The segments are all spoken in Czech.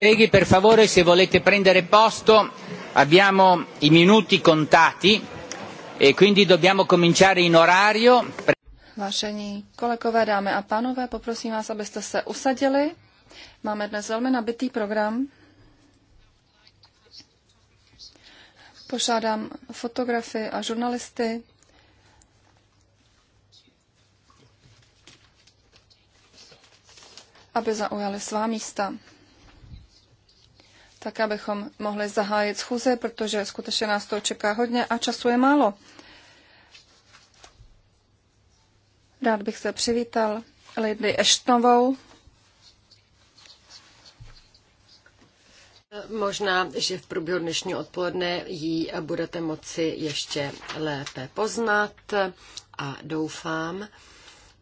Colleghi, per favore, se volete prendere posto, abbiamo i minuti contati e quindi dobbiamo cominciare in orario. Vážení kolegové, dámy a pánové, poprosím vás, abyste se usadili. Máme dnes velmi nabitý program. Požádám fotografy a žurnalisty, aby zaujali svá místa tak abychom mohli zahájit schůze, protože skutečně nás to čeká hodně a času je málo. Rád bych se přivítal Lady Eštnovou. Možná, že v průběhu dnešního odpoledne ji budete moci ještě lépe poznat a doufám,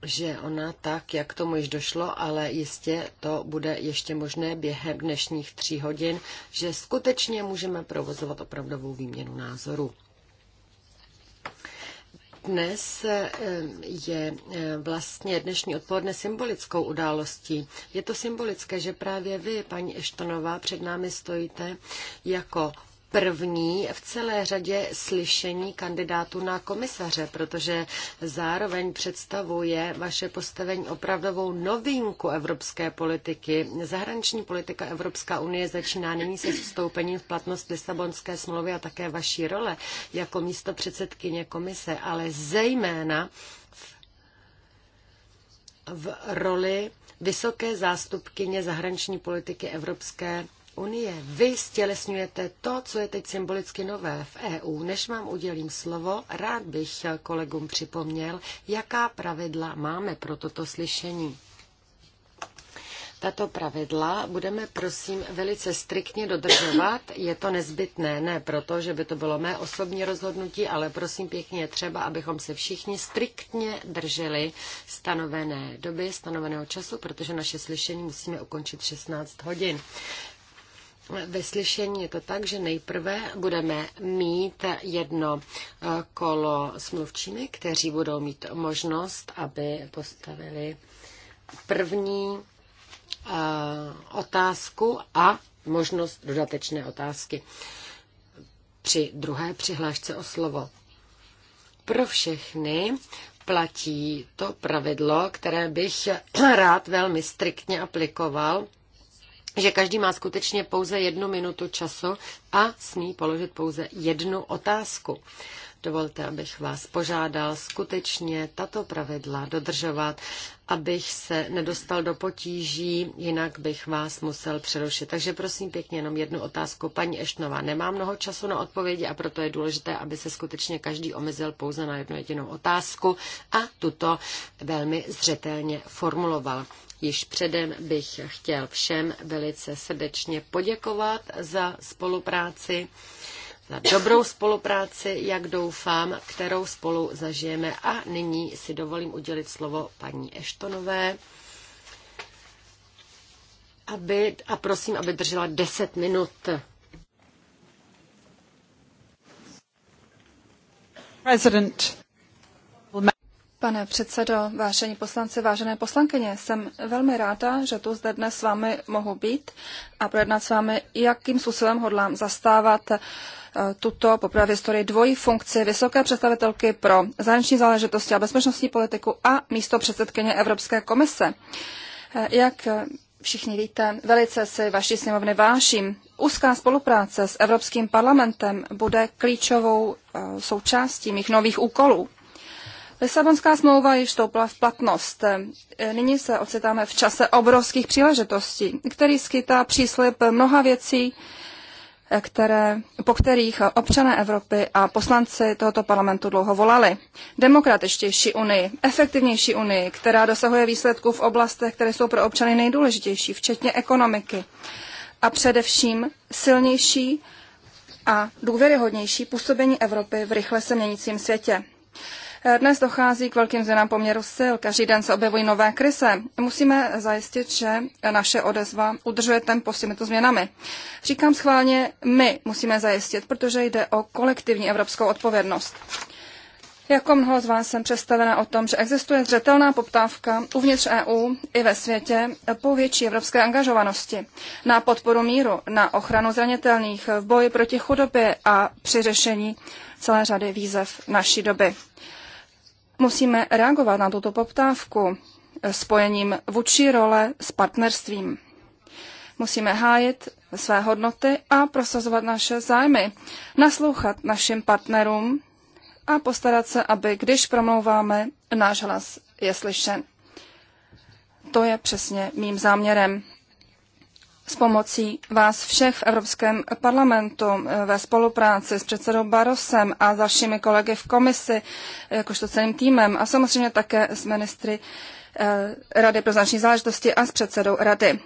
že ona tak, jak tomu již došlo, ale jistě to bude ještě možné během dnešních tří hodin, že skutečně můžeme provozovat opravdovou výměnu názorů. Dnes eh, je eh, vlastně dnešní odpoledne symbolickou událostí. Je to symbolické, že právě vy, paní Eštonová, před námi stojíte jako první v celé řadě slyšení kandidátů na komisaře, protože zároveň představuje vaše postavení opravdovou novinku evropské politiky. Zahraniční politika Evropská unie začíná nyní se vstoupením v platnost Lisabonské smlouvy a také vaší role jako místo předsedkyně komise, ale zejména v roli vysoké zástupkyně zahraniční politiky Evropské unie. Vy stělesňujete to, co je teď symbolicky nové v EU. Než vám udělím slovo, rád bych kolegům připomněl, jaká pravidla máme pro toto slyšení. Tato pravidla budeme, prosím, velice striktně dodržovat. Je to nezbytné, ne proto, že by to bylo mé osobní rozhodnutí, ale prosím pěkně je třeba, abychom se všichni striktně drželi stanovené doby, stanoveného času, protože naše slyšení musíme ukončit 16 hodin ve slyšení je to tak, že nejprve budeme mít jedno eh, kolo smluvčiny, kteří budou mít možnost, aby postavili první eh, otázku a možnost dodatečné otázky při druhé přihlášce o slovo. Pro všechny platí to pravidlo, které bych rád velmi striktně aplikoval, že každý má skutečně pouze jednu minutu času a smí položit pouze jednu otázku. Dovolte, abych vás požádal skutečně tato pravidla dodržovat, abych se nedostal do potíží, jinak bych vás musel přerušit. Takže prosím pěkně jenom jednu otázku. Paní Eštnová nemá mnoho času na odpovědi a proto je důležité, aby se skutečně každý omezil pouze na jednu jedinou otázku a tuto velmi zřetelně formuloval. Již předem bych chtěl všem velice srdečně poděkovat za spolupráci, za dobrou spolupráci, jak doufám, kterou spolu zažijeme. A nyní si dovolím udělit slovo paní Eštonové. Aby, a prosím, aby držela 10 minut. President. Pane předsedo, vážení poslanci, vážené poslankyně, jsem velmi ráda, že tu zde dnes s vámi mohu být a projednat s vámi, jakým způsobem hodlám zastávat eh, tuto poprvé v historii dvojí funkci vysoké představitelky pro zahraniční záležitosti a bezpečnostní politiku a místo předsedkyně Evropské komise. Eh, jak eh, všichni víte, velice si vaší sněmovny váším. Úzká spolupráce s Evropským parlamentem bude klíčovou součástí mých nových úkolů. Lisabonská smlouva již stoupla v platnost. Nyní se ocitáme v čase obrovských příležitostí, který skytá příslip mnoha věcí, které, po kterých občané Evropy a poslanci tohoto parlamentu dlouho volali. Demokratičtější unii, efektivnější unii, která dosahuje výsledků v oblastech, které jsou pro občany nejdůležitější, včetně ekonomiky. A především silnější a důvěryhodnější působení Evropy v rychle se měnícím světě. Dnes dochází k velkým změnám poměru sil. Každý den se objevují nové krize. Musíme zajistit, že naše odezva udržuje tempo s těmito změnami. Říkám schválně, my musíme zajistit, protože jde o kolektivní evropskou odpovědnost. Jako mnoho z vás jsem představena o tom, že existuje zřetelná poptávka uvnitř EU i ve světě po větší evropské angažovanosti na podporu míru, na ochranu zranitelných v boji proti chudobě a při řešení celé řady výzev naší doby. Musíme reagovat na tuto poptávku spojením vůči role s partnerstvím. Musíme hájit své hodnoty a prosazovat naše zájmy, naslouchat našim partnerům a postarat se, aby když promlouváme, náš hlas je slyšen. To je přesně mým záměrem s pomocí vás všech v Evropském parlamentu eh, ve spolupráci s předsedou Barosem a dalšími kolegy v komisi, jakožto celým týmem a samozřejmě také s ministry eh, Rady pro zahraniční záležitosti a s předsedou Rady.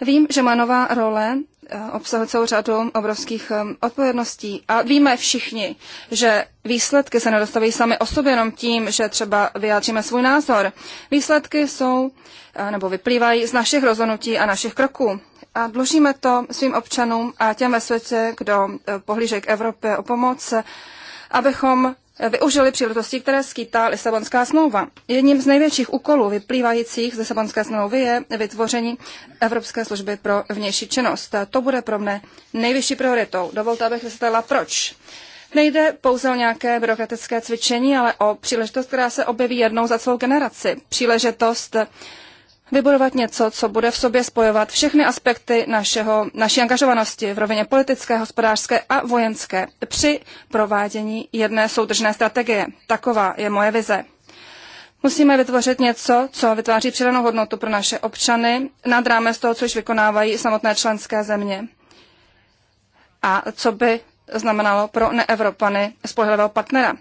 Vím, že má nová role Eh, obsahuje celou řadu obrovských eh, odpovědností. A víme všichni, že výsledky se nedostaví sami o sobě jenom tím, že třeba vyjádříme svůj názor. Výsledky jsou eh, nebo vyplývají z našich rozhodnutí a našich kroků. A dlužíme to svým občanům a těm ve světě, kdo pohlíže k Evropě o pomoc, abychom využili příležitosti, které skýtá Lisabonská smlouva. Jedním z největších úkolů vyplývajících z Lisabonské smlouvy je vytvoření Evropské služby pro vnější činnost. To bude pro mne nejvyšší prioritou. Dovolte, abych vysvětlila proč. Nejde pouze o nějaké byrokratické cvičení, ale o příležitost, která se objeví jednou za celou generaci. Příležitost vybudovat něco, co bude v sobě spojovat všechny aspekty našeho, naší angažovanosti v rovině politické, hospodářské a vojenské při provádění jedné soudržné strategie. Taková je moje vize. Musíme vytvořit něco, co vytváří přidanou hodnotu pro naše občany nad rámec toho, co již vykonávají samotné členské země. A co by znamenalo pro neevropany spolehlivého partnera.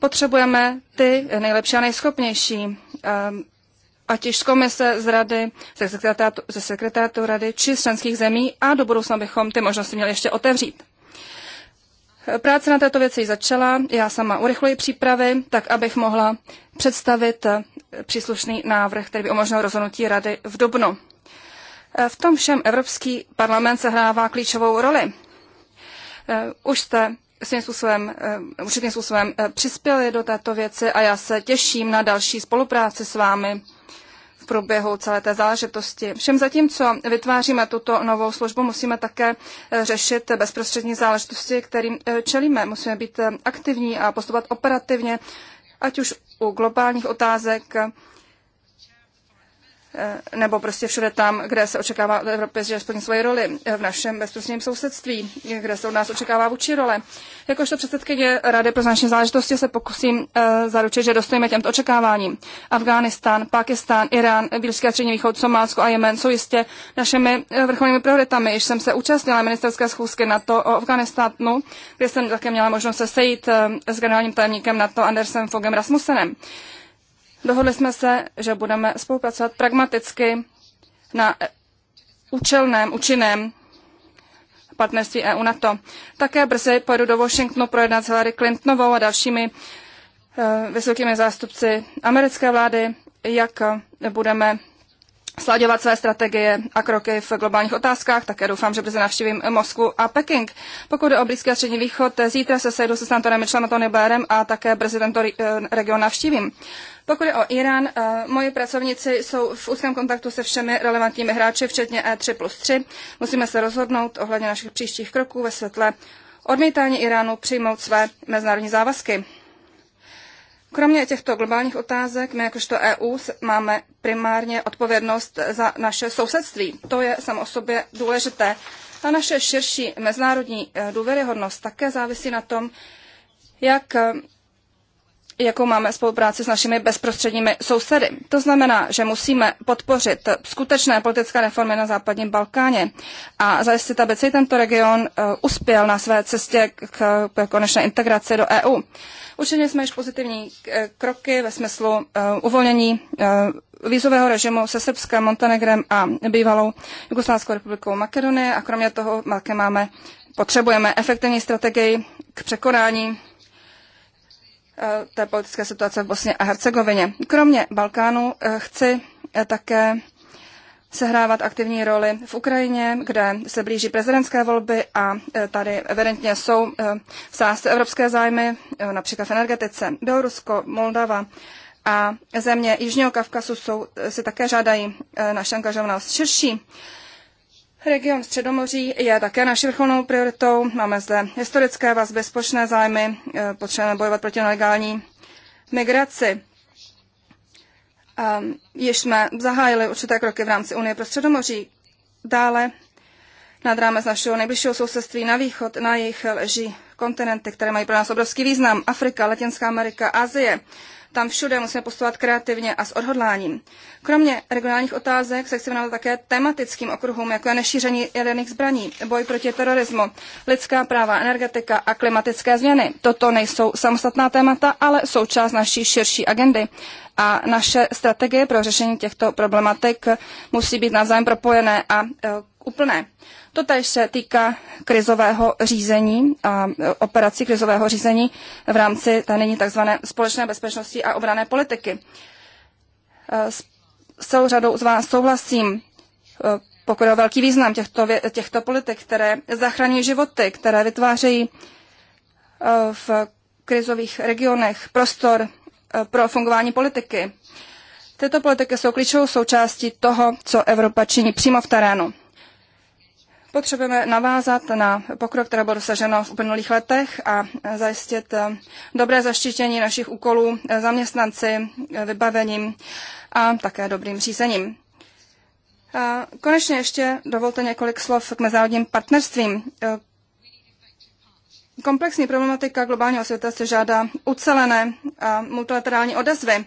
Potřebujeme ty nejlepší a nejschopnější ehm, ať již z komise, z rady, ze sekretátu, ze sekretariátu rady či z členských zemí a do budoucna bychom ty možnosti měli ještě otevřít. Práce na této věci začala, já sama urychluji přípravy, tak abych mohla představit eh, příslušný návrh, který by umožnil rozhodnutí rady v Dubnu. Eh, v tom všem Evropský parlament sehrává klíčovou roli. Eh, už jste svým způsobem, eh, určitým způsobem eh, přispěli do této věci a já se těším na další spolupráci s vámi v průběhu celé té záležitosti. Všem zatímco vytváříme tuto novou službu, musíme také eh, řešit bezprostřední záležitosti, kterým čelíme. Musíme být aktivní a postupovat operativně, ať už u globálních otázek, Eh, nebo prostě všude tam, kde se očekává od Evropy, že splní svoji roli eh, v našem bezprostředním sousedství, kde se od nás očekává vůči role. Jakožto předsedkyně Rady pro zahraniční záležitosti se pokusím eh, zaručit, že dostojíme těmto očekáváním. Afghánistán, Pakistán, Irán, Blízký a Střední východ, Somálsko a Jemen jsou jistě našimi vrcholnými prioritami. Již jsem se účastnila ministerské schůzky NATO o Afganistánu, kde jsem také měla možnost se sejít s generálním tajemníkem NATO Andersem Fogem Rasmussenem. Dohodli jsme se, že budeme spolupracovat pragmaticky na účelném, účinném partnerství EU-NATO. Také brzy pojedu do Washingtonu projednat s Hillary Clintonovou a dalšími eh, vysokými zástupci americké vlády, jak budeme sladěvat své strategie a kroky v globálních otázkách. Také doufám, že brzy navštívím Moskvu a Peking. Pokud jde o Blízký a Střední východ, zítra se sejdu se Santorem Michelem a Tony Blairem a také brzy tento eh, region navštívím. Pokud je o Irán, eh, moji pracovníci jsou v úzkém kontaktu se všemi relevantními hráči, včetně E3 plus 3. Musíme se rozhodnout ohledně našich příštích kroků ve světle odmítání Iránu přijmout své mezinárodní závazky. Kromě těchto globálních otázek, my jakožto EU máme primárně odpovědnost za naše sousedství. To je samo o sobě důležité. A naše širší mezinárodní eh, důvěryhodnost také závisí na tom, jak jakou máme spolupráci s našimi bezprostředními sousedy. To znamená, že musíme podpořit skutečné politické reformy na západním Balkáně a zajistit, aby celý tento region eh, uspěl na své cestě k konečné integraci do EU. Učinili jsme již pozitivní eh, kroky ve smyslu eh, uvolnění vízového režimu se Srbskem, Montenegrem a bývalou Jugoslávskou republikou Makedonie a kromě toho také máme, potřebujeme efektivní strategii k překonání Eh, té politické situace v Bosně a Hercegovině. Kromě Balkánu eh, chci eh, také sehrávat aktivní roli v Ukrajině, kde se blíží prezidentské volby a tady evidentně jsou v sázce evropské zájmy, například v energetice. Bělorusko, Moldava a země Jižního Kavkazu jsou, si také žádají naše angažovanost širší. Region Středomoří je také naší vrcholnou prioritou. Máme zde historické vazby, společné zájmy, eh, potřebujeme bojovat proti nelegální migraci. Ehm, již jsme zahájili určité kroky v rámci Unie pro Středomoří. Dále nad rámec našeho nejbližšího sousedství na východ, na jejich leží kontinenty, které mají pro nás obrovský význam. Afrika, Latinská Amerika, Asie. Tam všude musíme postovat kreativně a s odhodláním. Kromě regionálních otázek se chci věnovat také tematickým okruhům, jako je nešíření jaderných zbraní, boj proti terorismu, lidská práva, energetika a klimatické změny. Toto nejsou samostatná témata, ale součást naší širší agendy. A naše strategie pro řešení těchto problematik musí být navzájem propojené a e, úplné. Totež se týká krizového řízení a e, operací krizového řízení v rámci té nyní tzv. společné bezpečnosti a obrané politiky. E, s celou řadou z vás souhlasím, e, pokud je o velký význam těchto, těchto politik, které zachrání životy, které vytvářejí v krizových regionech prostor pro fungování politiky. Tyto politiky jsou klíčovou součástí toho, co Evropa činí přímo v terénu. Potřebujeme navázat na pokrok, které bylo dosaženo v uplynulých letech a zajistit eh, dobré zaštítění našich úkolů eh, zaměstnanci, eh, vybavením a také dobrým řízením. A konečně ještě dovolte několik slov k mezinárodním partnerstvím. Komplexní problematika globálního světa se žádá ucelené a multilaterální odezvy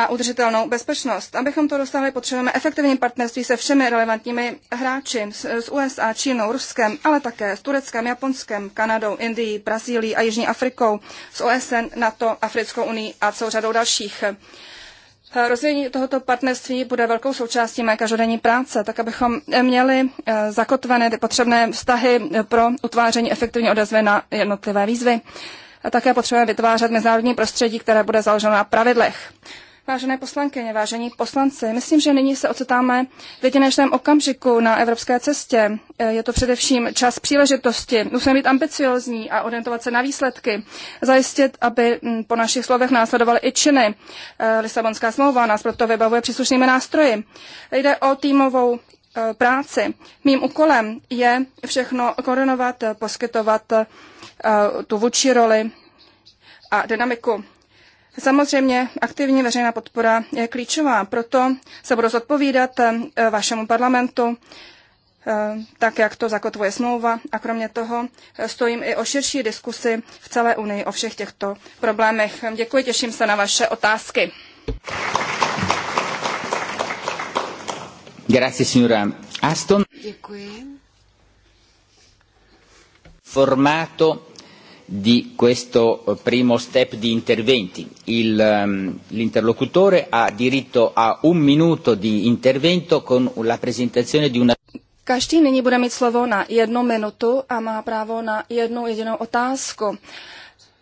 a udržitelnou bezpečnost. Abychom to dostali, potřebujeme efektivní partnerství se všemi relevantními hráči s USA, Čínou, Ruskem, ale také s Tureckem, Japonskem, Kanadou, Indií, Brazílií a Jižní Afrikou, s OSN, NATO, Africkou unii a celou řadou dalších. Rozvíjení tohoto partnerství bude velkou součástí mé každodenní práce, tak abychom měli eh, zakotvené ty potřebné vztahy pro utváření efektivní odezvy na jednotlivé výzvy. A také potřebujeme vytvářet mezinárodní prostředí, které bude založeno na pravidlech. Vážené poslankyně, vážení poslanci, myslím, že nyní se ocitáme v jedinečném okamžiku na evropské cestě. Eh, je to především čas příležitosti. Musíme být ambiciozní a orientovat se na výsledky. Zajistit, aby hm, po našich slovech následovaly i činy. Eh, Lisabonská smlouva nás proto vybavuje příslušnými nástroji. Jde o týmovou eh, práci. Mým úkolem je všechno koordinovat, poskytovat tu vůči roli a dynamiku. Samozřejmě aktivní veřejná podpora je klíčová, proto se budu zodpovídat eh, vašemu parlamentu, eh, tak jak to zakotvuje smlouva a kromě toho eh, stojím i o širší diskusi v celé Unii o všech těchto problémech. Děkuji, těším se na vaše otázky. Grazie, signora Aston. Děkuji. Formato di questo eh, primo step di interventi. Il, ehm, l'interlocutore ha diritto a un minuto di intervento con la presentazione di una. Každý nyní bude mít slovo na jednu minutu a má právo na jednu jedinou otázku.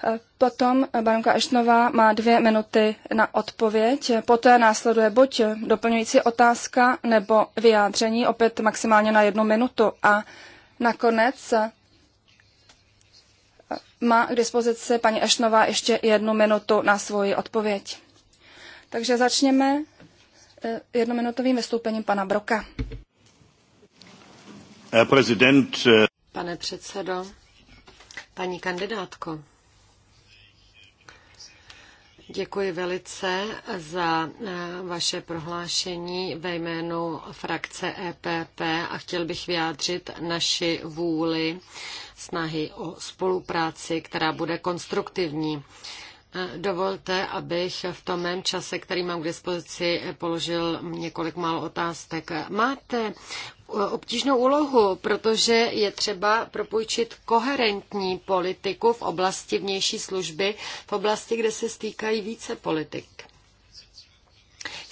Eh, potom baronka Eštnová má dvě minuty na odpověď. Poté následuje buď doplňující otázka nebo vyjádření, opět maximálně na jednu minutu. A nakonec má k dispozici paní Ešnová ještě jednu minutu na svoji odpověď. Takže začněme eh, jednominutovým vystoupením pana Broka. Eh, eh, Pane předsedo, paní kandidátko, Děkuji velice za eh, vaše prohlášení ve jménu frakce EPP a chtěl bych vyjádřit naši vůli snahy o spolupráci, která bude konstruktivní. Dovolte, abych v tom mém čase, který mám k dispozici, položil několik málo otázek. Máte obtížnou úlohu, protože je třeba propůjčit koherentní politiku v oblasti vnější služby, v oblasti, kde se stýkají více politik.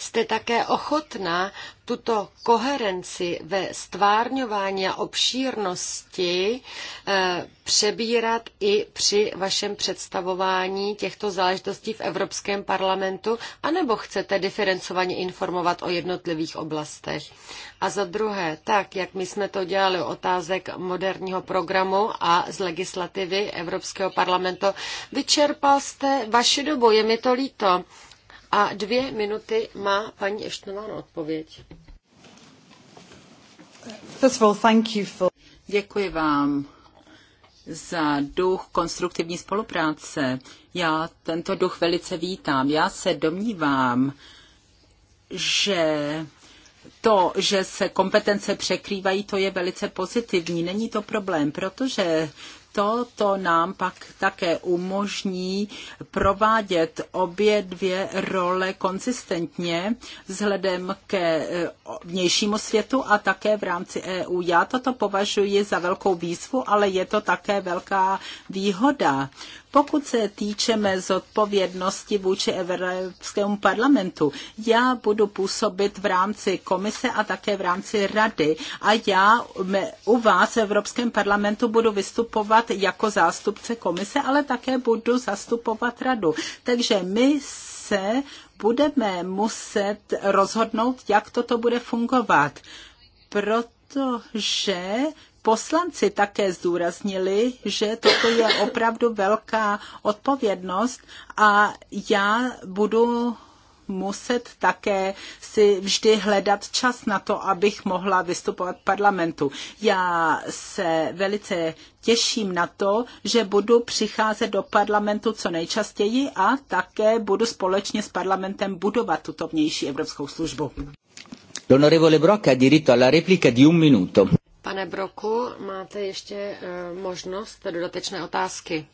Jste také ochotná tuto koherenci ve stvárňování a obšírnosti eh, přebírat i při vašem představování těchto záležitostí v Evropském parlamentu, anebo chcete diferencovaně informovat o jednotlivých oblastech? A za druhé, tak, jak my jsme to dělali otázek moderního programu a z legislativy Evropského parlamentu, vyčerpal jste vaši dobu, je mi to líto. A dvě minuty má paní Eštnová na odpověď. First of all, thank you for... Děkuji vám za duch konstruktivní spolupráce. Já tento duch velice vítám. Já se domnívám, že to, že se kompetence překrývají, to je velice pozitivní. Není to problém, protože toto nám pak také umožní provádět obě dvě role konsistentně vzhledem ke eh, vnějšímu světu a také v rámci EU. Já toto považuji za velkou výzvu, ale je to také velká výhoda, pokud se týčeme z zodpovědnosti vůči Evropskému parlamentu, já budu působit v rámci komise a také v rámci rady a já u vás v Evropském parlamentu budu vystupovat jako zástupce komise, ale také budu zastupovat radu. Takže my se budeme muset rozhodnout, jak toto bude fungovat. Proto protože Poslanci také zdůraznili, že toto je opravdu velká odpovědnost a já budu muset také si vždy hledat čas na to, abych mohla vystupovat v parlamentu. Já se velice těším na to, že budu přicházet do parlamentu co nejčastěji a také budu společně s parlamentem budovat tuto vnější evropskou službu. L'onorevole Brock ha diritto alla replica di un minuto. Pane Broku, máte ještě eh, možnost dodatečné otázky.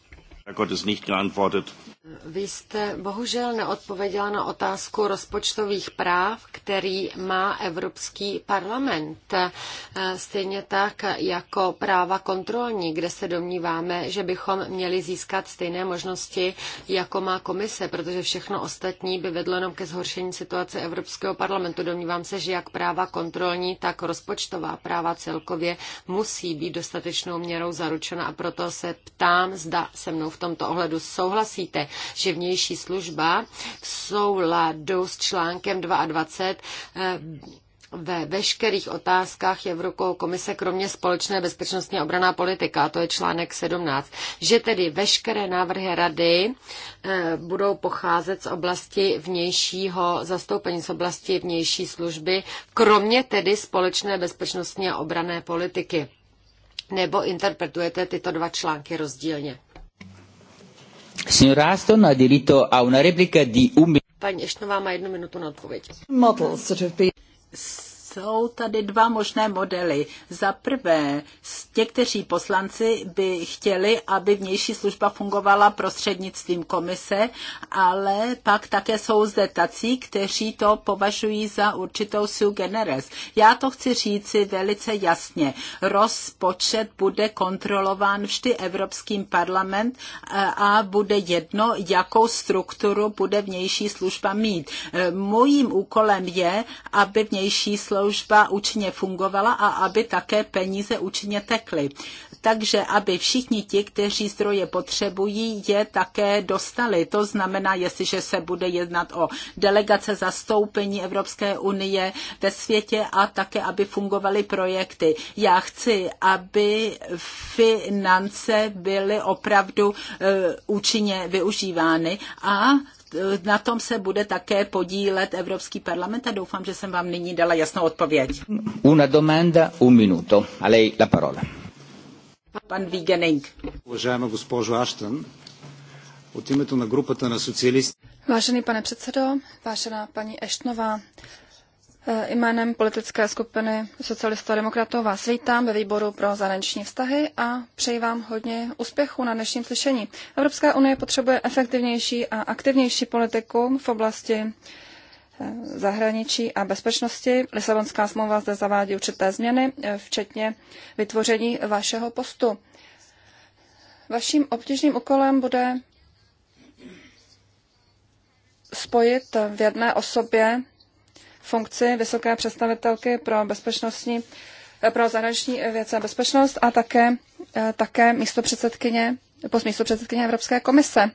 Vy jste bohužel neodpověděla na otázku rozpočtových práv, který má Evropský parlament. E, stejně tak jako práva kontrolní, kde se domníváme, že bychom měli získat stejné možnosti, jako má komise, protože všechno ostatní by vedlo jenom ke zhoršení situace Evropského parlamentu. Domnívám se, že jak práva kontrolní, tak rozpočtová práva celkově musí být dostatečnou měrou zaručena a proto se ptám, zda se mnou v tomto ohledu souhlasíte že vnější služba v souladu s článkem 22 eh, ve veškerých otázkách je v rukou komise, kromě společné bezpečnostní a obraná politika, a to je článek 17, že tedy veškeré návrhy rady eh, budou pocházet z oblasti vnějšího zastoupení, z oblasti vnější služby, kromě tedy společné bezpečnostní a obrané politiky. Nebo interpretujete tyto dva články rozdílně? Signor Aston ha diritto a una replica di un minuto. Paní Eštová má jednu minutu na odpověď. Models that have been jsou tady dva možné modely. Za prvé, někteří poslanci by chtěli, aby vnější služba fungovala prostřednictvím komise, ale pak také jsou zde tací, kteří to považují za určitou sui generis. Já to chci říci velice jasně. Rozpočet bude kontrolován vždy Evropským parlament a bude jedno, jakou strukturu bude vnější služba mít. E, mojím úkolem je, aby vnější služba služba účinně fungovala a aby také peníze účinně tekly. Takže aby všichni ti, kteří zdroje potřebují, je také dostali. To znamená, jestliže se bude jednat o delegace zastoupení Evropské unie ve světě a také, aby fungovaly projekty. Já chci, aby finance byly opravdu e, účinně využívány a na tom se bude také podílet Evropský parlament a doufám, že jsem vám nyní dala jasnou odpověď. Una domanda, un minuto. A lei la parola. Pan Vigening. Uvažujeme gospožu Ashton, od na grupata na socialisti. Vážený pane předsedo, vážená paní Eštnová, Eh, jménem politické skupiny socialistů a demokratů vás vítám ve výboru pro zahraniční vztahy a přeji vám hodně úspěchu na dnešním slyšení. Evropská unie potřebuje efektivnější a aktivnější politiku v oblasti eh, zahraničí a bezpečnosti. Lisabonská smlouva zde zavádí určité změny, eh, včetně vytvoření vašeho postu. Vaším obtížným úkolem bude spojit v jedné osobě funkci vysoké představitelky pro bezpečnostní pro zahraniční věc a bezpečnost a také, eh, také místo předsedkyně, post místo Evropské komise.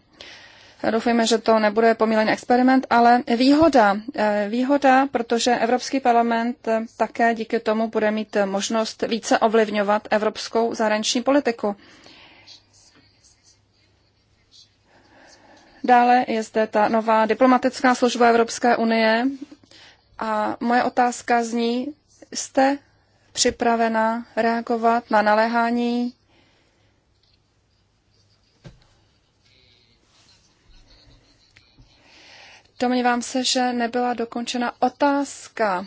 Doufujeme, že to nebude pomílený experiment, ale výhoda, eh, výhoda, protože Evropský parlament eh, také díky tomu bude mít možnost více ovlivňovat evropskou zahraniční politiku. Dále je zde ta nová diplomatická služba Evropské unie, a moje otázka zní, jste připravena reagovat na naléhání Domnívám se, že nebyla dokončena otázka,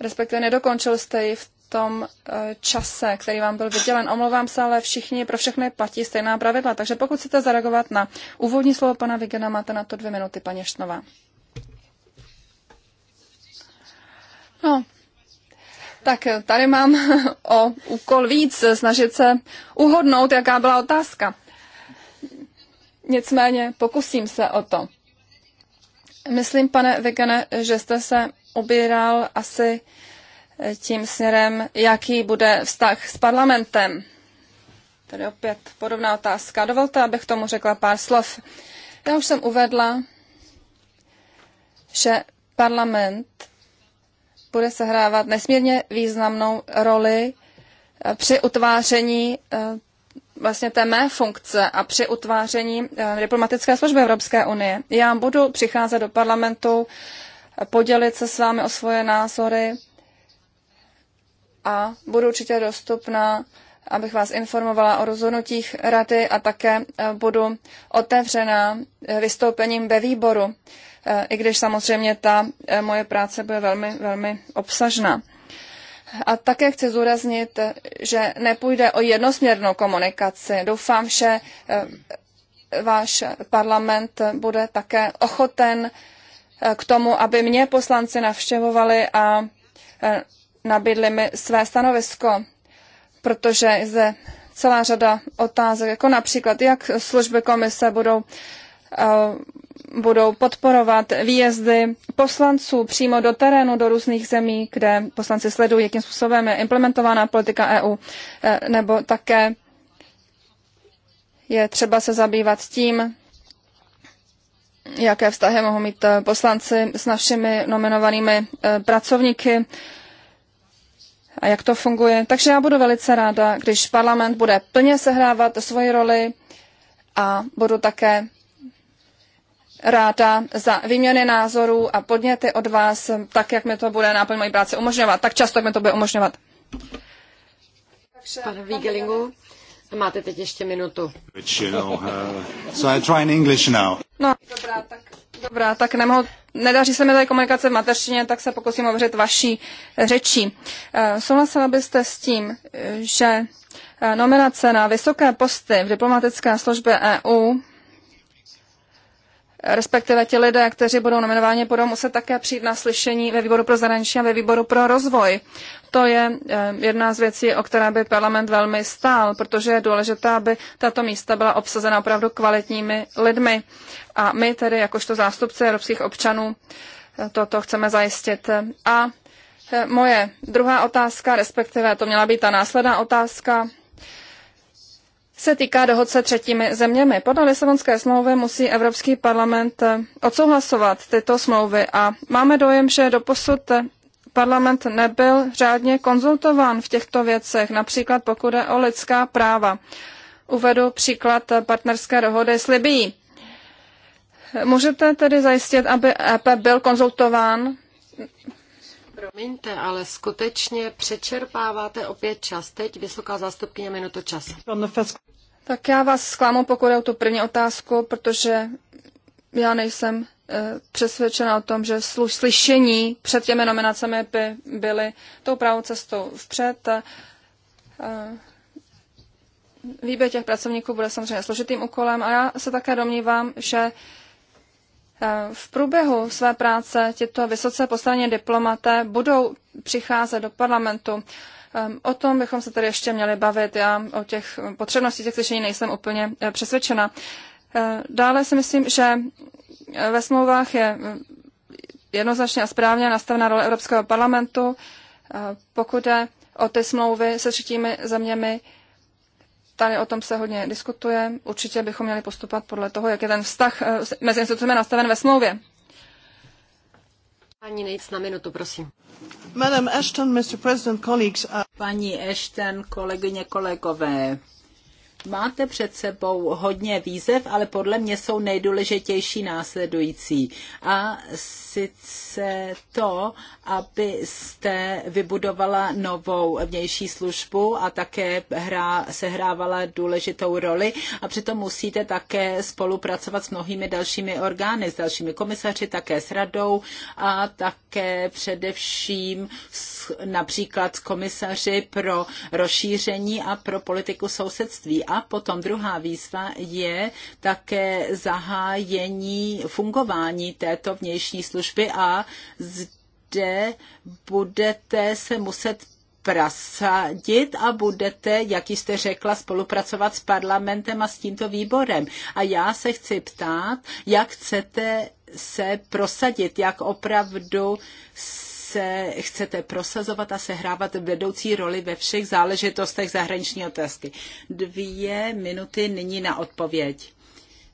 respektive nedokončil jste ji v tom e, čase, který vám byl vydělen. Omlouvám se, ale všichni, pro všechny platí stejná pravidla. Takže pokud chcete zareagovat na úvodní slovo pana Vigena, máte na to dvě minuty, paní Štnová. No, tak tady mám o úkol víc, snažit se uhodnout, jaká byla otázka. Nicméně pokusím se o to. Myslím, pane Vigene, že jste se ubíral asi tím směrem, jaký bude vztah s parlamentem. Tady opět podobná otázka. Dovolte, abych tomu řekla pár slov. Já už jsem uvedla, že parlament bude sehrávat nesmírně významnou roli e, při utváření e, vlastně té mé funkce a při utváření e, diplomatické služby Evropské unie. Já budu přicházet do parlamentu, podělit se s vámi o svoje názory a budu určitě dostupná, abych vás informovala o rozhodnutích rady a také budu otevřená vystoupením ve výboru. Eh, i když samozřejmě ta eh, moje práce bude velmi, velmi obsažná. A také chci zúraznit, že nepůjde o jednosměrnou komunikaci. Doufám, že eh, váš parlament bude také ochoten k tomu, aby mě poslanci navštěvovali a nabídli mi své stanovisko, protože je zde celá řada otázek, jako například, jak služby komise budou budou podporovat výjezdy poslanců přímo do terénu, do různých zemí, kde poslanci sledují, jakým způsobem je implementována politika EU, eh, nebo také je třeba se zabývat tím, jaké vztahy mohou mít eh, poslanci s našimi nominovanými eh, pracovníky a jak to funguje. Takže já budu velice ráda, když parlament bude plně sehrávat svoji roli a budu také ráda za výměny názorů a podněty od vás, tak jak mi to bude náplň mojí práce umožňovat, tak často, jak mi to bude umožňovat. Pane Wiegelingu, máte teď ještě minutu. Uh, no, dobrá, tak, dobrá, tak nemohu, nedaří se mi tady komunikace v mateřštině, tak se pokusím ověřit vaší řečí. Eh, souhlasila byste s tím, že eh, nominace na vysoké posty v diplomatické službě EU respektive ti lidé, kteří budou nominováni, budou muset také přijít na slyšení ve výboru pro zahraniční a ve výboru pro rozvoj. To je eh, jedna z věcí, o které by parlament velmi stál, protože je důležité, aby tato místa byla obsazena opravdu kvalitními lidmi. A my tedy, jakožto zástupci evropských občanů, eh, toto chceme zajistit. A eh, moje druhá otázka, respektive to měla být ta následná otázka, se týká dohod se třetími zeměmi. Podle Lisabonské smlouvy musí Evropský parlament eh, odsouhlasovat tyto smlouvy a máme dojem, že doposud eh, parlament nebyl řádně konzultován v těchto věcech, například pokud je o lidská práva. Uvedu příklad eh, partnerské dohody s Libií. Můžete tedy zajistit, aby EP byl konzultován Promiňte, ale skutečně přečerpáváte opět čas. Teď vysoká zástupkyně minutu čas. Tak já vás zklamu, pokud je o tu první otázku, protože já nejsem eh, přesvědčena o tom, že slyšení před těmi nominacemi by byly tou pravou cestou vpřed. Eh, výběr těch pracovníků bude samozřejmě složitým úkolem a já se také domnívám, že E, v průběhu své práce tito vysoce poslaně diplomaté budou přicházet do parlamentu. E, o tom bychom se tady ještě měli bavit. Já o těch potřebnosti těch slyšení nejsem úplně e, přesvědčena. Dále si myslím, že ve smlouvách je jednoznačně a správně nastavena role Evropského parlamentu, pokud jde o ty smlouvy se třetími zeměmi, Tady o tom se hodně diskutuje. Určitě bychom měli postupovat podle toho, jak je ten vztah eh, mezi institucemi nastaven ve smlouvě. Paní Nejc na minutu, prosím. Madam Ashton, Mr. President, colleagues. Uh, Paní Ashton, kolegyně, kolegové. Máte před sebou hodně výzev, ale podle mě jsou nejdůležitější následující. A sice to, abyste vybudovala novou vnější službu a také hra, sehrávala důležitou roli a přitom musíte také spolupracovat s mnohými dalšími orgány, s dalšími komisaři, také s radou a také především s například komisaři pro rozšíření a pro politiku sousedství. A potom druhá výzva je také zahájení fungování této vnější služby a zde budete se muset prasadit a budete, jak jste řekla, spolupracovat s parlamentem a s tímto výborem. A já se chci ptát, jak chcete se prosadit, jak opravdu se chcete prosazovat a sehrávat vedoucí roli ve všech záležitostech zahraniční otázky. Dvě minuty nyní na odpověď.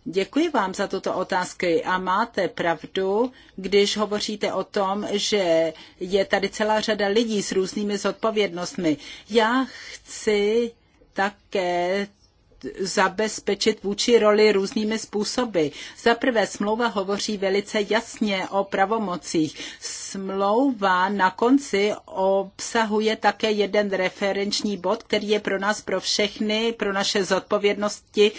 Děkuji vám za tuto otázky a máte pravdu, když hovoříte o tom, že je tady celá řada lidí s různými zodpovědnostmi. Já chci také zabezpečit vůči roli různými způsoby. Za prvé, smlouva hovoří velice jasně o pravomocích. Smlouva na konci obsahuje také jeden referenční bod, který je pro nás, pro všechny, pro naše zodpovědnosti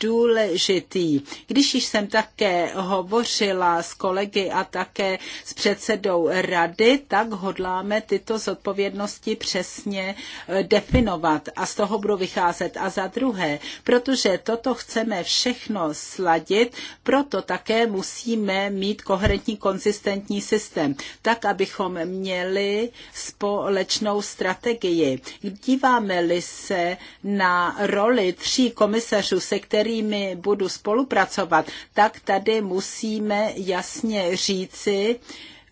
důležitý. Když již jsem také hovořila s kolegy a také s předsedou rady, tak hodláme tyto zodpovědnosti přesně eh, definovat a z toho budu vycházet. A za druhé, protože toto chceme všechno sladit, proto také musíme mít koherentní, konzistentní systém, tak, abychom měli společnou strategii. Díváme-li se na roli tří komisařů, se kterými budu spolupracovat, tak tady musíme jasně říci,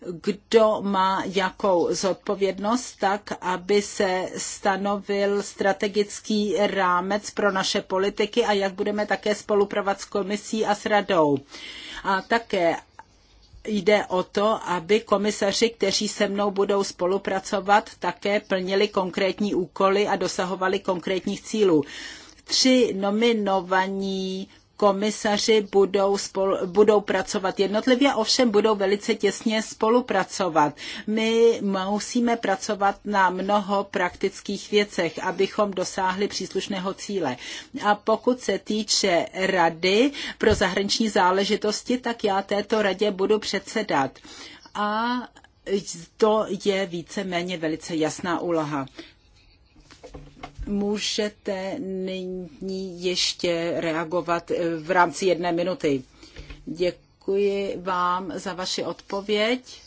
kdo má jakou zodpovědnost, tak aby se stanovil strategický rámec pro naše politiky a jak budeme také spolupracovat s komisí a s radou. A také jde o to, aby komisaři, kteří se mnou budou spolupracovat, také plnili konkrétní úkoly a dosahovali konkrétních cílů. Tři nominovaní komisaři budou, spolu, budou pracovat jednotlivě, ovšem budou velice těsně spolupracovat. My musíme pracovat na mnoho praktických věcech, abychom dosáhli příslušného cíle. A pokud se týče Rady pro zahraniční záležitosti, tak já této radě budu předsedat. A to je víceméně velice jasná úloha. Můžete nyní ještě reagovat eh, v rámci jedné minuty. Děkuji vám za vaši odpověď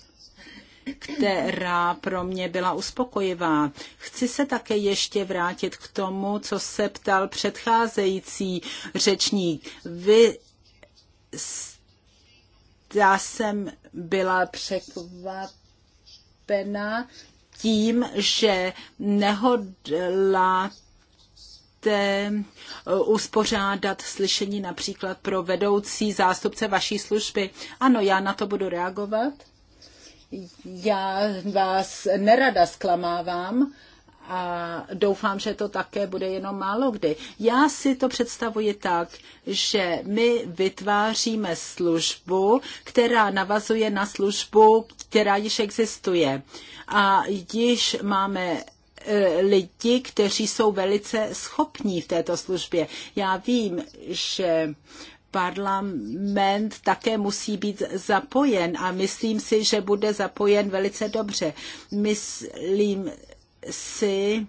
která pro mě byla uspokojivá. Chci se také ještě vrátit k tomu, co se ptal předcházející řečník. Vy já jsem byla překvapena, tím, že nehodláte eh, uspořádat slyšení například pro vedoucí zástupce vaší služby. Ano, já na to budu reagovat. Já vás nerada zklamávám, a doufám, že to také bude jenom málo kdy. Já si to představuji tak, že my vytváříme službu, která navazuje na službu, která již existuje. A již máme e, lidi, kteří jsou velice schopní v této službě. Já vím, že parlament také musí být zapojen a myslím si, že bude zapojen velice dobře. Myslím si,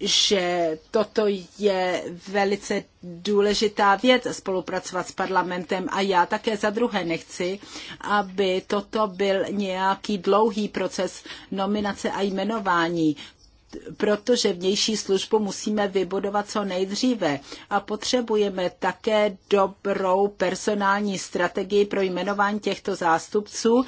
že toto je velice důležitá věc spolupracovat s parlamentem a já také za druhé nechci, aby toto byl nějaký dlouhý proces nominace a jmenování protože vnější službu musíme vybudovat co nejdříve a potřebujeme také dobrou personální strategii pro jmenování těchto zástupců,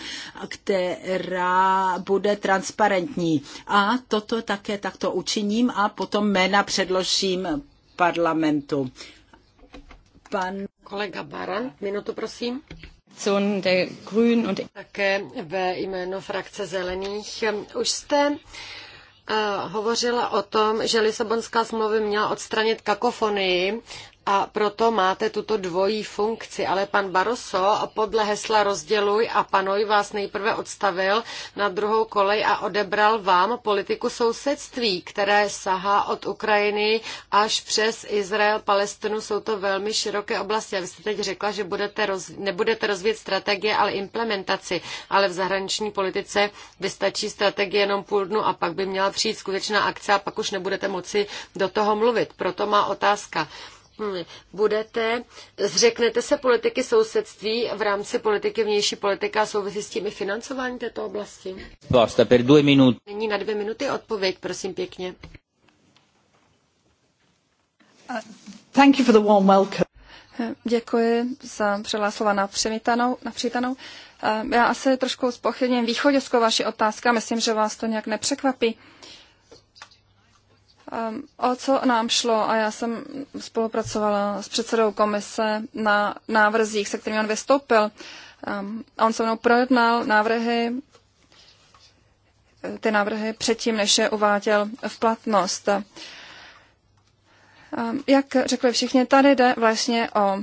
která bude transparentní. A toto také takto učiním a potom jména předložím parlamentu. Pan kolega Baran, minutu prosím. Také ve jménu frakce Zelených. Už jste Eh, hovořila o tom, že Lisabonská smlouva měla odstranit kakofonii a proto máte tuto dvojí funkci. Ale pan Barroso podle hesla rozděluj a panuj vás nejprve odstavil na druhou kolej a odebral vám politiku sousedství, které sahá od Ukrajiny až přes Izrael, Palestinu. Jsou to velmi široké oblasti. A vy jste teď řekla, že budete roz, nebudete rozvíjet strategie, ale implementaci. Ale v zahraniční politice vystačí strategie jenom půl dnu a pak by měla přijít skutečná akce a pak už nebudete moci do toho mluvit. Proto má otázka. Hmm, budete, zřeknete se politiky sousedství v rámci politiky vnější politika a souvisí s tím i financování této oblasti? Basta, per dvě minuty. Nyní na dvě minuty odpověď, prosím pěkně. Uh, thank you for the warm welcome. Děkuji za přelá slova na, na přivítanou. Uh, já asi trošku spochybním východiskou vaši otázka, myslím, že vás to nějak nepřekvapí. Ehm, o co nám šlo, a já jsem spolupracovala s předsedou komise na návrzích, se kterými on vystoupil. Ehm, a on se mnou projednal návrhy, eh, ty návrhy předtím, než je uváděl v platnost. Ehm, jak řekli všichni, tady jde vlastně o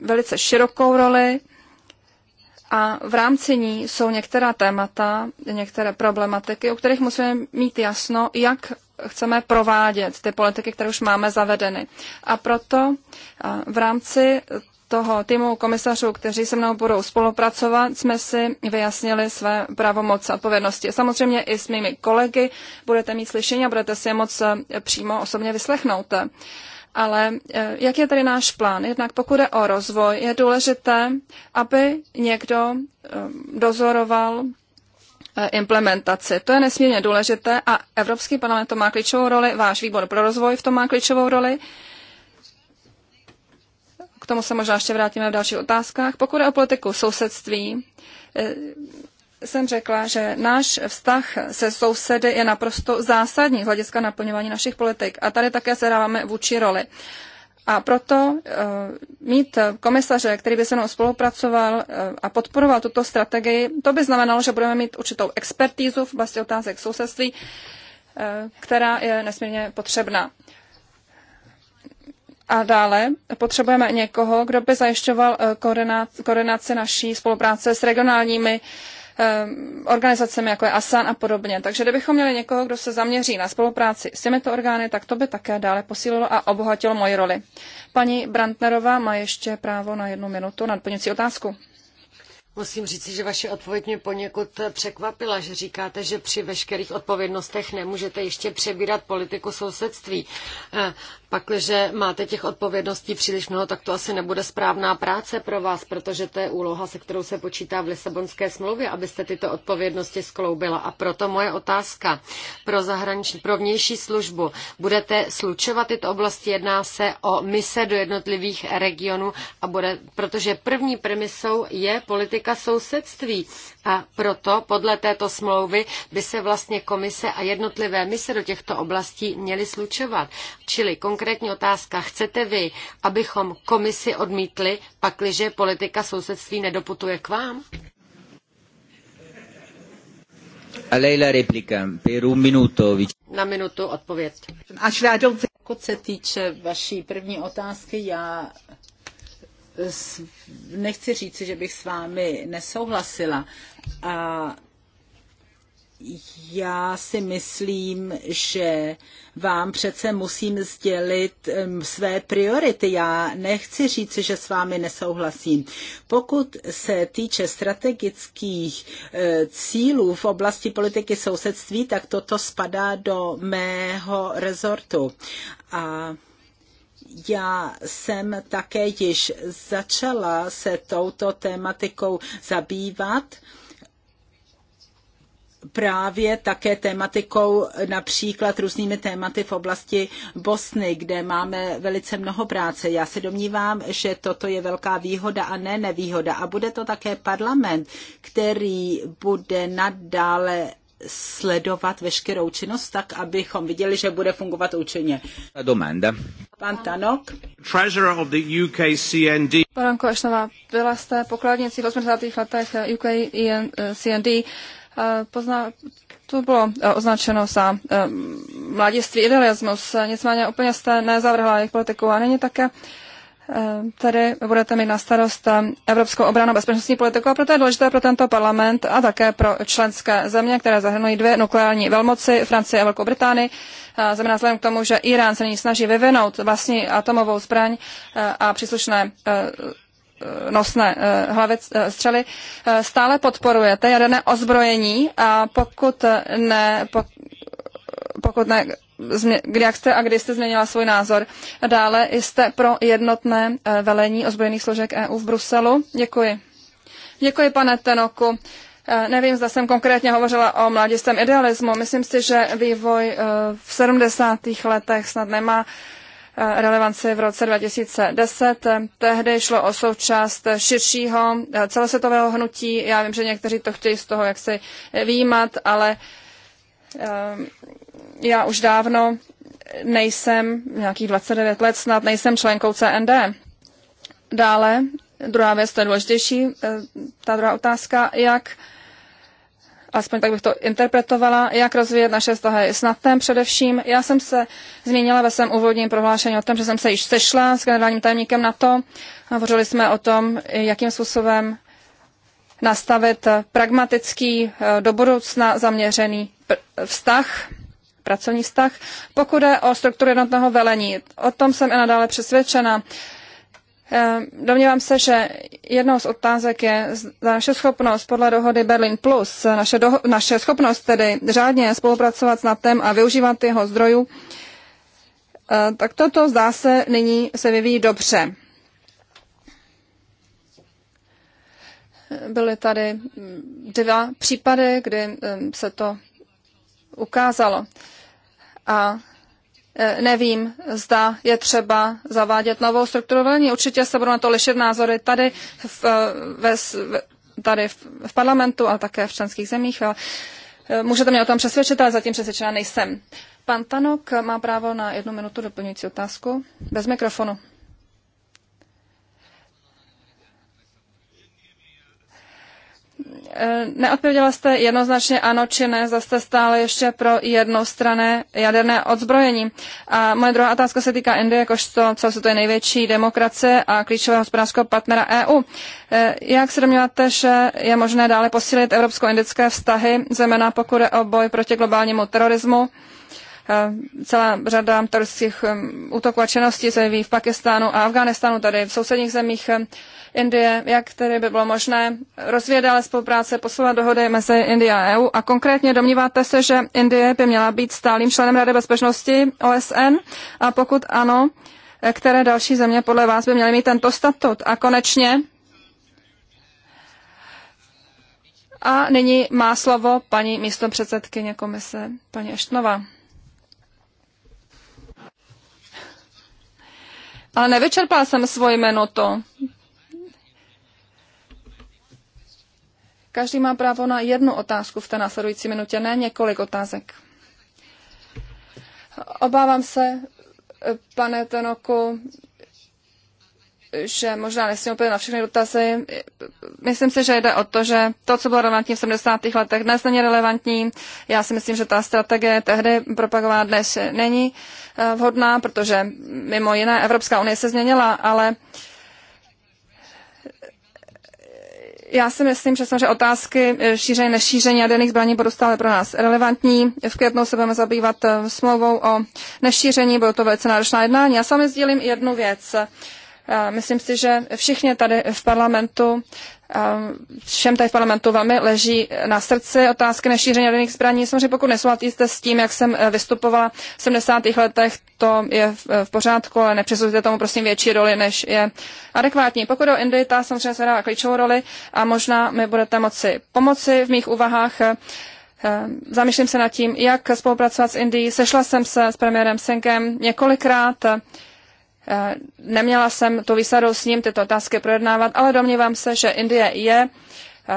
velice širokou roli a v rámci ní jsou některá témata, některé problematiky, o kterých musíme mít jasno, jak chceme provádět, ty politiky, které už máme zavedeny. A proto v rámci toho týmu komisařů, kteří se mnou budou spolupracovat, jsme si vyjasnili své pravomoce a odpovědnosti. Samozřejmě i s mými kolegy budete mít slyšení a budete si je moc e, přímo osobně vyslechnout. Ale e, jak je tedy náš plán? Jednak pokud je o rozvoj, je důležité, aby někdo e, dozoroval Eh, implementaci. To je nesmírně důležité a Evropský parlament to má klíčovou roli, váš výbor pro rozvoj v tom má klíčovou roli. K tomu se možná ještě vrátíme v dalších otázkách. Pokud je o politiku sousedství, eh, jsem řekla, že náš vztah se sousedy je naprosto zásadní z hlediska naplňování našich politik a tady také se dáváme vůči roli. A proto eh, mít komisaře, který by se mnou spolupracoval eh, a podporoval tuto strategii, to by znamenalo, že budeme mít určitou expertízu v oblasti otázek sousedství, eh, která je nesmírně potřebná. A dále potřebujeme někoho, kdo by zajišťoval koordinaci naší spolupráce s regionálními uh, Ehm, organizacemi, jako je ASAN a podobně. Takže kdybychom měli někoho, kdo se zaměří na spolupráci s těmito orgány, tak to by také dále posílilo a obohatilo moji roli. Paní Brantnerová má ještě právo na jednu minutu na doplňující otázku. Musím říci, že vaše odpověď mě poněkud překvapila, že říkáte, že při veškerých odpovědnostech nemůžete ještě přebírat politiku sousedství. Eh, Pakliže máte těch odpovědností příliš mnoho, tak to asi nebude správná práce pro vás, protože to je úloha, se kterou se počítá v Lisabonské smlouvě, abyste tyto odpovědnosti skloubila. A proto moje otázka pro, zahraniční, pro vnější službu. Budete slučovat tyto oblasti, jedná se o mise do jednotlivých regionů, a bude, protože první premisou je politika politika sousedství. A proto podle této smlouvy by se vlastně komise a jednotlivé mise do těchto oblastí měly slučovat. Čili konkrétní otázka, chcete vy, abychom komisi odmítli, pakliže politika sousedství nedoputuje k vám? A lei la replica per un minuto. Na minutu odpověď. co se týče vaší první otázky, já nechci říci, že bych s vámi nesouhlasila. A já si myslím, že vám přece musím sdělit své priority. Já nechci říci, že s vámi nesouhlasím. Pokud se týče strategických e, cílů v oblasti politiky sousedství, tak toto spadá do mého rezortu. A já jsem také již začala se touto tématikou zabývat právě také tématikou, například různými tématy v oblasti Bosny, kde máme velice mnoho práce. Já se domnívám, že toto je velká výhoda a ne nevýhoda. A bude to také parlament, který bude nadále sledovat veškerou činnost tak, abychom viděli, že bude fungovat účinně. Domanda. Pan Tanok. Treasurer of the UK CND. Pan Koešnová, byla jste pokladnicí v 80. letech eh, eh, CND, eh, Pozná, to bylo označeno za mladiství idealismus, nicméně úplně jste nezavrhla jejich politiku a není také Eh, tady budete mít na starost eh, Evropskou obranu bezpečnostní politiku a proto je důležité pro tento parlament a také pro členské země, které zahrnují dvě nukleární velmoci, Francie a Velkou Británii, eh, znamená vzhledem k tomu, že Irán se nyní snaží vyvinout vlastní atomovou zbraň a příslušné nosné hlavy střely, stále podporujete jaderné ozbrojení a pokud ne, pokud ne kde jak jste a kdy jste změnila svůj názor. Dále jste pro jednotné eh, velení ozbrojených složek EU v Bruselu. Děkuji. Děkuji, pane Tenoku. Eh, nevím, zda jsem konkrétně hovořila o mladistém idealismu. Myslím si, že vývoj eh, v 70. letech snad nemá relevanci v roce 2010. Tehdy šlo o součást širšího celosvětového hnutí. Já vím, že někteří to chtějí z toho jak se výjímat, ale já už dávno nejsem, nějakých 29 let snad, nejsem členkou CND. Dále, druhá věc, to je důležitější, eh, ta druhá otázka, jak, aspoň tak bych to interpretovala, jak rozvíjet naše vztahy s NATEM především. Já jsem se zmínila ve svém úvodním prohlášení o tom, že jsem se již sešla s generálním tajemníkem NATO. Hovořili jsme o tom, jakým způsobem nastavit pragmatický, eh, do budoucna zaměřený vztah pracovní vztah. Pokud je o strukturu jednotného velení, o tom jsem i nadále přesvědčena. Ehm, domnívám se, že jednou z otázek je za naše schopnost podle dohody Berlin Plus, naše, do, naše schopnost tedy řádně spolupracovat s NATEM a využívat jeho zdrojů, eh, tak toto zdá se nyní se vyvíjí dobře. Byly tady dva případy, kdy ehm, se to ukázalo a e, nevím, zda je třeba zavádět novou strukturu velení. Určitě se budou na to lišit názory tady v, e, ve, tady v, parlamentu, ale také v členských zemích. A e, můžete mě o tom přesvědčit, ale zatím přesvědčena nejsem. Pan Tanok má právo na jednu minutu doplňující otázku. Bez mikrofonu. Eh, neodpověděla jste jednoznačně ano či ne, zase jste stále ještě pro jednostrané jaderné odzbrojení. A moje druhá otázka se týká Indie, jakožto co to je největší demokracie a klíčového hospodářského partnera EU. Eh, jak se domníváte, že je možné dále posílit evropsko-indické vztahy, zejména pokud je o boj proti globálnímu terorismu? celá řada teroristických um, útoků a činností se v Pakistánu a Afganistánu, tady v sousedních zemích um, Indie, jak tedy by bylo možné rozvíjet dále spolupráce, posouvat dohody mezi Indie a EU a konkrétně domníváte se, že Indie by měla být stálým členem Rady bezpečnosti OSN a pokud ano, které další země podle vás by měly mít tento statut. A konečně a nyní má slovo paní místopředsedkyně komise, paní Eštnova. ale nevyčerpal jsem jméno to. Každý má právo na jednu otázku v té následující minutě, ne několik otázek. Obávám se, pane Tenoku, že možná nesmím úplně na všechny dotazy. Myslím si, že jde o to, že to, co bylo relevantní v 70. letech, dnes není relevantní. Já si myslím, že ta strategie tehdy propagovaná dnes není eh, vhodná, protože mimo jiné Evropská unie se změnila, ale já si myslím, že samozřejmě otázky šíření, nešíření jaderných zbraní budou stále pro nás relevantní. V květnu se budeme zabývat eh, smlouvou o nešíření, bylo to velice náročná jednání. Já sami sdílím jednu věc. Myslím si, že všichni tady v parlamentu, všem tady v parlamentu velmi leží na srdci otázky nešíření jaderných zbraní. Samozřejmě pokud nesouhlasíte s tím, jak jsem e, vystupovala v 70. letech, to je v e, pořádku, ale nepřesuzujte tomu prosím větší roli, než je adekvátní. Pokud o Indii, ta samozřejmě se dává klíčovou roli a možná mi budete moci pomoci v mých úvahách. E, zamýšlím se nad tím, jak spolupracovat s Indií. Sešla jsem se s premiérem Senkem několikrát Eh, neměla jsem tu výsadu s ním tyto otázky projednávat, ale domnívám se, že Indie je eh,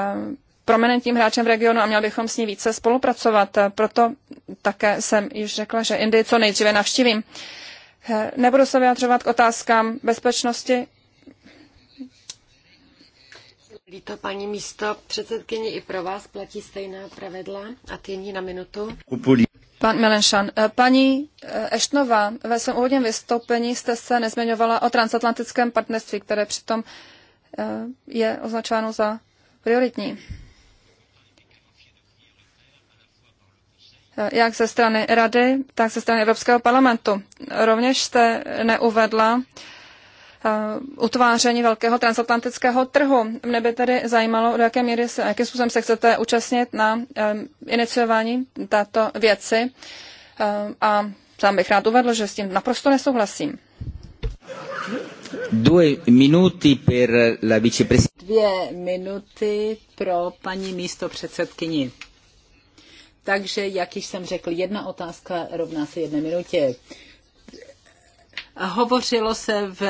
prominentním hráčem v regionu a měli bychom s ní více spolupracovat. Eh, proto také jsem již řekla, že Indii co nejdříve navštívím. Nebudu se vyjadřovat k otázkám bezpečnosti. Líto, paní místo předsedkyně, i pro vás platí stejná pravidla a ty na minutu. Pan Milenšan, eh, paní eh, Eštnova, ve svém úvodním vystoupení jste se nezmiňovala o transatlantickém partnerství, které přitom eh, je označováno za prioritní. Jak ze strany Rady, tak ze strany Evropského parlamentu. Rovněž jste neuvedla Eh, utváření velkého transatlantického trhu. Mne by tedy zajímalo, do jaké míry se, jakým způsobem se chcete účastnit na eh, iniciování této věci. Eh, a sám bych rád uvedl, že s tím naprosto nesouhlasím. Dvě minuty per la Dvě minuty pro paní místo předsedkyni. Takže, jak již jsem řekl, jedna otázka rovná se jedné minutě. Hovořilo se v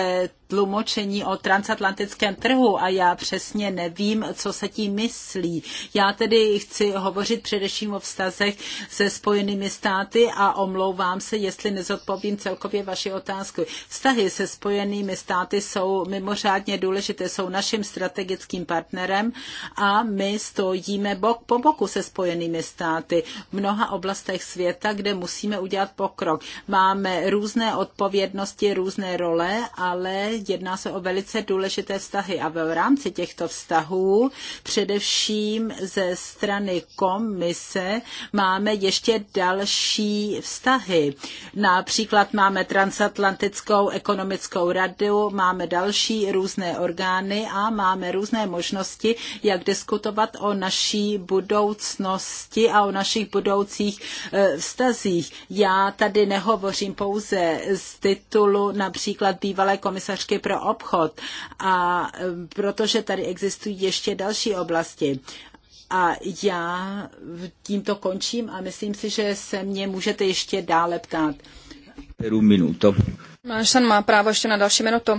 tlumočení o transatlantickém trhu a já přesně nevím, co se tím myslí. Já tedy chci hovořit především o vztazech se Spojenými státy a omlouvám se, jestli nezodpovím celkově vaši otázku. Vztahy se Spojenými státy jsou mimořádně důležité, jsou naším strategickým partnerem a my stojíme bok po boku se Spojenými státy v mnoha oblastech světa, kde musíme udělat pokrok. Máme různé odpovědnosti, různé role, ale jedná se o velice důležité vztahy a v rámci těchto vztahů především ze strany komise máme ještě další vztahy. Například máme transatlantickou ekonomickou radu, máme další různé orgány a máme různé možnosti, jak diskutovat o naší budoucnosti a o našich budoucích e, vztazích. Já tady nehovořím pouze z titulu například bývalé komisařky otázky pro obchod, a protože tady existují ještě další oblasti. A já tímto končím a myslím si, že se mě můžete ještě dále ptát. Minuto. Manšan má právo ještě na další minutu.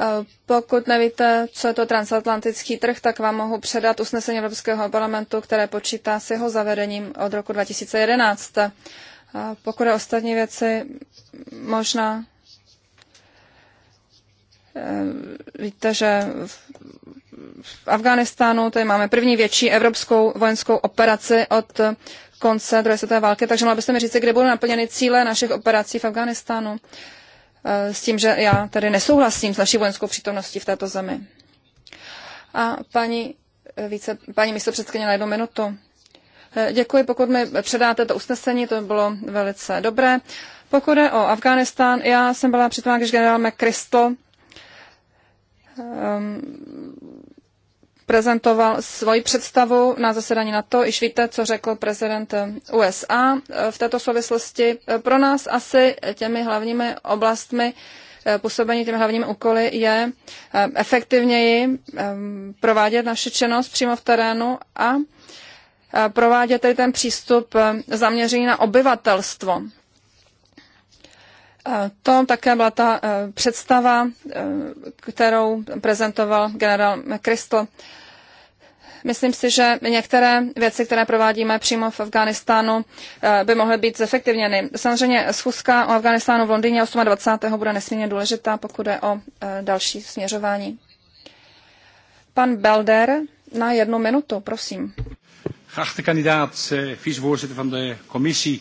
Eh, pokud nevíte, co je to transatlantický trh, tak vám mohu předat usnesení Evropského parlamentu, které počítá s jeho zavedením od roku 2011. Eh, pokud je ostatní věci, možná Eh, víte, že v Afghánistánu tady máme první větší evropskou vojenskou operaci od konce druhé světové války, takže mohla byste mi říct, kde budou naplněny cíle našich operací v Afghánistánu. Eh, s tím, že já tady nesouhlasím s naší vojenskou přítomností v této zemi. A paní, eh, více, paní místopředsedkyně na jednu minutu. Děkuji, pokud mi předáte to usnesení, to bylo velice dobré. Pokud je o Afghánistán, já jsem byla přítomná, když generál McChrystal Ehm, prezentoval svoji představu na zasedání NATO. Iž víte, co řekl prezident USA eh, v této souvislosti. Eh, pro nás asi těmi hlavními oblastmi eh, působení těmi hlavními úkoly je efektivněji ehm, provádět naši činnost přímo v terénu a provádět tedy ten přístup zaměřený na obyvatelstvo. E, to také byla ta e, představa, e, kterou prezentoval generál McChrystal. Myslím si, že některé věci, které provádíme přímo v Afghánistánu, by mohly být zefektivněny. Samozřejmě schůzka o Afghánistánu v Londýně 28. bude nesmírně důležitá, pokud je o další směřování. Pan Belder na jednu minutu, prosím. Geachte kandidaat, eh, vicevoorzitter van de commissie.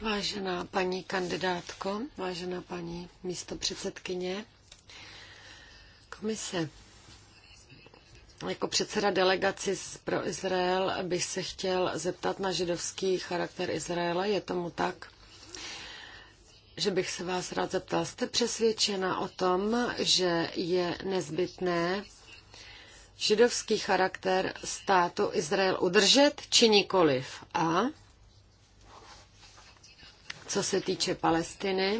Vážená paní kandidátko, vážená paní místopředsedkyně komise, jako předseda delegaci pro Izrael bych se chtěl zeptat na židovský charakter Izraele. Je tomu tak? že bych se vás rád zeptal. Jste přesvědčena o tom, že je nezbytné židovský charakter státu Izrael udržet či nikoliv? A co se týče Palestiny,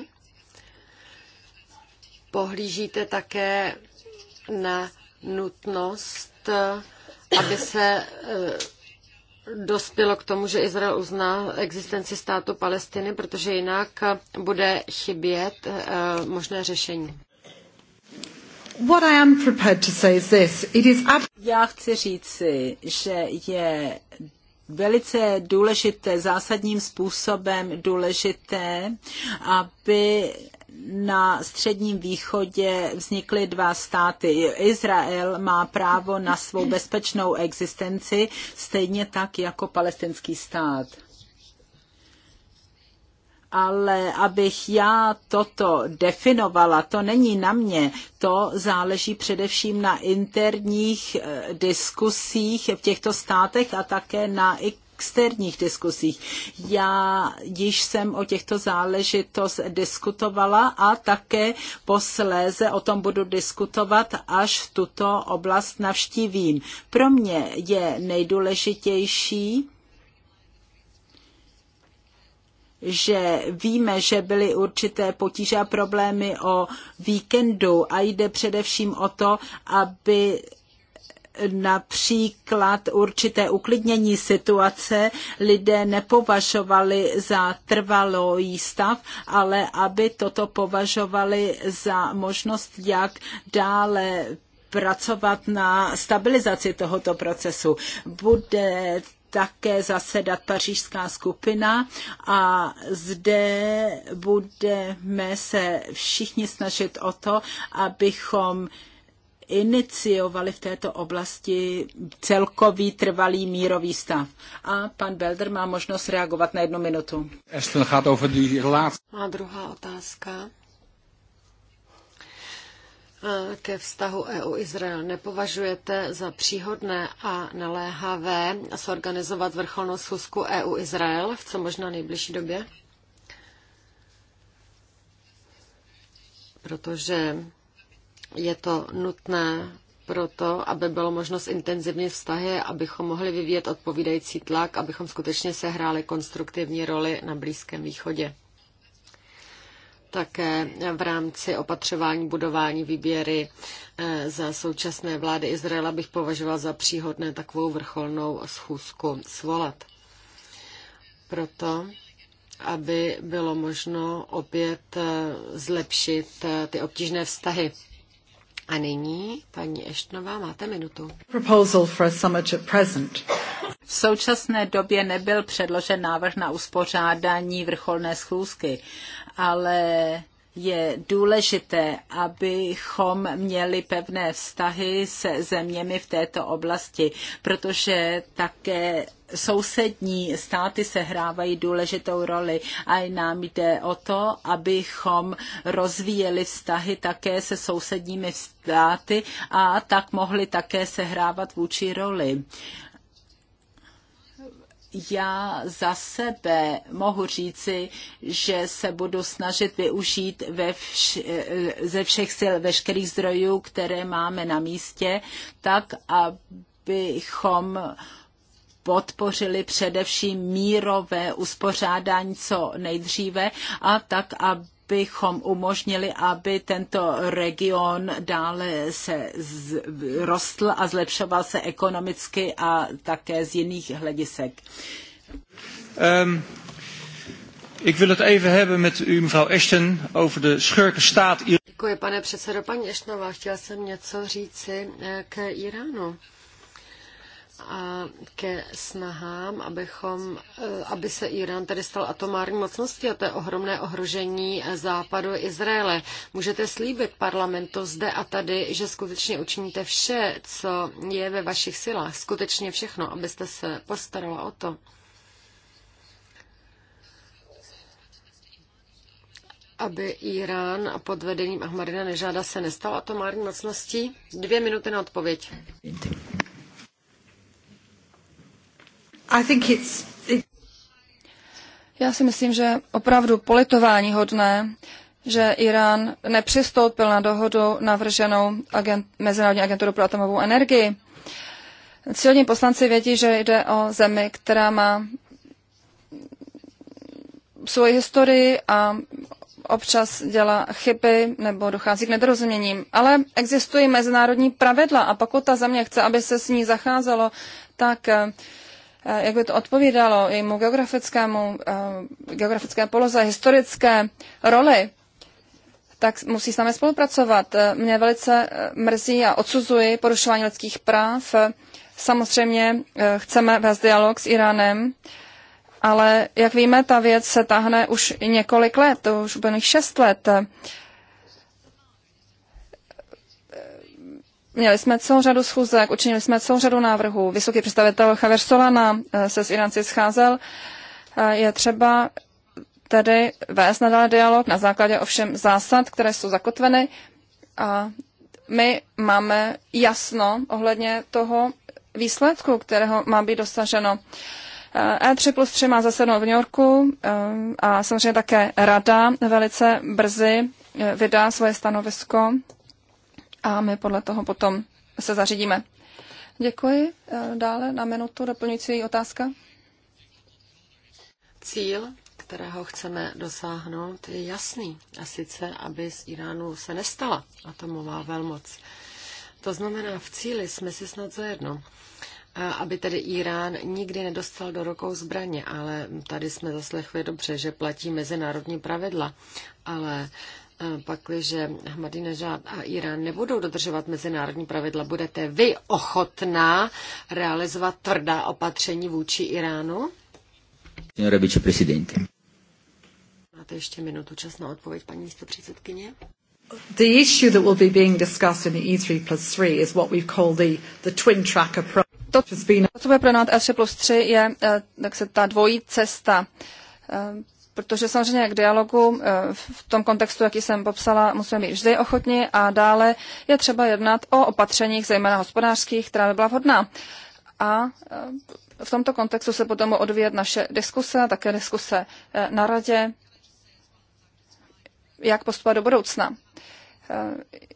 pohlížíte také na nutnost, aby se eh, dospělo k tomu, že Izrael uzná existenci státu Palestiny, protože jinak bude chybět eh, možné řešení. What I am prepared to say is this. It is Já chci říci, že je velice důležité, zásadním způsobem důležité, aby na středním východě vznikly dva státy. Izrael má právo na svou bezpečnou existenci, stejně tak jako palestinský stát ale abych já toto definovala, to není na mě. To záleží především na interních eh, diskusích v těchto státech a také na externích diskusích. Já již jsem o těchto záležitost diskutovala a také posléze o tom budu diskutovat, až tuto oblast navštívím. Pro mě je nejdůležitější, že víme, že byly určité potíže a problémy o víkendu a jde především o to, aby například určité uklidnění situace lidé nepovažovali za trvalý stav, ale aby toto považovali za možnost, jak dále pracovat na stabilizaci tohoto procesu. Bude také zasedat pařížská skupina a zde budeme se všichni snažit o to, abychom iniciovali v této oblasti celkový trvalý mírový stav. A pan Belder má možnost reagovat na jednu minutu. A druhá otázka ke vztahu EU-Izrael nepovažujete za příhodné a naléhavé zorganizovat vrcholnou schůzku EU-Izrael v co možná nejbližší době? Protože je to nutné proto, aby bylo možno intenzivně vztahy, abychom mohli vyvíjet odpovídající tlak, abychom skutečně sehráli konstruktivní roli na Blízkém východě také v rámci opatřování budování výběry eh, za současné vlády Izraela bych považoval za příhodné takovou vrcholnou schůzku svolat. Proto aby bylo možno opět eh, zlepšit eh, ty obtížné vztahy. A nyní, paní Eštnová, máte minutu. V současné době nebyl předložen návrh na uspořádání vrcholné schůzky ale je důležité, abychom měli pevné vztahy se zeměmi v této oblasti, protože také sousední státy sehrávají důležitou roli a i nám jde o to, abychom rozvíjeli vztahy také se sousedními státy a tak mohli také sehrávat vůči roli já za sebe mohu říci, že se budu snažit využít ve vš- ze všech sil veškerých zdrojů, které máme na místě, tak, abychom podpořili především mírové uspořádání co nejdříve a tak, aby abychom umožnili, aby tento region dále se rostl a zlepšoval se ekonomicky a také z jiných hledisek. Um. Ik wil het even hebben met u, mevrouw Ashton, over de schurkenstaat Iran. Děkuji, pane předsedo. Paní Ashtonová, chtěla jsem něco říci eh, k Iránu ke snahám, abychom, eh, aby se Irán tedy stal atomární mocností a to je ohromné ohrožení západu Izraele. Můžete slíbit parlamentu zde a tady, že skutečně učiníte vše, co je ve vašich silách, skutečně všechno, abyste se postarala o to. aby Irán pod vedením Ahmadina Nežáda se nestal atomární mocností? Dvě minuty na odpověď. Děkujeme. Já si myslím, že opravdu politování hodné, že Irán nepřistoupil na dohodu navrženou agent, Mezinárodní agenturu pro atomovou energii. Cílní poslanci vědí, že jde o zemi, která má svoji historii a občas dělá chyby nebo dochází k nedorozuměním. Ale existují mezinárodní pravidla a pokud ta země chce, aby se s ní zacházelo, tak eh, Eh, jak by to odpovídalo jejímu geografickému, eh, geografické poloze, historické roli, tak musí s námi spolupracovat. Eh, mě velice mrzí a odsuzuji porušování lidských práv. Samozřejmě chceme vést dialog s Iránem, ale jak víme, ta věc se tahne už několik let, už úplných šest let. Měli jsme celou řadu schůzek, učinili jsme celou řadu návrhů. Vysoký představitel Javier Solana eh, se s iranci scházel. Eh, je třeba tedy vést nadále dialog na základě ovšem zásad, které jsou zakotveny a my máme jasno ohledně toho výsledku, kterého má být dosaženo. E3 eh, e plus 3 má zasednout v New Yorku a samozřejmě také rada velice brzy vydá svoje stanovisko a my podle toho potom se zařídíme. Děkuji. Eh, dále na minutu doplňující otázka. Cíl, kterého chceme dosáhnout, je jasný. A sice, aby z Iránu se nestala atomová velmoc. To znamená, v cíli jsme si snad zajedno aby tedy Irán nikdy nedostal do rukou zbraně, ale tady jsme zaslechli dobře, že platí mezinárodní pravidla, ale pakliže Ahmadinejad a Irán nebudou dodržovat mezinárodní pravidla, budete vy ochotná realizovat tvrdá opatření vůči Iránu? Máte ještě minutu čas na odpověď, paní předsedkyně. The issue that will be being discussed in the E3 plus 3 is what we've called the, the twin track approach. To, co bude projednávat E3 plus 3, je eh, tak se ta dvojí cesta eh, protože samozřejmě k dialogu eh, v tom kontextu, jaký jsem popsala, musíme být vždy ochotní a dále je třeba jednat o opatřeních, zejména hospodářských, která by byla vhodná. A eh, v tomto kontextu se potom odvíjet naše diskuse a také diskuse eh, na radě, jak postupovat do budoucna.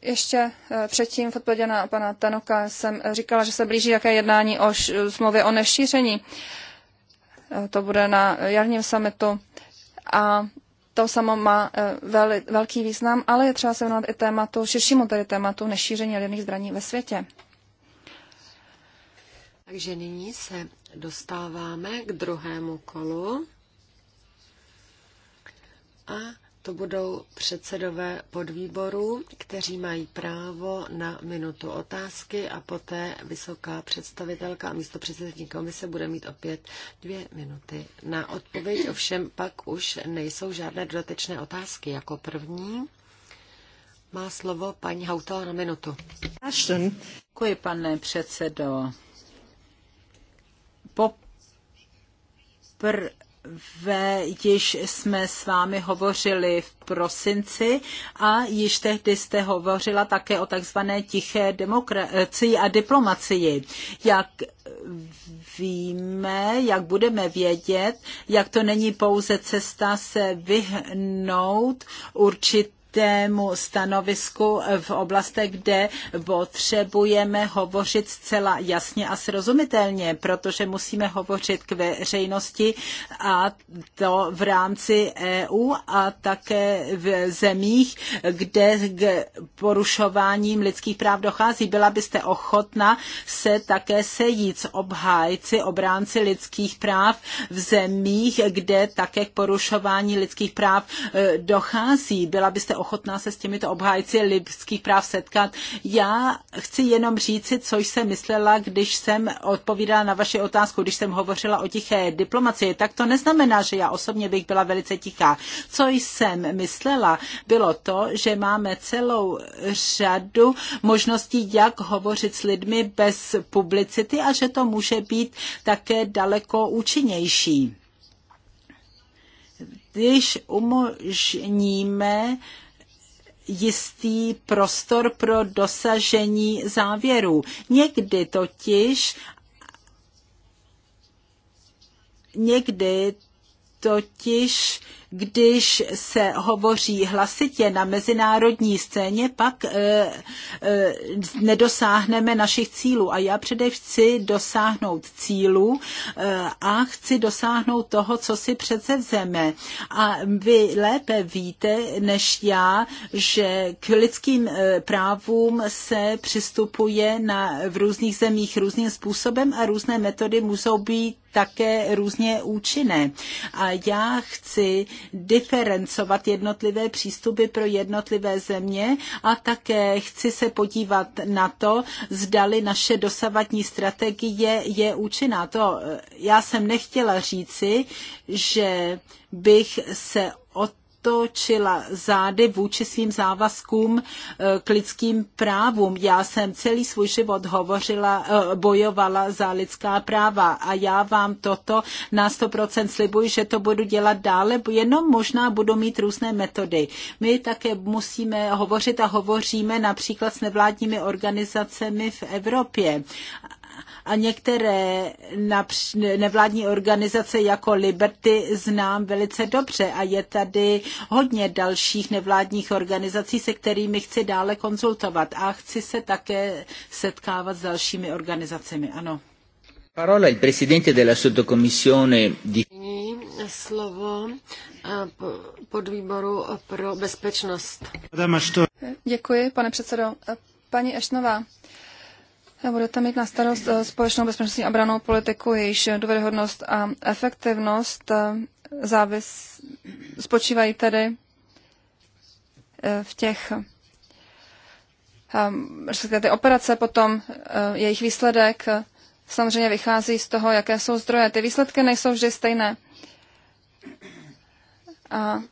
Ještě předtím v odpovědě na pana Tanoka jsem říkala, že se blíží jaké jednání o smlouvě o nešíření. To bude na jarním summitu a to samo má e, vel, velký význam, ale je třeba se věnovat i tématu, širšímu tedy tématu nešíření jaderných zbraní ve světě. Takže nyní se dostáváme k druhému kolu. A to budou předsedové podvýborů, kteří mají právo na minutu otázky a poté vysoká představitelka a místo předsední komise bude mít opět dvě minuty na odpověď. Ovšem pak už nejsou žádné dodatečné otázky. Jako první má slovo paní Hautala na minutu. Děkuji, pane předsedo. Po pr- ve, již jsme s vámi hovořili v prosinci a již tehdy jste hovořila také o takzvané tiché demokracii a diplomacii. Jak víme, jak budeme vědět, jak to není pouze cesta se vyhnout určitě určitému stanovisku v oblastech, kde potřebujeme hovořit zcela jasně a srozumitelně, protože musíme hovořit k veřejnosti a to v rámci EU a také v zemích, kde k porušováním lidských práv dochází. Byla byste ochotna se také sejít s obhájci, obránci lidských práv v zemích, kde také k porušování lidských práv e, dochází. Byla byste ochotná se s těmito obhájci lidských práv setkat. Já chci jenom říci, co jsem myslela, když jsem odpovídala na vaši otázku, když jsem hovořila o tiché diplomacii, tak to neznamená, že já osobně bych byla velice tichá. Co jsem myslela, bylo to, že máme celou řadu možností, jak hovořit s lidmi bez publicity a že to může být také daleko účinnější když umožníme jistý prostor pro dosažení závěrů. Někdy totiž někdy totiž když se hovoří hlasitě na mezinárodní scéně, pak eh, eh, nedosáhneme našich cílů. A já především chci dosáhnout cílů eh, a chci dosáhnout toho, co si přece vzeme. A vy lépe víte než já, že k lidským právům se přistupuje na, v různých zemích různým způsobem a různé metody musou být také různě účinné. A já chci diferencovat jednotlivé přístupy pro jednotlivé země a také chci se podívat na to, zdali naše dosavatní strategie je účinná. To eh, já jsem nechtěla říci, že bych se od otočila zády vůči svým závazkům eh, k lidským právům. Já jsem celý svůj život hovořila, eh, bojovala za lidská práva a já vám toto na 100% slibuji, že to budu dělat dále, jenom možná budu mít různé metody. My také musíme hovořit a hovoříme například s nevládními organizacemi v Evropě a některé nevládní organizace jako Liberty znám velice dobře a je tady hodně dalších nevládních organizací, se kterými chci dále konzultovat a chci se také setkávat s dalšími organizacemi. Ano. Parola il presidente della sottocommissione di... Slovo eh, podvýboru pro bezpečnost. Děkuji, pane předsedo. Paní Ešnová, Budete mít na starost eh, společnou bezpečnostní a branou politiku, jejíž důvěryhodnost a efektivnost eh, závis spočívají tedy eh, v těch respektive ty operace, potom jejich výsledek samozřejmě vychází z toho, jaké jsou zdroje. Ty výsledky nejsou vždy stejné. A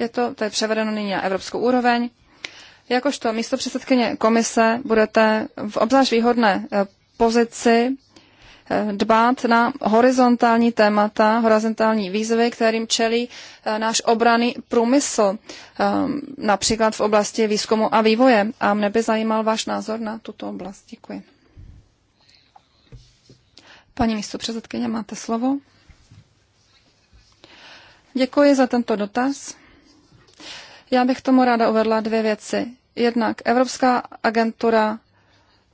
je to, to je převedeno nyní na evropskou úroveň. Jakožto místo předsedkyně komise budete v obzvlášť výhodné eh, pozici eh, dbát na horizontální témata, horizontální výzvy, kterým čelí eh, náš obraný průmysl, ehm, například v oblasti výzkumu a vývoje. A mne by zajímal váš názor na tuto oblast. Děkuji. Paní místo předsedkyně, máte slovo. Děkuji za tento dotaz. Já bych tomu ráda uvedla dvě věci. Jednak Evropská agentura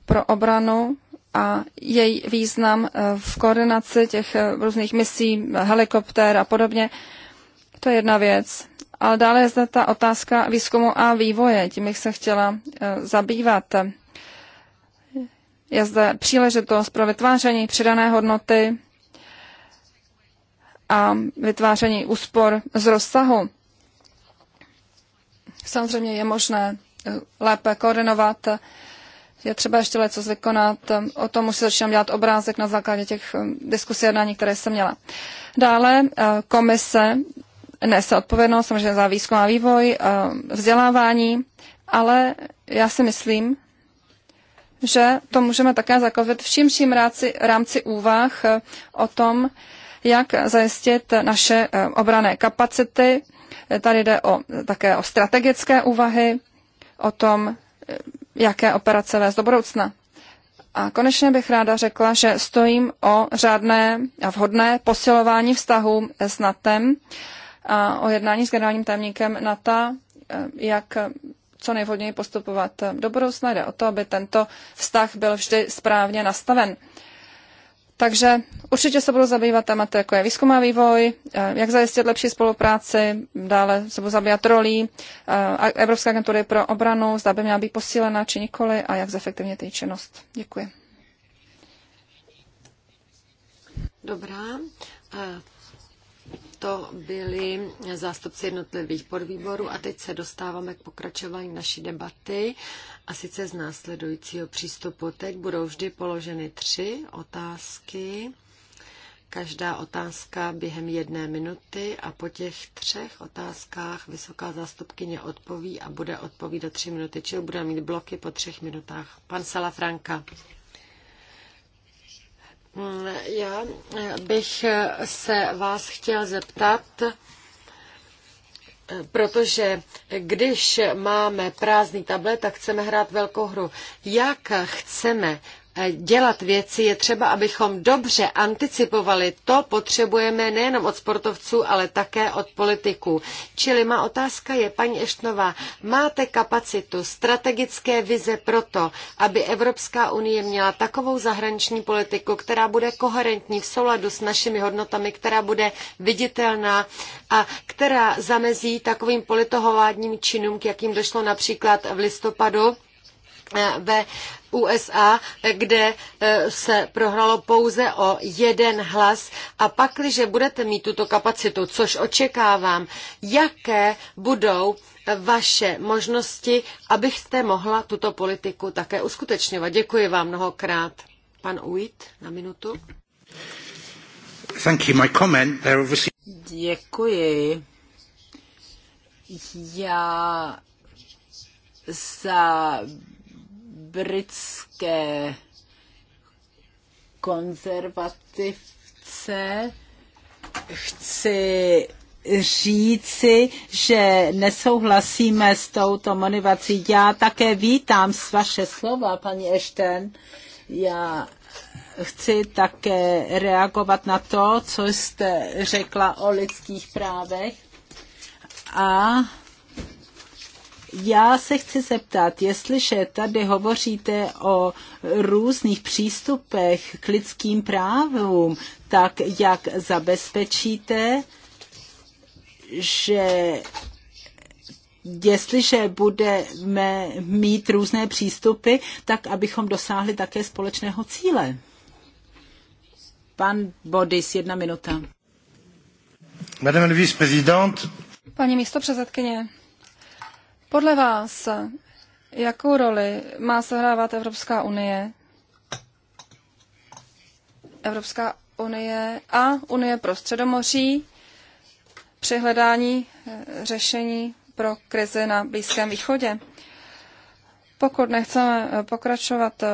pro obranu a její význam eh, v koordinaci těch eh, různých misí, helikoptér a podobně. To je jedna věc. Ale dále je zde ta otázka výzkumu a vývoje. Tím bych se chtěla eh, zabývat. Je zde příležitost pro vytváření přidané hodnoty a vytváření úspor z rozsahu. Samozřejmě je možné eh, lépe koordinovat, je třeba ještě leco vykonat, o tom už se začínám dělat obrázek na základě těch eh, diskusí jednání, které jsem měla. Dále eh, komise nese odpovědnost samozřejmě za výzkum a vývoj, vzdělávání, ale já si myslím, že to můžeme také zakovit v širším rámci, rámci úvah o tom, jak zajistit naše obrané kapacity, Tady jde o, také o strategické úvahy, o tom, jaké operace vést do budoucna. A konečně bych ráda řekla, že stojím o řádné a vhodné posilování vztahů s NATEM a o jednání s generálním tajemníkem NATO, eh, jak co nejvhodněji postupovat do budoucna. Jde o to, aby tento vztah byl vždy správně nastaven. Takže určitě se budu zabývat tématy, jako je výzkum a vývoj, eh, jak zajistit lepší spolupráci, dále se budu zabývat rolí eh, Evropské agentury pro obranu, zda by měla být posílena či nikoli a jak zefektivnit její činnost. Děkuji. Dobrá, eh, to byli zástupci jednotlivých podvýborů a teď se dostáváme k pokračování naší debaty a sice z následujícího přístupu. Teď budou vždy položeny tři otázky. Každá otázka během jedné minuty a po těch třech otázkách vysoká zástupkyně odpoví a bude odpovídat tři minuty, čili bude mít bloky po třech minutách. Pan Salafranka. Franka. Mm, já eh, bych eh, se vás chtěla zeptat, eh, protože když máme prázdný tablet, tak chceme hrát velkou hru. Jak chceme Eh, dělat věci, je třeba, abychom dobře anticipovali. To potřebujeme nejenom od sportovců, ale také od politiků. Čili má otázka je, paní Eštnová, máte kapacitu strategické vize pro to, aby Evropská unie měla takovou zahraniční politiku, která bude koherentní v souladu s našimi hodnotami, která bude viditelná a která zamezí takovým politohovádním činům, k jakým došlo například v listopadu eh, ve USA, kde eh, se prohrálo pouze o jeden hlas a pak, když budete mít tuto kapacitu, což očekávám, jaké budou eh, vaše možnosti, abyste mohla tuto politiku také uskutečňovat. Děkuji vám mnohokrát. Pan Uit na minutu. Thank you. My comment, obviously... Děkuji. Já za britské konzervativce chci říci, že nesouhlasíme s touto motivací. Já také vítám vaše slova, paní Ešten. Já chci také reagovat na to, co jste řekla o lidských právech. A já se chci zeptat, jestliže tady hovoříte o různých přístupech k lidským právům, tak jak zabezpečíte, že jestliže budeme mít různé přístupy, tak abychom dosáhli také společného cíle. Pan Bodis, jedna minuta. Madame la vice Paní místo předsedkyně, podle vás, jakou roli má sehrávat Evropská unie? Evropská unie a Unie pro středomoří při hledání eh, řešení pro krizi na Blízkém východě. Pokud nechceme eh, pokračovat eh,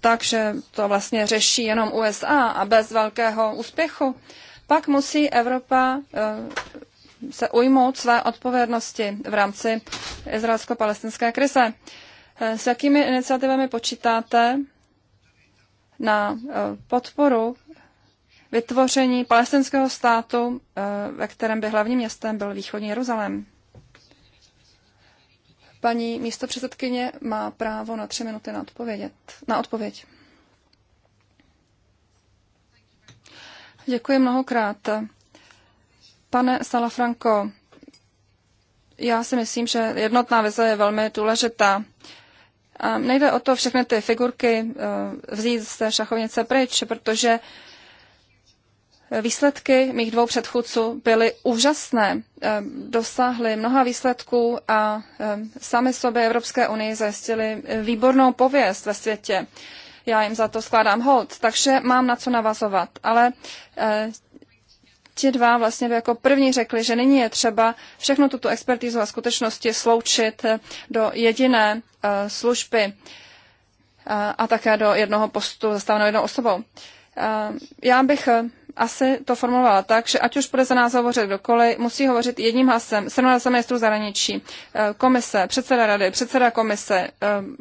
tak, že to vlastně řeší jenom USA a bez velkého úspěchu, pak musí Evropa se ujmout své odpovědnosti v rámci izraelsko-palestinské krize. Eh, s jakými iniciativami počítáte na eh, podporu vytvoření palestinského státu, eh, ve kterém by hlavním městem byl východní Jeruzalém? Paní místo předsedkyně má právo na tři minuty na, odpovědět, na odpověď. Děkuji mnohokrát. Pane Salafranco, já si myslím, že jednotná vize je velmi důležitá. A nejde o to všechny ty figurky eh, vzít z té šachovnice pryč, protože výsledky mých dvou předchůdců byly úžasné. Eh, Dosáhli mnoha výsledků a eh, sami sobě Evropské unii zajistili výbornou pověst ve světě. Já jim za to skládám hold, takže mám na co navazovat. Ale ti dva vlastně by jako první řekli, že nyní je třeba všechno tuto expertizu a skutečnosti sloučit do jediné eh, služby eh, a také do jednoho postu zastaveného jednou osobou. Eh, já bych asi to formulovala tak, že ať už bude za nás hovořit kdokoliv, musí hovořit jedním hlasem. 17 ministrů zahraničí, komise, předseda rady, předseda komise,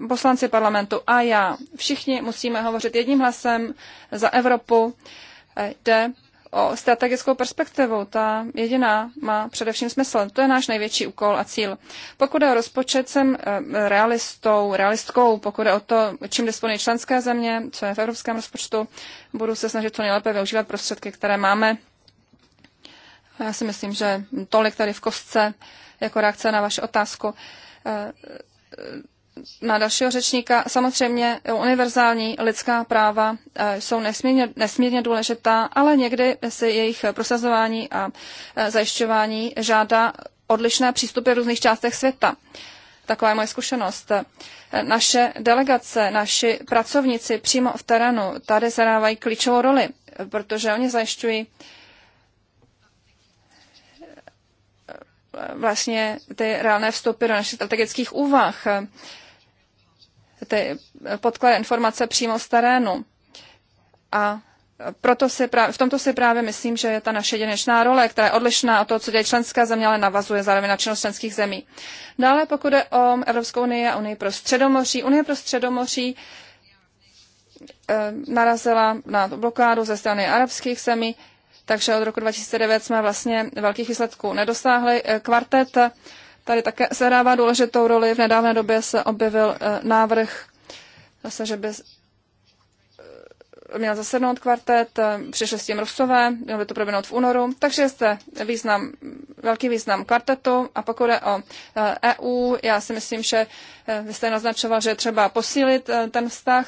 poslanci parlamentu a já. Všichni musíme hovořit jedním hlasem za Evropu. Jde o strategickou perspektivu. Ta jediná má především smysl. To je náš největší úkol a cíl. Pokud je o rozpočet, jsem eh, realistou, realistkou. Pokud je o to, čím disponují členské země, co je v evropském rozpočtu, budu se snažit co nejlépe využívat prostředky, které máme. Já si myslím, že tolik tady v kostce jako reakce na vaši otázku eh, na dalšího řečníka. Samozřejmě univerzální lidská práva eh, jsou nesmírně, nesmírně důležitá, ale někdy si jejich prosazování a eh, zajišťování žádá odlišné přístupy v různých částech světa. Taková je moje zkušenost. Eh, naše delegace, naši pracovníci přímo v terénu tady zadávají klíčovou roli, protože oni zajišťují vlastně ty reálné vstupy do našich strategických úvah ty podklady informace přímo z terénu. A proto si právě, v tomto si právě myslím, že je ta naše jedinečná role, která je odlišná od toho, co dělají členská země, ale navazuje zároveň na činnost členských zemí. Dále, pokud jde o Evropskou unii a Unii pro středomoří, Unie pro středomoří e, narazila na blokádu ze strany arabských zemí, takže od roku 2009 jsme vlastně velkých výsledků nedosáhli. Eh, kvartet Tady také se hrává důležitou roli. V nedávné době se objevil eh, návrh, zase, že by eh, měl zasednout kvartet, eh, přišli s tím Rusové, mělo by to proběhnout v únoru, takže jste význam, velký význam kvartetu a pokud je o EU, e já si myslím, že vy jste naznačoval, že je třeba posílit ten vztah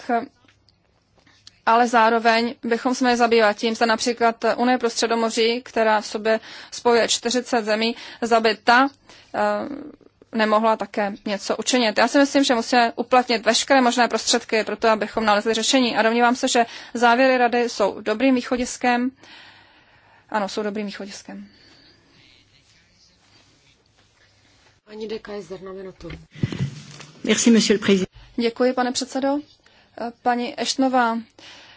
ale zároveň bychom se měli zabývat tím, že například Unie pro středomoří, která v sobě spojuje 40 zemí, zabita eh, nemohla také něco učinit. Já si myslím, že musíme uplatnit veškeré možné prostředky pro to, abychom nalezli řešení. A domnívám se, že závěry rady jsou dobrým východiskem. Ano, jsou dobrým východiskem. Ani de Kaiser na minutu. Merci, monsieur le président. Děkuji, pane předsedo. Paní Eštnová,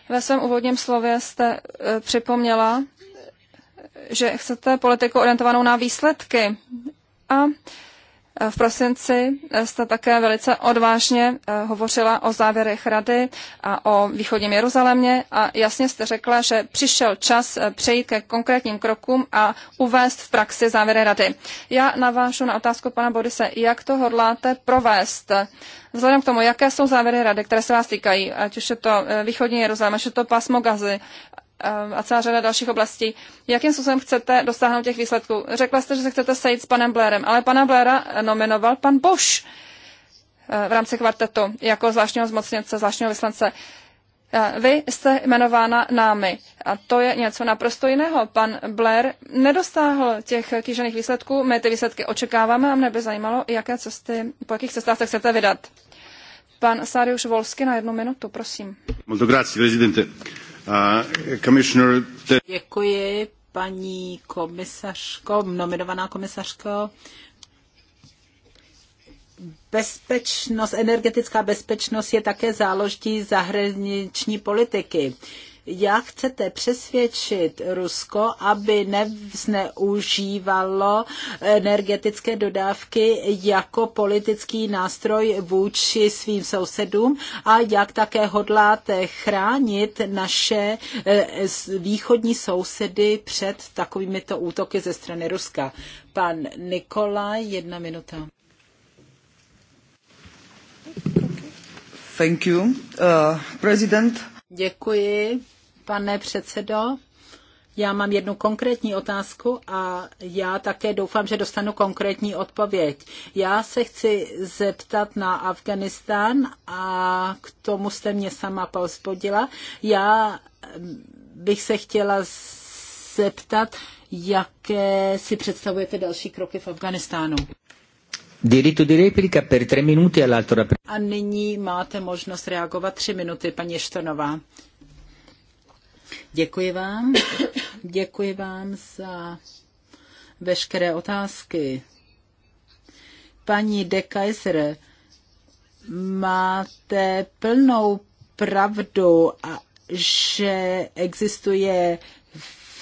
ve svém úvodním slově jste e, připomněla, že chcete politiku orientovanou na výsledky. A v prosinci jste také velice odvážně eh, hovořila o závěrech rady a o východním Jeruzalémě a jasně jste řekla, že přišel čas eh, přejít ke konkrétním krokům a uvést v praxi závěry rady. Já navážu na otázku pana Borise, jak to hodláte provést? Vzhledem k tomu, jaké jsou závěry rady, které se vás týkají, ať už je to eh, východní Jeruzalém, ať už je to pasmo Gazy, Eh, a celá řada dalších oblastí. Jakým způsobem chcete dosáhnout těch výsledků? Řekla jste, že se chcete sejít s panem Blairem, ale pana Blaira nominoval pan Bush eh, v rámci kvartetu jako zvláštního zmocněnce, zvláštního vyslance. Eh, vy jste jmenována námi a to je něco naprosto jiného. Pan Blair nedosáhl těch kýžených výsledků, my ty výsledky očekáváme a mne by zajímalo, jaké cesty, po jakých cestách se chcete vydat. Pan Sáriuš Volsky na jednu minutu, prosím. Moc prezidente. Uh, Děkuji, paní komisařko, nominovaná komisařko. Bezpečnost, energetická bezpečnost je také záložní zahraniční politiky jak chcete přesvědčit Rusko, aby nezneužívalo energetické dodávky jako politický nástroj vůči svým sousedům a jak také hodláte chránit naše eh, východní sousedy před takovýmito útoky ze strany Ruska. Pan Nikolaj, jedna minuta. Thank you, uh, President. Děkuji pane předsedo. Já mám jednu konkrétní otázku a já také doufám, že dostanu konkrétní odpověď. Já se chci zeptat na Afganistán a k tomu jste mě sama povzbudila. Já bych se chtěla zeptat, jaké si představujete další kroky v Afganistánu. Diritto di replica per tre minuti all'alto A nyní máte možnost reagovat tři minuty, paní Štonová. Děkuji vám. Děkuji vám za veškeré otázky. Paní de Kaiser, máte plnou pravdu, že existuje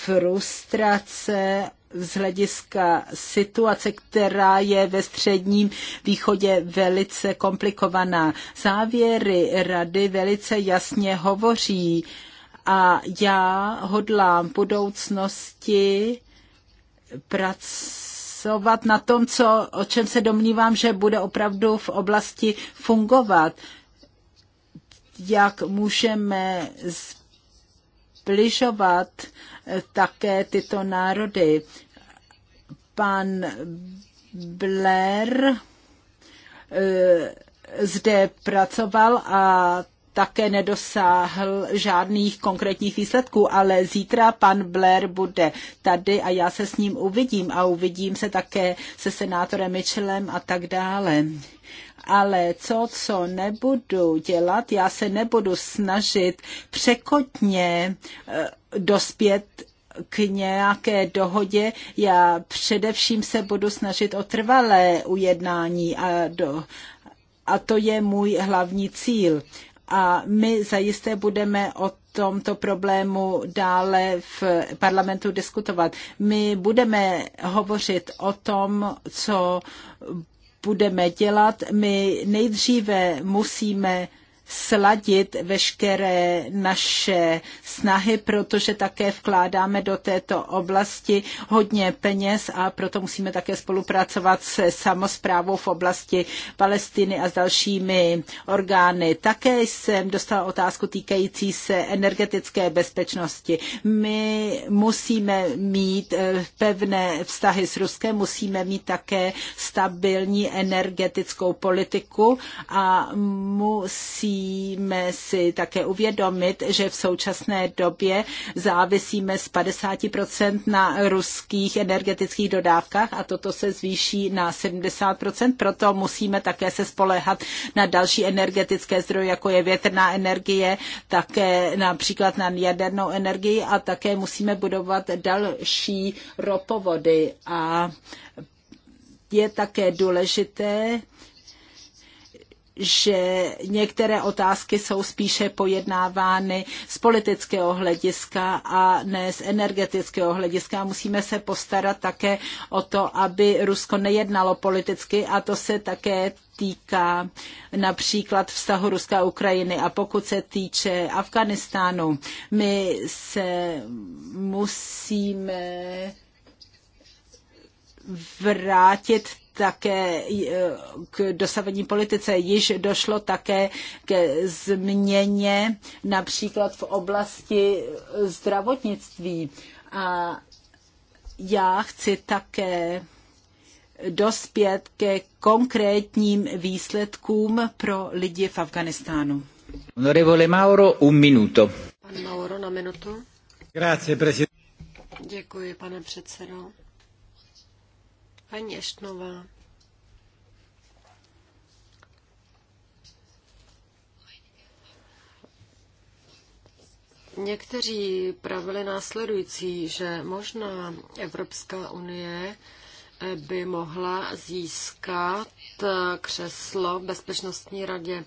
frustrace z hlediska situace, která je ve středním východě velice komplikovaná. Závěry rady velice jasně hovoří a já hodlám v budoucnosti pracovat na tom, co, o čem se domnívám, že bude opravdu v oblasti fungovat. Jak můžeme zbližovat eh, také tyto národy. Pan Blair eh, zde pracoval a také nedosáhl žádných konkrétních výsledků, ale zítra pan Blair bude tady a já se s ním uvidím a uvidím se také se senátorem Mitchellem a tak dále ale co, co nebudu dělat, já se nebudu snažit překotně eh, dospět k nějaké dohodě. Já především se budu snažit o trvalé ujednání a, do, a to je můj hlavní cíl a my zajisté budeme o tomto problému dále v parlamentu diskutovat. My budeme hovořit o tom, co budeme dělat. My nejdříve musíme sladit veškeré naše snahy, protože také vkládáme do této oblasti hodně peněz a proto musíme také spolupracovat se samozprávou v oblasti Palestiny a s dalšími orgány. Také jsem dostala otázku týkající se energetické bezpečnosti. My musíme mít eh, pevné vztahy s Ruskem, musíme mít také stabilní energetickou politiku a musí musíme si také uvědomit, že v současné době závisíme z 50% na ruských energetických dodávkách a toto se zvýší na 70%, proto musíme také se spoléhat na další energetické zdroje, jako je větrná energie, také například na jadernou energii a také musíme budovat další ropovody a je také důležité, že některé otázky jsou spíše pojednávány z politického hlediska a ne z energetického hlediska. Musíme se postarat také o to, aby Rusko nejednalo politicky a to se také týká například vztahu Ruska a Ukrajiny. A pokud se týče Afganistánu, my se musíme vrátit také eh, k dosavadní politice. Již došlo také ke změně například v oblasti zdravotnictví. A já chci také dospět ke konkrétním výsledkům pro lidi v Afganistánu. Honorevole Mauro, un minuto. Pan Mauro na minutu. Grazie, Děkuji, pane předsedo. Paní Eštnová. Někteří pravili následující, že možná Evropská unie eh, by mohla získat eh, křeslo v Bezpečnostní radě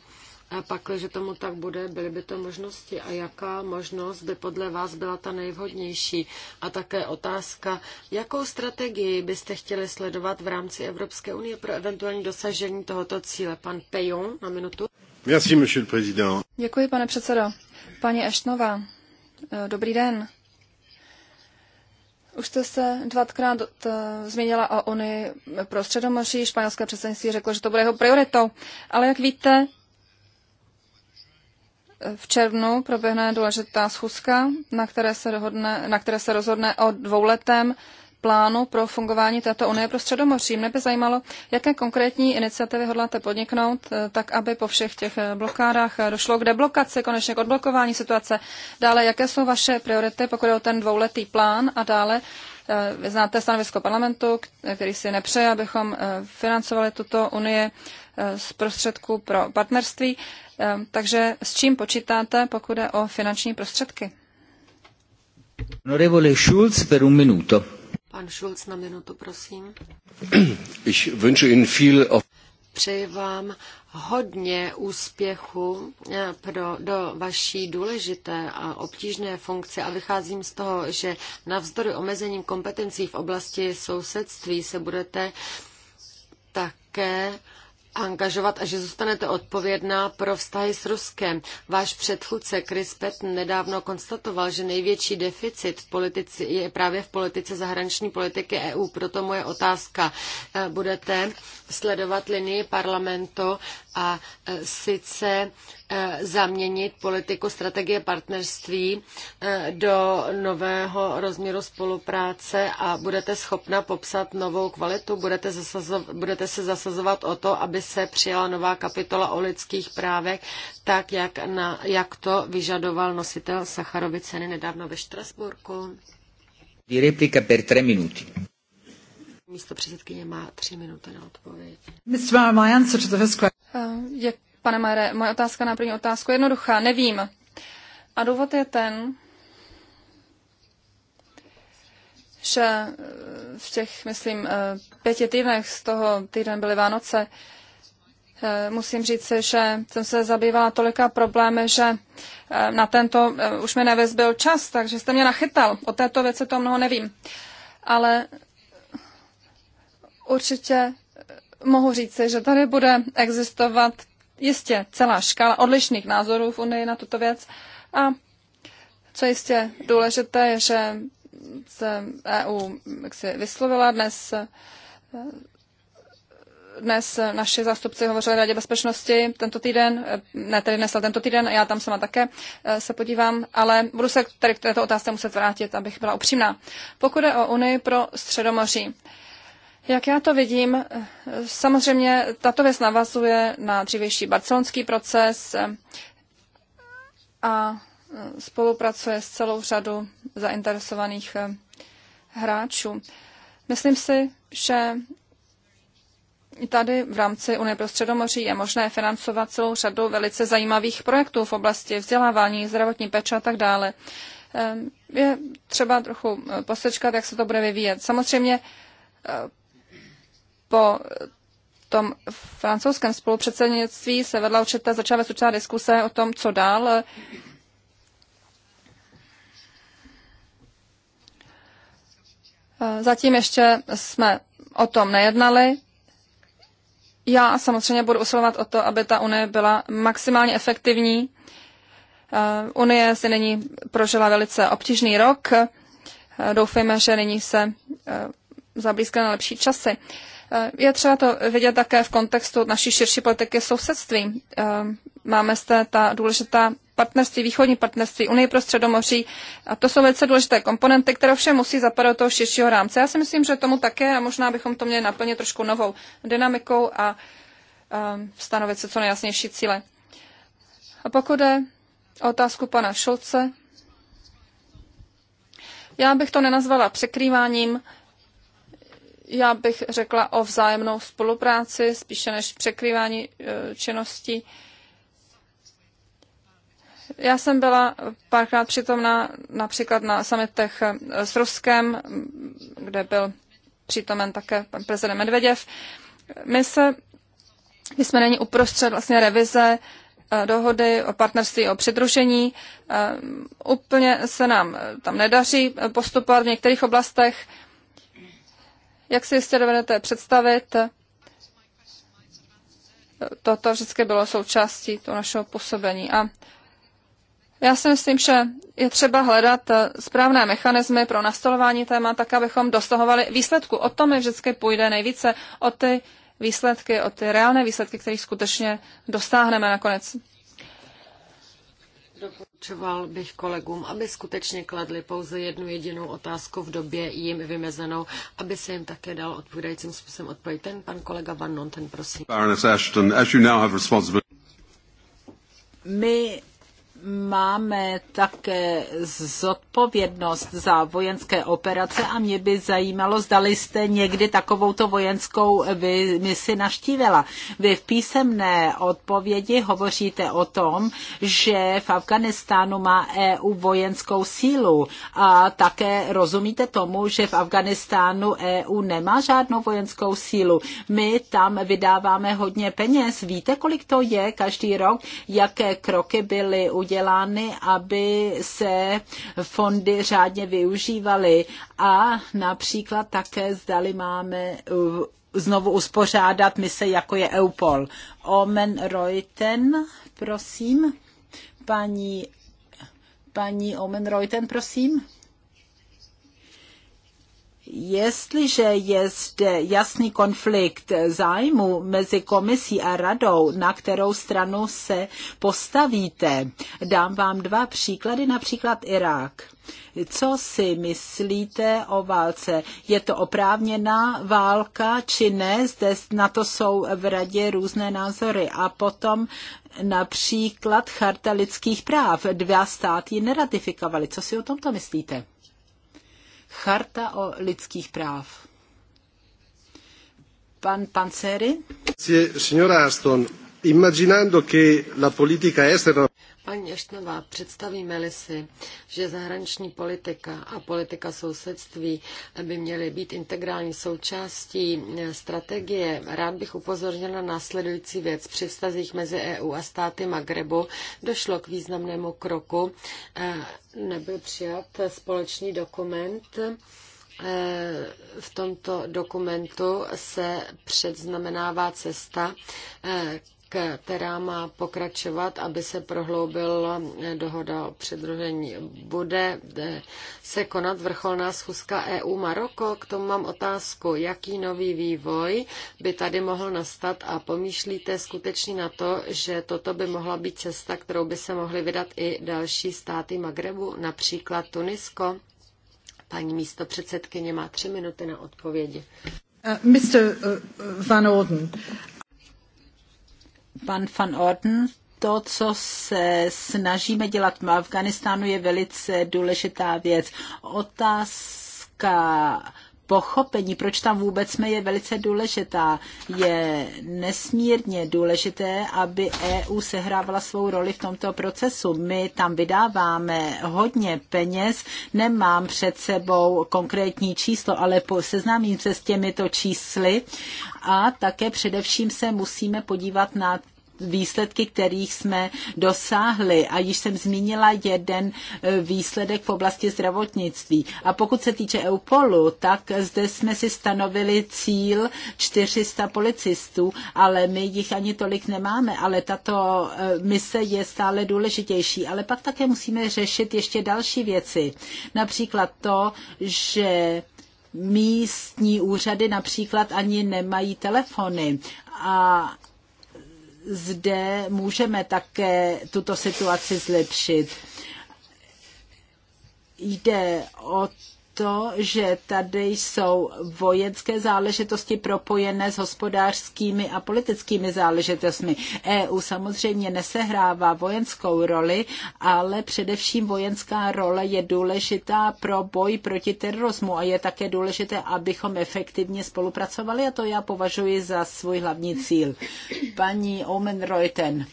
pak, že tomu tak bude, byly by to možnosti. A jaká možnost by podle vás byla ta nejvhodnější? A také otázka, jakou strategii byste chtěli sledovat v rámci Evropské unie pro eventuální dosažení tohoto cíle? Pan Pejon na minutu. Merci, monsieur le président. Děkuji, pane předsedo. Paní Eštnova, eh, dobrý den. Už jste se dvakrát eh, zmínila o Unii pro Středomoří. Španělské předsednictví řeklo, že to bude jeho prioritou. Ale jak víte, v červnu proběhne důležitá schůzka, na které se, dohodne, na které se rozhodne o dvouletém plánu pro fungování této unie pro Středomoří. Mě by zajímalo, jaké konkrétní iniciativy hodláte podniknout, eh, tak aby po všech těch eh, blokádách eh, došlo k deblokaci, konečně k odblokování situace. Dále, jaké jsou vaše priority, pokud je o ten dvouletý plán a dále, vy znáte stanovisko parlamentu, který si nepřeje, abychom financovali tuto unii z prostředků pro partnerství. Ehm, takže s čím počítáte, pokud je o finanční prostředky? Honorevole Schulz per un minuto. Pan Schulz na minutu, prosím. Ich wünsche Ihnen viel Přeji vám hodně úspěchu eh, pro, do vaší důležité a obtížné funkce a vycházím z toho, že navzdory omezením kompetencí v oblasti sousedství se budete také angažovat a že zůstanete odpovědná pro vztahy s Ruskem. Váš předchůdce Chris Patton nedávno konstatoval, že největší deficit v politici, je právě v politice zahraniční politiky EU. Proto moje otázka. Eh, budete sledovat linii parlamentu a eh, sice Eh, zaměnit politiku strategie partnerství eh, do nového rozměru spolupráce a budete schopna popsat novou kvalitu? Budete, budete se zasazovat o to, aby se přijala nová kapitola o lidských právech, tak jak, na, jak to vyžadoval nositel Sacharovy ceny nedávno ve Štrasburku? Replika per tre minuty. Místo předsedkyně má tři minuty na odpověď. Mr. My pane Mare, moje otázka na první otázku je jednoduchá, nevím. A důvod je ten, že eh, v těch, myslím, eh, pěti týdnech, z toho týden byly Vánoce, eh, musím říct, že jsem se zabývala tolika problémy, že na tento už mi byl čas, takže jste mě nachytal. O této věci to mnoho nevím. Ale určitě mohu říct, že tady bude existovat jistě celá škála odlišných názorů v Unii na tuto věc a co jistě důležité je, že se EU jak si vyslovila dnes dnes naši zástupci hovořili Radě bezpečnosti tento týden, ne tedy dnes, ale tento týden, já tam sama také e, se podívám, ale budu se tady k této otázce muset vrátit, abych byla upřímná. Pokud je o Unii pro Středomoří, jak já to vidím, eh, samozřejmě tato věc navazuje na dřívější barcelonský proces eh, a eh, spolupracuje s celou řadu zainteresovaných hráčů. Myslím si, že tady v rámci Unie pro středomoří je možné financovat celou řadu velice zajímavých projektů v oblasti vzdělávání, zdravotní péče a tak dále. Je třeba trochu posečkat, jak se to bude vyvíjet. Samozřejmě po tom francouzském spolupředsednictví se vedla určitá, začala vést určitá diskuse o tom, co dál. Zatím ještě jsme o tom nejednali. Já samozřejmě budu usilovat o to, aby ta Unie byla maximálně efektivní. Unie si nyní prožila velice obtížný rok. Doufejme, že nyní se eh, zablízkne na lepší časy. Eh, je třeba to vidět také v kontextu naší širší politiky sousedství. Eh, máme zde ta důležitá partnerství, východní partnerství, Unii pro středomoří. A to jsou velice důležité komponenty, které vše musí zapadat do toho širšího rámce. Já si myslím, že tomu také a možná bychom to měli naplnit trošku novou dynamikou a eh, stanovit se co nejasnější cíle. A pokud je otázku pana Šulce, já bych to nenazvala překrýváním, já bych řekla o vzájemnou spolupráci, spíše než překrývání e, činností. Já jsem byla párkrát přitomna například na samitech e, s Ruskem, kde byl přítomen také pan prezident Medveděv. My, se, my jsme není uprostřed vlastně revize e, dohody o partnerství o přidružení. Úplně se nám tam nedaří postupovat v některých oblastech. Jak si jistě dovedete představit, toto vždycky bylo součástí toho našeho působení. A já si myslím, že je třeba hledat správné mechanismy pro nastolování téma, tak abychom dosahovali výsledku. O tom mi vždycky půjde nejvíce, o ty výsledky, o ty reálné výsledky, které skutečně dosáhneme nakonec. Doporučoval bych kolegům, aby skutečně kladli pouze jednu jedinou otázku v době jim vymezenou, aby se jim také dal odpovídajícím způsobem odpovědět. Ten pan kolega Van Nonten, prosím. My máme také zodpovědnost za vojenské operace a mě by zajímalo, zdali jste někdy takovouto vojenskou misi naštívila. Vy v písemné odpovědi hovoříte o tom, že v Afganistánu má EU vojenskou sílu a také rozumíte tomu, že v Afganistánu EU nemá žádnou vojenskou sílu. My tam vydáváme hodně peněz. Víte, kolik to je každý rok? Jaké kroky byly udělány? udělány, aby se fondy řádně využívaly a například také zdali máme znovu uspořádat mise, jako je EUPOL. Omen Reuten, prosím. Paní, paní Omen Reuten, prosím. Jestliže je zde jasný konflikt zájmu mezi komisí a radou, na kterou stranu se postavíte, dám vám dva příklady, například Irák. Co si myslíte o válce? Je to oprávněná válka či ne? Zde na to jsou v radě různé názory. A potom například charta lidských práv. Dva státy neratifikovaly. Co si o tomto myslíte? Charta o lidských práv. Pan Panceri? Signora Aston, immaginando che la politica estera... Paní Eštnová, představíme-li si, že zahraniční politika a politika sousedství by měly být integrální součástí eh, strategie, rád bych upozornil na následující věc. Při vztazích mezi EU a státy Magrebu došlo k významnému kroku. Eh, nebyl přijat společný dokument, eh, v tomto dokumentu se předznamenává cesta která má pokračovat, aby se prohloubila dohoda o předružení. Bude eh, se konat vrcholná schůzka EU Maroko? K tomu mám otázku, jaký nový vývoj by tady mohl nastat a pomýšlíte skutečně na to, že toto by mohla být cesta, kterou by se mohly vydat i další státy Magrebu, například Tunisko? Paní místo předsedkyně má tři minuty na odpovědi. Uh, eh, Mr. Eh, Van Orden, pan van Orden, to, co se snažíme dělat v Afganistánu, je velice důležitá věc. Otázka pochopení, proč tam vůbec jsme, je velice důležitá. Je nesmírně důležité, aby EU sehrávala svou roli v tomto procesu. My tam vydáváme hodně peněz, nemám před sebou konkrétní číslo, ale seznámím se s těmito čísly a také především se musíme podívat na výsledky, kterých jsme dosáhli. A již jsem zmínila jeden eh, výsledek v oblasti zdravotnictví. A pokud se týče EUPOLu, tak zde jsme si stanovili cíl 400 policistů, ale my jich ani tolik nemáme, ale tato eh, mise je stále důležitější. Ale pak také musíme řešit ještě další věci. Například to, že místní úřady například ani nemají telefony. A zde můžeme také tuto situaci zlepšit. Jde o to, že tady jsou vojenské záležitosti propojené s hospodářskými a politickými záležitostmi. EU samozřejmě nesehrává vojenskou roli, ale především vojenská role je důležitá pro boj proti terorismu a je také důležité, abychom efektivně spolupracovali a to já považuji za svůj hlavní cíl. Paní Omen Reuten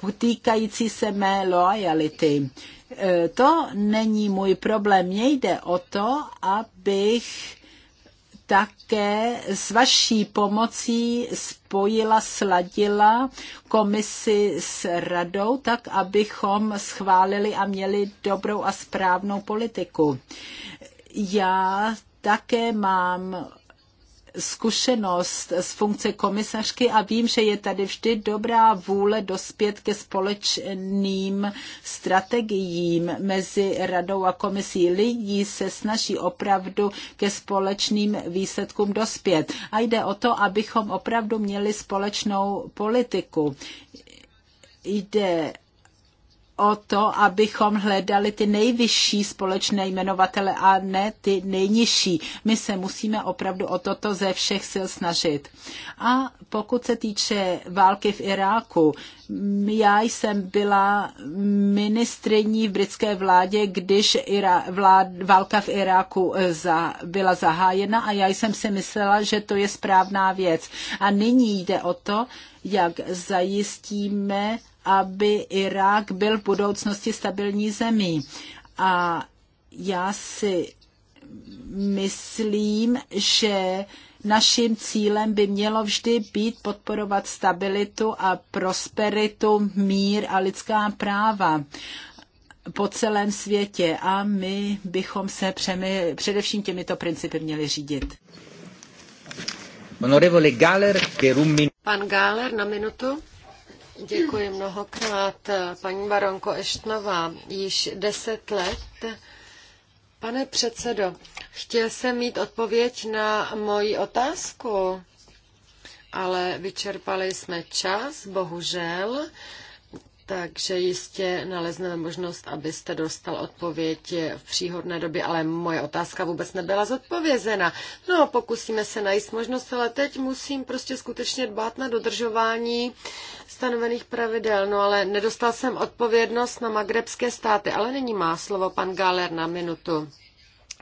potýkající se mé loajality. E, to není můj problém. Mně jde o to, abych také s vaší pomocí spojila, sladila komisi s radou, tak abychom schválili a měli dobrou a správnou politiku. Já také mám zkušenost z funkce komisařky a vím, že je tady vždy dobrá vůle dospět ke společným strategiím mezi radou a komisí. Lidí se snaží opravdu ke společným výsledkům dospět. A jde o to, abychom opravdu měli společnou politiku. Jde o to, abychom hledali ty nejvyšší společné jmenovatele a ne ty nejnižší. My se musíme opravdu o toto ze všech sil snažit. A pokud se týče války v Iráku, já jsem byla ministriní v britské vládě, když Ira, vlád, válka v Iráku eh, za, byla zahájena a já jsem si myslela, že to je správná věc. A nyní jde o to, jak zajistíme aby Irák byl v budoucnosti stabilní zemí. A já si myslím, že naším cílem by mělo vždy být podporovat stabilitu a prosperitu, mír a lidská práva po celém světě a my bychom se přemi, především těmito principy měli řídit. Pan Gáler na minutu. Děkuji mnohokrát, paní baronko Eštnová. Již deset let Pane předsedo, chtěl jsem mít odpověď na moji otázku, ale vyčerpali jsme čas, bohužel. Takže jistě nalezneme možnost, abyste dostal odpověď v příhodné době, ale moje otázka vůbec nebyla zodpovězena. No, pokusíme se najít možnost, ale teď musím prostě skutečně dbát na dodržování stanovených pravidel. No, ale nedostal jsem odpovědnost na magrebské státy, ale není má slovo pan Galer na minutu.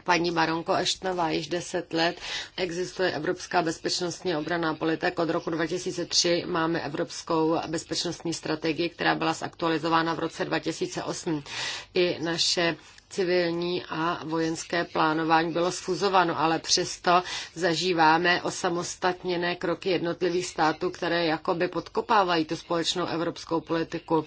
Paní baronko Eštnová, již deset let existuje Evropská bezpečnostní obraná politika. Od roku 2003 máme Evropskou bezpečnostní strategii, která byla zaktualizována v roce 2008. I naše civilní a vojenské plánování bylo sfuzováno, ale přesto zažíváme osamostatněné kroky jednotlivých států, které jakoby podkopávají tu společnou evropskou politiku.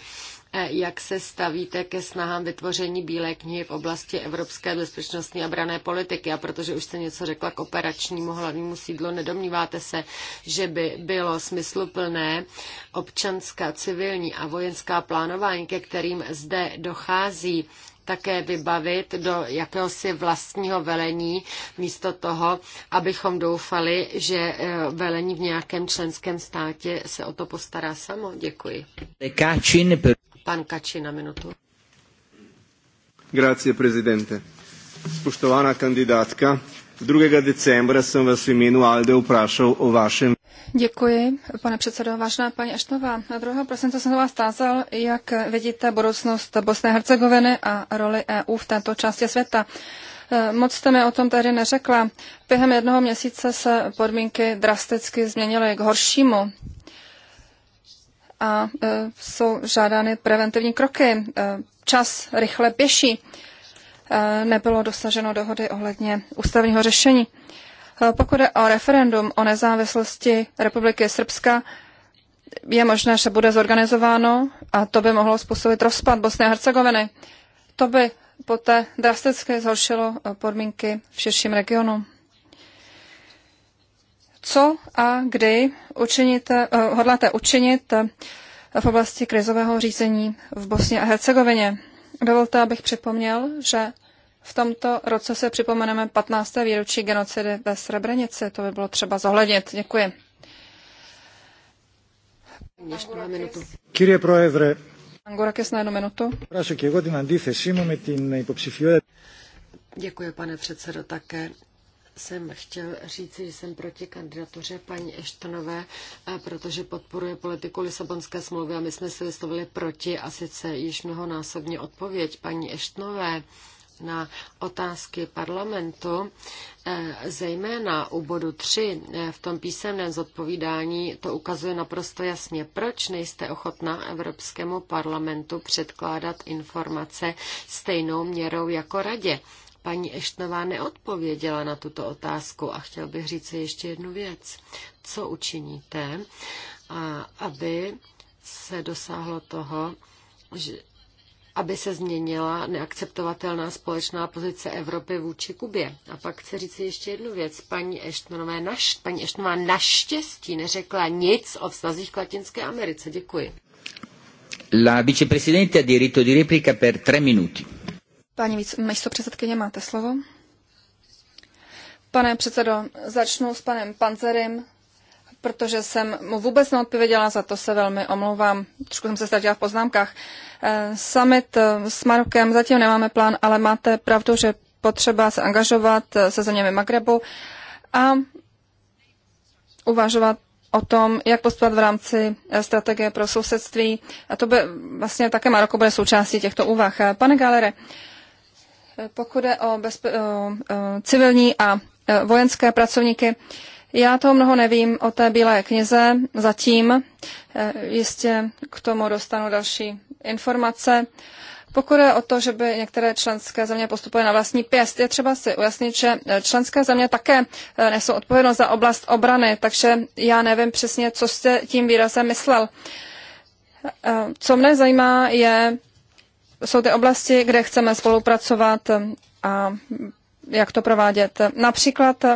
E, jak se stavíte ke snahám vytvoření Bílé knihy v oblasti evropské bezpečnostní a brané politiky. A protože už jste něco řekla k operačnímu hlavnímu sídlu, nedomníváte se, že by bylo smysluplné občanská, civilní a vojenská plánování, ke kterým zde dochází, také vybavit do jakéhosi vlastního velení, místo toho, abychom doufali, že e, velení v nějakém členském státě se o to postará samo. Děkuji. Pan Kači na minutu. Grazie, prezidente. Spoštovana kandidátka, 2. decembra jsem vás v jménu ALDE uprašal o vašem Děkuji, pane předsedo. Vážná paní Aštová, na 2. prosince jsem vás tázal, jak vidíte budoucnost Bosny Hercegoviny a roli EU v této části světa. E, moc jste mi o tom tehdy neřekla. Během jednoho měsíce se podmínky drasticky změnily k horšímu a e, jsou žádány preventivní kroky. E, čas rychle pěší. E, nebylo dosaženo dohody ohledně ústavního řešení. Pokud je o referendum o nezávislosti Republiky Srbska, je možné, že bude zorganizováno a to by mohlo způsobit rozpad Bosny a Hercegoviny. To by poté drasticky zhoršilo podmínky v širším regionu co a kdy učiníte, eh, hodláte učinit eh, v oblasti krizového řízení v Bosně a Hercegovině. Dovolte, abych připomněl, že v tomto roce se připomeneme 15. výročí genocidy ve Srebrenici. To by bylo třeba zohlednit. Děkuji. Kyrie Proevre. Angorakis na jednu minutu. Děkuji, pane předsedo, také jsem chtěl říct, že jsem proti kandidatuře paní Eštonové, eh, protože podporuje politiku Lisabonské smlouvy a my jsme se vyslovili proti a sice již mnohonásobně odpověď paní Eštonové na otázky parlamentu, eh, zejména u bodu 3 eh, v tom písemném zodpovídání, to ukazuje naprosto jasně, proč nejste ochotná Evropskému parlamentu předkládat informace stejnou měrou jako radě. Paní Eštnová neodpověděla na tuto otázku a chtěl bych říct ještě jednu věc. Co učiníte, a aby se dosáhlo toho, že, aby se změnila neakceptovatelná společná pozice Evropy vůči Kubě. A pak chci říct ještě jednu věc. Paní, Eštnová naš, paní Eštnová naštěstí neřekla nic o vztazích k Latinské Americe. Děkuji. La viceprezidente ha diritto di replica per tre minuti. Paní místo předsedkyně, máte slovo. Pane předsedo, začnu s panem Panzerem, protože jsem mu vůbec neodpověděla, za to se velmi omlouvám. Trošku jsem se ztratila v poznámkách. Eh, summit eh, s Marokem zatím nemáme plán, ale máte pravdu, že potřeba se angažovat eh, se zeměmi Magrebu a uvažovat o tom, jak postupovat v rámci strategie pro sousedství. A to by vlastně také Maroko bude součástí těchto úvah. Pane Galere, pokud jde o, bezpe- o, o civilní a e, vojenské pracovníky, já to mnoho nevím o té bílé knize zatím. E, jistě k tomu dostanu další informace. Pokud je o to, že by některé členské země postupovaly na vlastní pěst, je třeba si ujasnit, že e, členské země také nesou odpovědnost za oblast obrany, takže já nevím přesně, co jste tím výrazem myslel. Co mne zajímá, je jsou ty oblasti, kde chceme spolupracovat a jak to provádět. Například eh,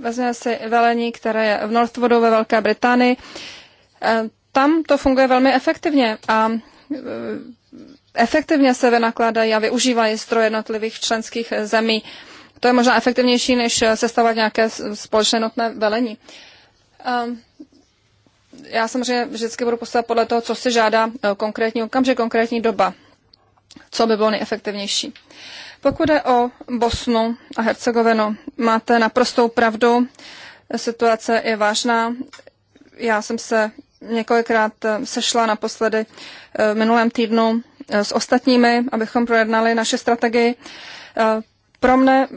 vezmeme si velení, které je v Northwoodu ve Velké Británii. Eh, tam to funguje velmi efektivně a eh, efektivně se vynakládají a využívají stroje jednotlivých členských zemí. To je možná efektivnější, než sestavovat nějaké společné notné velení já samozřejmě vždycky budu postavit podle toho, co se žádá eh, konkrétní okamžik, konkrétní doba, co by bylo nejefektivnější. Pokud je o Bosnu a Hercegovinu, máte naprostou pravdu, situace je vážná. Já jsem se několikrát eh, sešla naposledy eh, v minulém týdnu s ostatními, abychom projednali naše strategii. Pro mne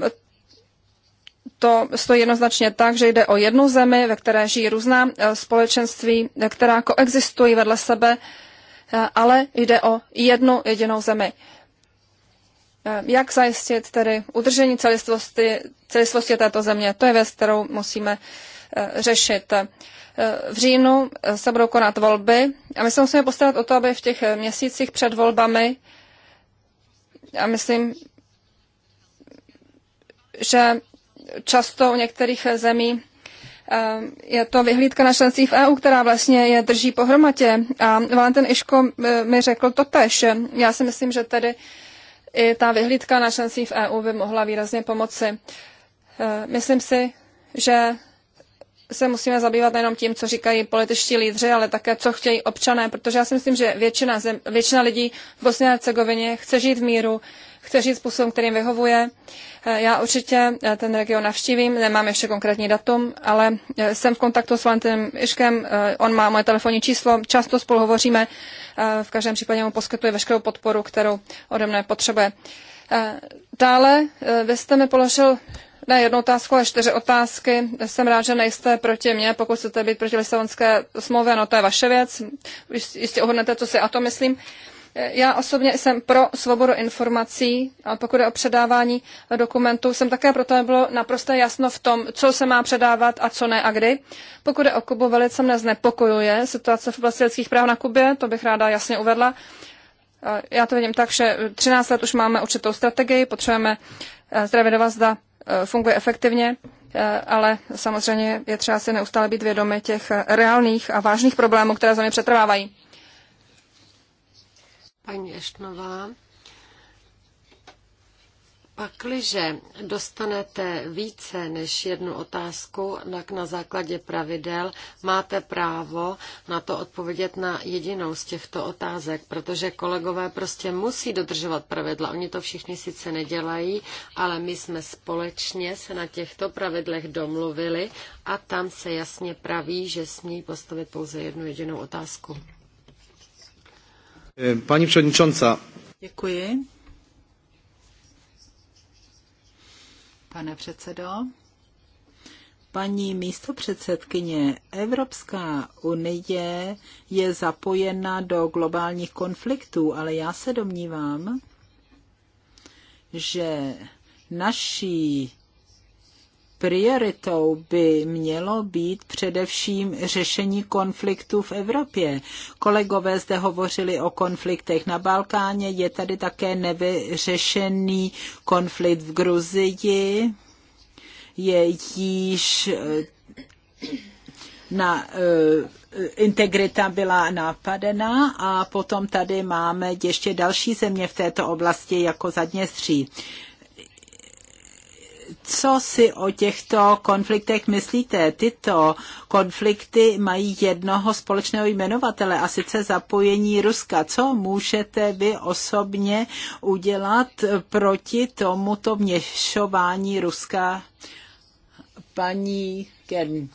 to stojí jednoznačně tak, že jde o jednu zemi, ve které žijí různá eh, společenství, eh, která koexistují vedle sebe, eh, ale jde o jednu jedinou zemi. Jak zajistit tedy udržení celistvosti, celistvosti této země? To je věc, kterou musíme řešit. V říjnu se budou konat volby a my se musíme postarat o to, aby v těch měsících před volbami, a myslím, že často u některých zemí eh, je to vyhlídka na členství v EU, která vlastně je drží pohromadě. A Valentin Iško eh, mi řekl to tež. Já si myslím, že tedy i ta vyhlídka na členství v EU by mohla výrazně pomoci. Eh, myslím si, že se musíme zabývat nejenom tím, co říkají političtí lídři, ale také, co chtějí občané, protože já si myslím, že většina, zem, většina lidí v Bosně a Hercegovině chce žít v míru, chce žít způsobem, kterým vyhovuje. Eh, já určitě eh, ten region navštívím, nemám ještě konkrétní datum, ale eh, jsem v kontaktu s Valentinem Iškem, on má moje telefonní číslo, často spolu hovoříme, v každém případě mu poskytuje veškerou podporu, kterou ode mne potřebuje. Dále, vy jste mi položil ne jednu otázku, ale čtyři otázky. Jsem rád, že nejste proti mně, pokud chcete být proti Lisabonské smlouvě, no to je vaše věc. Jistě ohodnete, co si o to myslím. Já osobně jsem pro svobodu informací, a pokud je o předávání dokumentů, jsem také proto, aby bylo naprosto jasno v tom, co se má předávat a co ne a kdy. Pokud je o Kubu, velice mne znepokojuje situace v oblasti lidských práv na Kubě, to bych ráda jasně uvedla. Já to vidím tak, že 13 let už máme určitou strategii, potřebujeme eh, zrevidovat, zda eh, funguje efektivně, eh, ale samozřejmě je třeba si neustále být vědomi těch reálných a vážných problémů, které země přetrvávají paní Eštnová. Pakliže dostanete více než jednu otázku, tak na základě pravidel máte právo na to odpovědět na jedinou z těchto otázek, protože kolegové prostě musí dodržovat pravidla. Oni to všichni sice nedělají, ale my jsme společně se na těchto pravidlech domluvili a tam se jasně praví, že smí postavit pouze jednu jedinou otázku. Eh, paní předničonca. Děkuji. Pane předsedo. Paní místopředsedkyně, Evropská unie je zapojena do globálních konfliktů, ale já se domnívám, že naší prioritou by mělo být především řešení konfliktů v Evropě. Kolegové zde hovořili o konfliktech na Balkáně, je tady také nevyřešený konflikt v Gruzii, je již eh, na eh, integrita byla napadena a potom tady máme ještě další země v této oblasti jako stří co si o těchto konfliktech myslíte? Tyto konflikty mají jednoho společného jmenovatele a sice zapojení Ruska. Co můžete vy osobně udělat proti tomuto měšování Ruska? Paní Kern.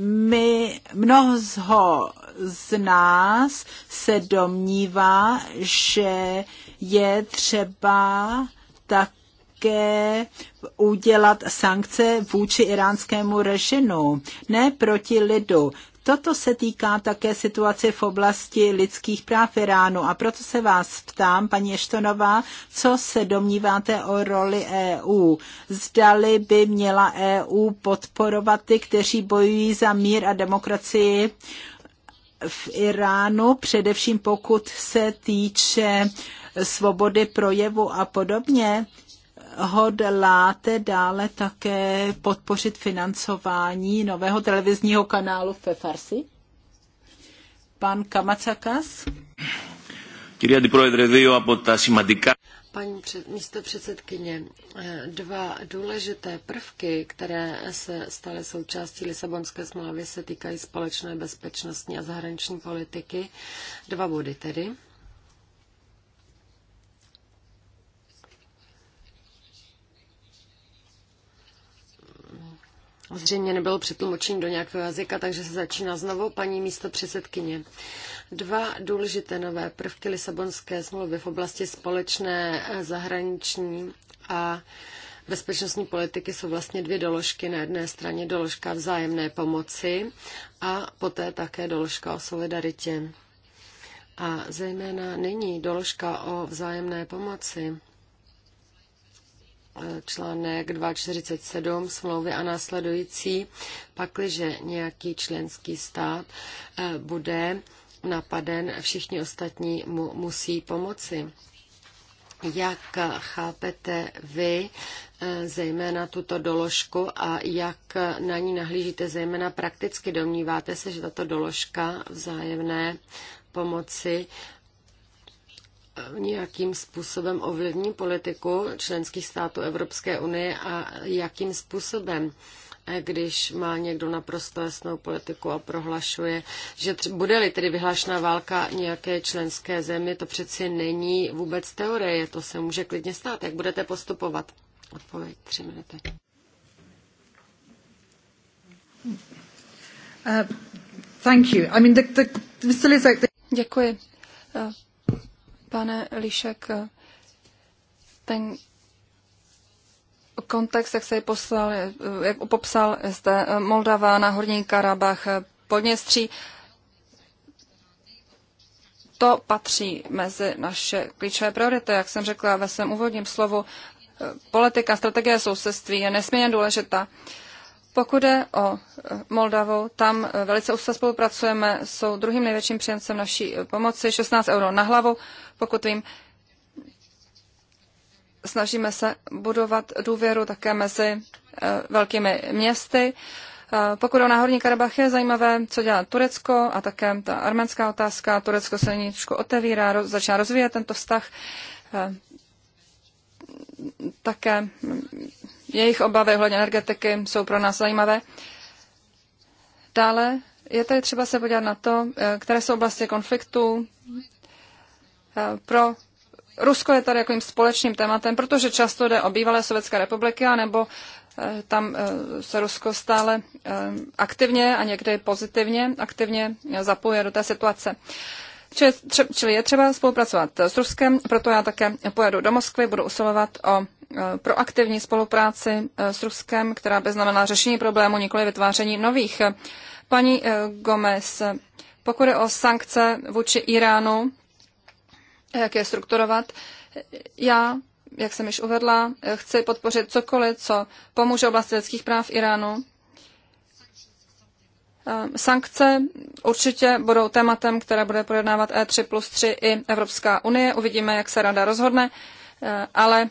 My mnoho z nás se domnívá, že je třeba také udělat sankce vůči iránskému režimu, ne proti lidu. Toto se týká také situace v oblasti lidských práv Iránu a proto se vás ptám, paní Eštonová, co se domníváte o roli EU. Zdali by měla EU podporovat ty, kteří bojují za mír a demokracii v Iránu, především pokud se týče svobody projevu a podobně, hodláte dále také podpořit financování nového televizního kanálu ve Farsi? Pan Kamacakas? Κυρία Αντιπρόεδρε, Paní místo předsedkyně, eh, dva důležité prvky, které se staly součástí Lisabonské smlouvy, se týkají společné bezpečnostní a zahraniční politiky. Dva body tedy. Zřejmě nebylo přetlumočení do nějakého jazyka, takže se začíná znovu paní místo předsedkyně. Dva důležité nové prvky Lisabonské smlouvy v oblasti společné eh, zahraniční a bezpečnostní politiky jsou vlastně dvě doložky. Na jedné straně doložka vzájemné pomoci a poté také doložka o solidaritě. A zejména nyní doložka o vzájemné pomoci článek 247 smlouvy a následující, pakliže nějaký členský stát eh, bude napaden, všichni ostatní mu musí pomoci. Jak chápete vy eh, zejména tuto doložku a jak na ní nahlížíte zejména prakticky? Domníváte se, že tato doložka vzájemné pomoci nějakým způsobem ovlivní politiku členských států Evropské unie a jakým způsobem eh, když má někdo naprosto jasnou politiku a prohlašuje, že tři, bude-li tedy vyhlášná válka nějaké členské země, to přeci není vůbec teorie, to se může klidně stát. Jak budete postupovat? Odpověď tři minuty. Uh, thank you. I mean, the, the, the... Děkuji. Pane Lišek, ten kontext, jak se ji poslal, jak popsal zde Moldava, na Horní Karabach, Podněstří, to patří mezi naše klíčové priority, jak jsem řekla ve svém úvodním slovu. Politika, strategie sousedství je nesmírně důležitá. Pokud je o eh, Moldavu, tam eh, velice úzce spolupracujeme, jsou druhým největším příjemcem naší eh, pomoci, 16 euro na hlavu, pokud vím. Snažíme se budovat důvěru také mezi velkými městy. Pokud o náhorní Karabach je zajímavé, co dělá Turecko a také ta arménská otázka. Turecko se trošku otevírá, roz, začíná rozvíjet tento vztah. Také jejich obavy ohledně energetiky jsou pro nás zajímavé. Dále je tady třeba se podívat na to, eh, které jsou oblasti konfliktu. Eh, pro Rusko je tady jakým společným tématem, protože často jde o bývalé Sovětské republiky, anebo eh, tam se Rusko stále aktivně a někdy pozitivně aktivně zapojuje do té situace. Čili je třeba spolupracovat s Ruskem, proto já také pojedu do Moskvy, budu usilovat o Eh, proaktivní spolupráci eh, s Ruskem, která by znamenala řešení problému, nikoli vytváření nových. Paní eh, Gomez, pokud je o sankce vůči Iránu, jak je strukturovat, já, jak jsem již uvedla, chci podpořit cokoliv, co pomůže oblasti lidských práv Iránu. Sankce určitě budou tématem, které bude projednávat E3 plus 3 i Evropská unie. Uvidíme, jak se rada rozhodne, ale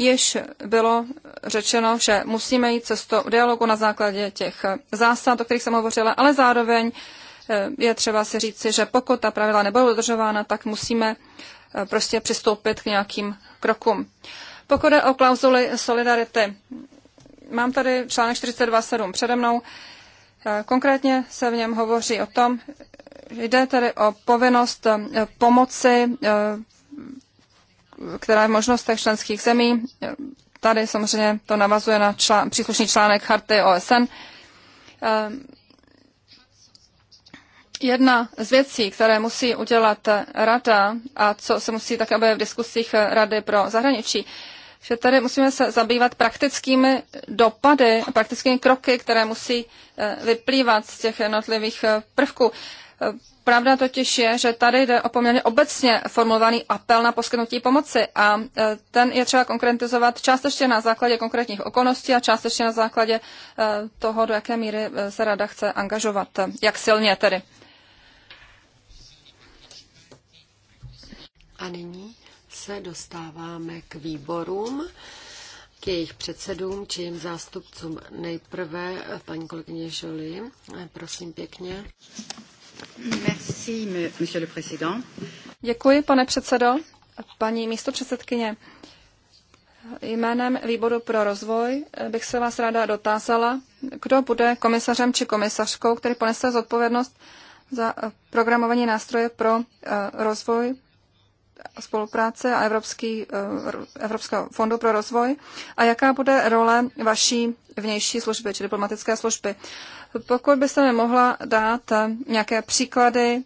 již bylo řečeno, že musíme jít cestou dialogu na základě těch zásad, o kterých jsem hovořila, ale zároveň eh, je třeba si říci, že pokud ta pravidla nebudou dodržována, tak musíme eh, prostě přistoupit k nějakým krokům. Pokud je o klauzuly solidarity, mám tady článek 42.7 přede mnou. Eh, konkrétně se v něm hovoří o tom, jde tedy o povinnost pomoci která je v možnostech členských zemí. Tady samozřejmě to navazuje na člán, příslušný článek Charty OSN. Ehm, jedna z věcí, které musí udělat rada a co se musí také objevit v diskusích Rady pro zahraničí, že tady musíme se zabývat praktickými dopady, praktickými kroky, které musí eh, vyplývat z těch jednotlivých eh, prvků. Pravda totiž je, že tady jde o poměrně obecně formulovaný apel na poskytnutí pomoci a e, ten je třeba konkretizovat částečně na základě konkrétních okolností a částečně na základě e, toho, do jaké míry e, se rada chce angažovat. Jak silně tedy. A nyní se dostáváme k výborům k jejich předsedům či jim zástupcům. Nejprve paní kolegyně Žoli, prosím pěkně. Děkuji, pane předsedo. Paní místopředsedkyně, jménem Výboru pro rozvoj bych se vás ráda dotázala, kdo bude komisařem či komisařkou, který ponese zodpovědnost za programování nástroje pro eh, rozvoj spolupráce a Evropský, eh, Evropského fondu pro rozvoj a jaká bude role vaší vnější služby či diplomatické služby. Pokud byste mi mohla dát nějaké příklady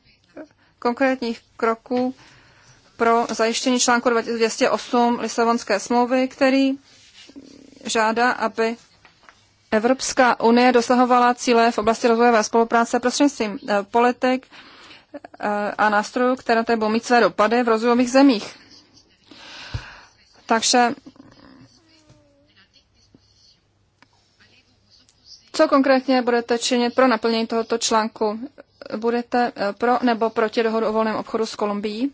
konkrétních kroků pro zajištění článku 208 Lisabonské smlouvy, který žádá, aby Evropská unie dosahovala cíle v oblasti rozvojové spolupráce prostřednictvím eh, politik eh, a nástrojů, které tedy budou mít své dopady v rozvojových zemích. Takže Co konkrétně budete činit pro naplnění tohoto článku? Budete eh, pro nebo proti dohodu o volném obchodu s Kolumbií?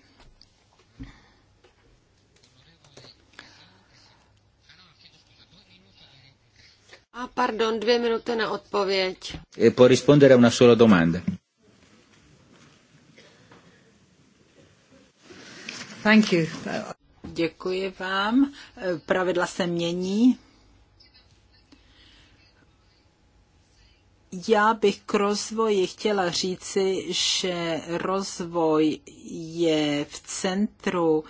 A pardon, dvě minuty na odpověď. E Può rispondere a una sola domanda. Thank you. Děkuji vám. Eh, pravidla se mění. Já bych k rozvoji chtěla říci, že rozvoj je v centru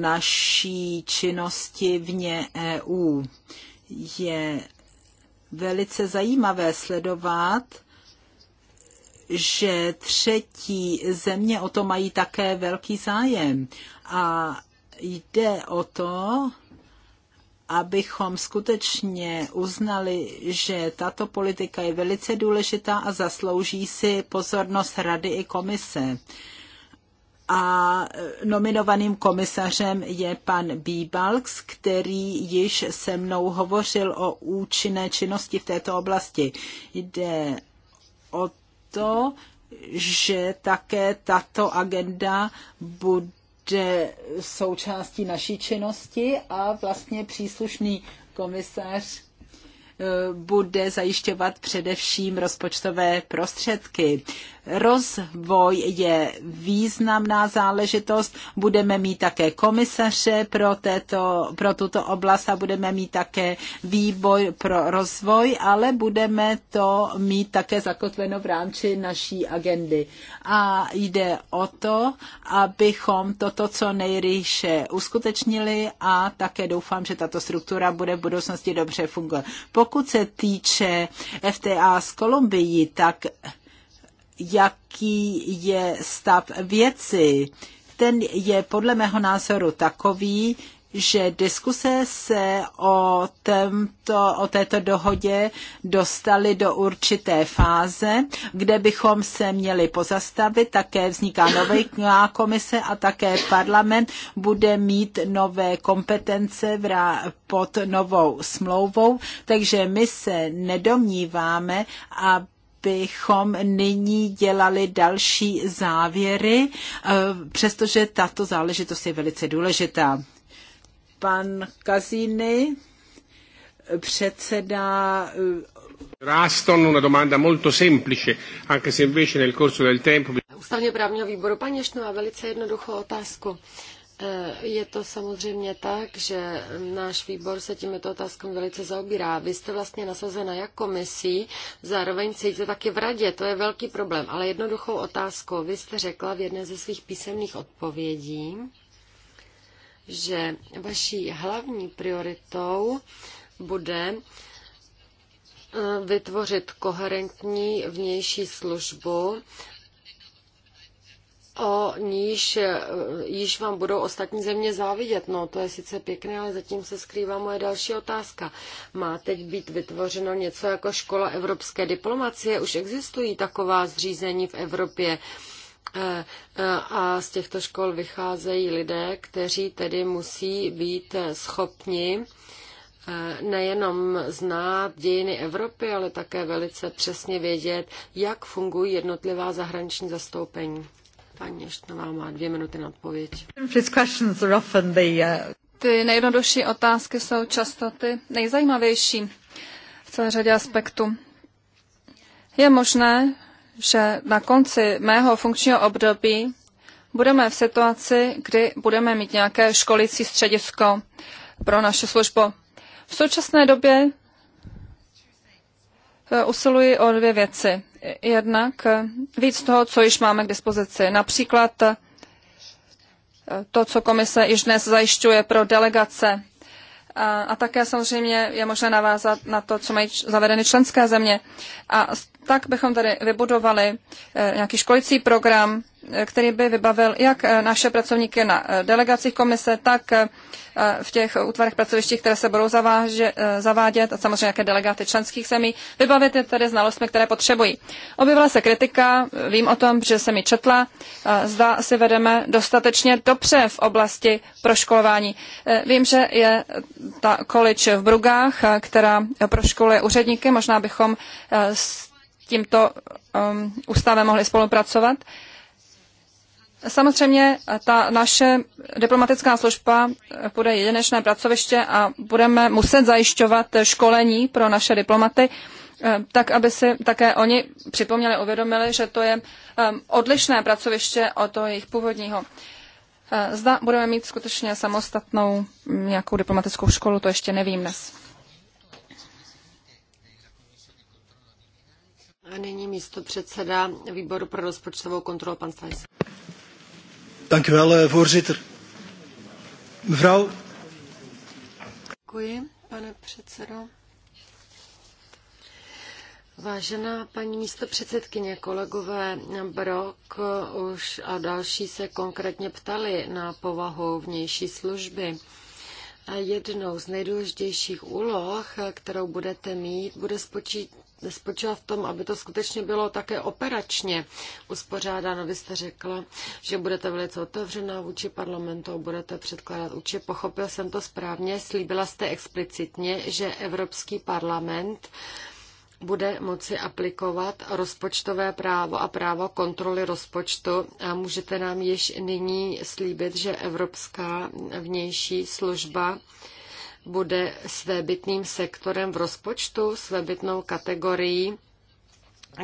naší činnosti vně EU. Je velice zajímavé sledovat, že třetí země o to mají také velký zájem. A jde o to, abychom skutečně uznali, že tato politika je velice důležitá a zaslouží si pozornost Rady i komise. A nominovaným komisařem je pan Bíbalks, který již se mnou hovořil o účinné činnosti v této oblasti. Jde o to, že také tato agenda bude že součástí naší činnosti a vlastně příslušný komisař eh, bude zajišťovat především rozpočtové prostředky. Rozvoj je významná záležitost. Budeme mít také komisaře pro, této, pro tuto oblast a budeme mít také výboj pro rozvoj, ale budeme to mít také zakotveno v rámci naší agendy. A jde o to, abychom toto co nejrýše uskutečnili a také doufám, že tato struktura bude v budoucnosti dobře fungovat. Pokud se týče FTA s Kolumbii, tak jaký je stav věci. Ten je podle mého názoru takový, že diskuse se o, tento, o této dohodě dostaly do určité fáze, kde bychom se měli pozastavit. Také vzniká nová komise a také parlament bude mít nové kompetence pod novou smlouvou. Takže my se nedomníváme, aby bychom nyní dělali další závěry, eh, přestože tato záležitost je velice důležitá. Pan Kazíny, předseda eh, Rastonu na domanda molto semplice, anche se invece nel corso del tempo... Ústavně právního výboru, paní Štnová, velice jednoduchou otázku. Eh, je to samozřejmě tak, že náš výbor se těmito otázkami velice zaobírá. Vy jste vlastně nasazena jak komisí, zároveň sedíte taky v radě, to je velký problém. Ale jednoduchou otázkou, vy jste řekla v jedné ze svých písemných odpovědí, že vaší hlavní prioritou bude eh, vytvořit koherentní vnější službu o níž eh, již vám budou ostatní země závidět. No, to je sice pěkné, ale zatím se skrývá moje další otázka. Má teď být vytvořeno něco jako škola evropské diplomacie? Už existují taková zřízení v Evropě. Eh, eh, a z těchto škol vycházejí lidé, kteří tedy musí být schopni nejenom znát dějiny Evropy, ale také velice přesně vědět, jak fungují jednotlivá zahraniční zastoupení. Paní Eštnová má dvě minuty na odpověď. Uh, ty nejjednodušší otázky jsou často ty nejzajímavější v celé řadě aspektů. Je možné, že na konci mého funkčního období budeme v situaci, kdy budeme mít nějaké školící středisko pro naše službu. V současné době eh, usiluji o dvě věci jednak víc toho, co již máme k dispozici. Například eh, to, co komise již dnes zajišťuje pro delegace. A, a také samozřejmě je možné navázat na to, co mají zavedeny členské země. A tak bychom tady vybudovali eh, nějaký školicí program, který by vybavil jak eh, naše pracovníky na eh, delegacích komise, tak eh, v těch útvarech pracovištích, které se budou zaváže, zavádět a samozřejmě jaké delegáty členských zemí, vybavit je tedy znalostmi, které potřebují. Objevila se kritika, vím o tom, že jsem ji četla, zda si vedeme dostatečně dobře v oblasti proškolování. Vím, že je ta količ v Brugách, která proškoluje úředníky, možná bychom s tímto ehm, ústavem mohli spolupracovat. Samozřejmě eh, ta naše diplomatická služba eh, bude jedinečné pracoviště a budeme muset zajišťovat eh, školení pro naše diplomaty, tak aby si také oni připomněli, uvědomili, že to je odlišné pracoviště od toho jejich původního. Zda budeme mít skutečně samostatnou hm, nějakou diplomatickou školu, to ještě nevím dnes. A nyní místo předseda výboru pro rozpočtovou kontrolu, pan Stajs. Dank u wel, eh, voorzitter. Mevrouw. Děkuji, pane předsedo. Vážená paní místo předsedkyně, kolegové Brok už a další se konkrétně ptali na povahu vnější služby. Jednou z nejdůležitějších úloh, kterou budete mít, bude spočít, spočívá v tom, aby to skutečně bylo také operačně uspořádáno. Vy jste řekla, že budete velice otevřená vůči parlamentu, budete předkládat uči. Pochopil jsem to správně. Slíbila jste explicitně, že Evropský parlament bude moci aplikovat rozpočtové právo a právo kontroly rozpočtu a můžete nám již nyní slíbit, že Evropská vnější služba bude svébytným sektorem v rozpočtu, svébytnou kategorií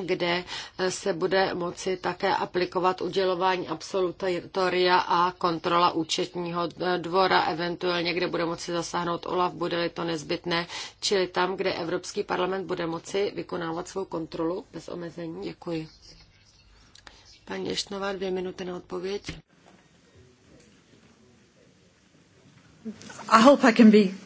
kde eh, se bude moci také aplikovat udělování absolutoria a kontrola účetního eh, dvora, eventuálně kde bude moci zasáhnout OLAF, bude-li to nezbytné, čili tam, kde Evropský parlament bude moci vykonávat svou kontrolu bez omezení. Děkuji. Paní Ještnová, dvě minuty na odpověď. I hope I can be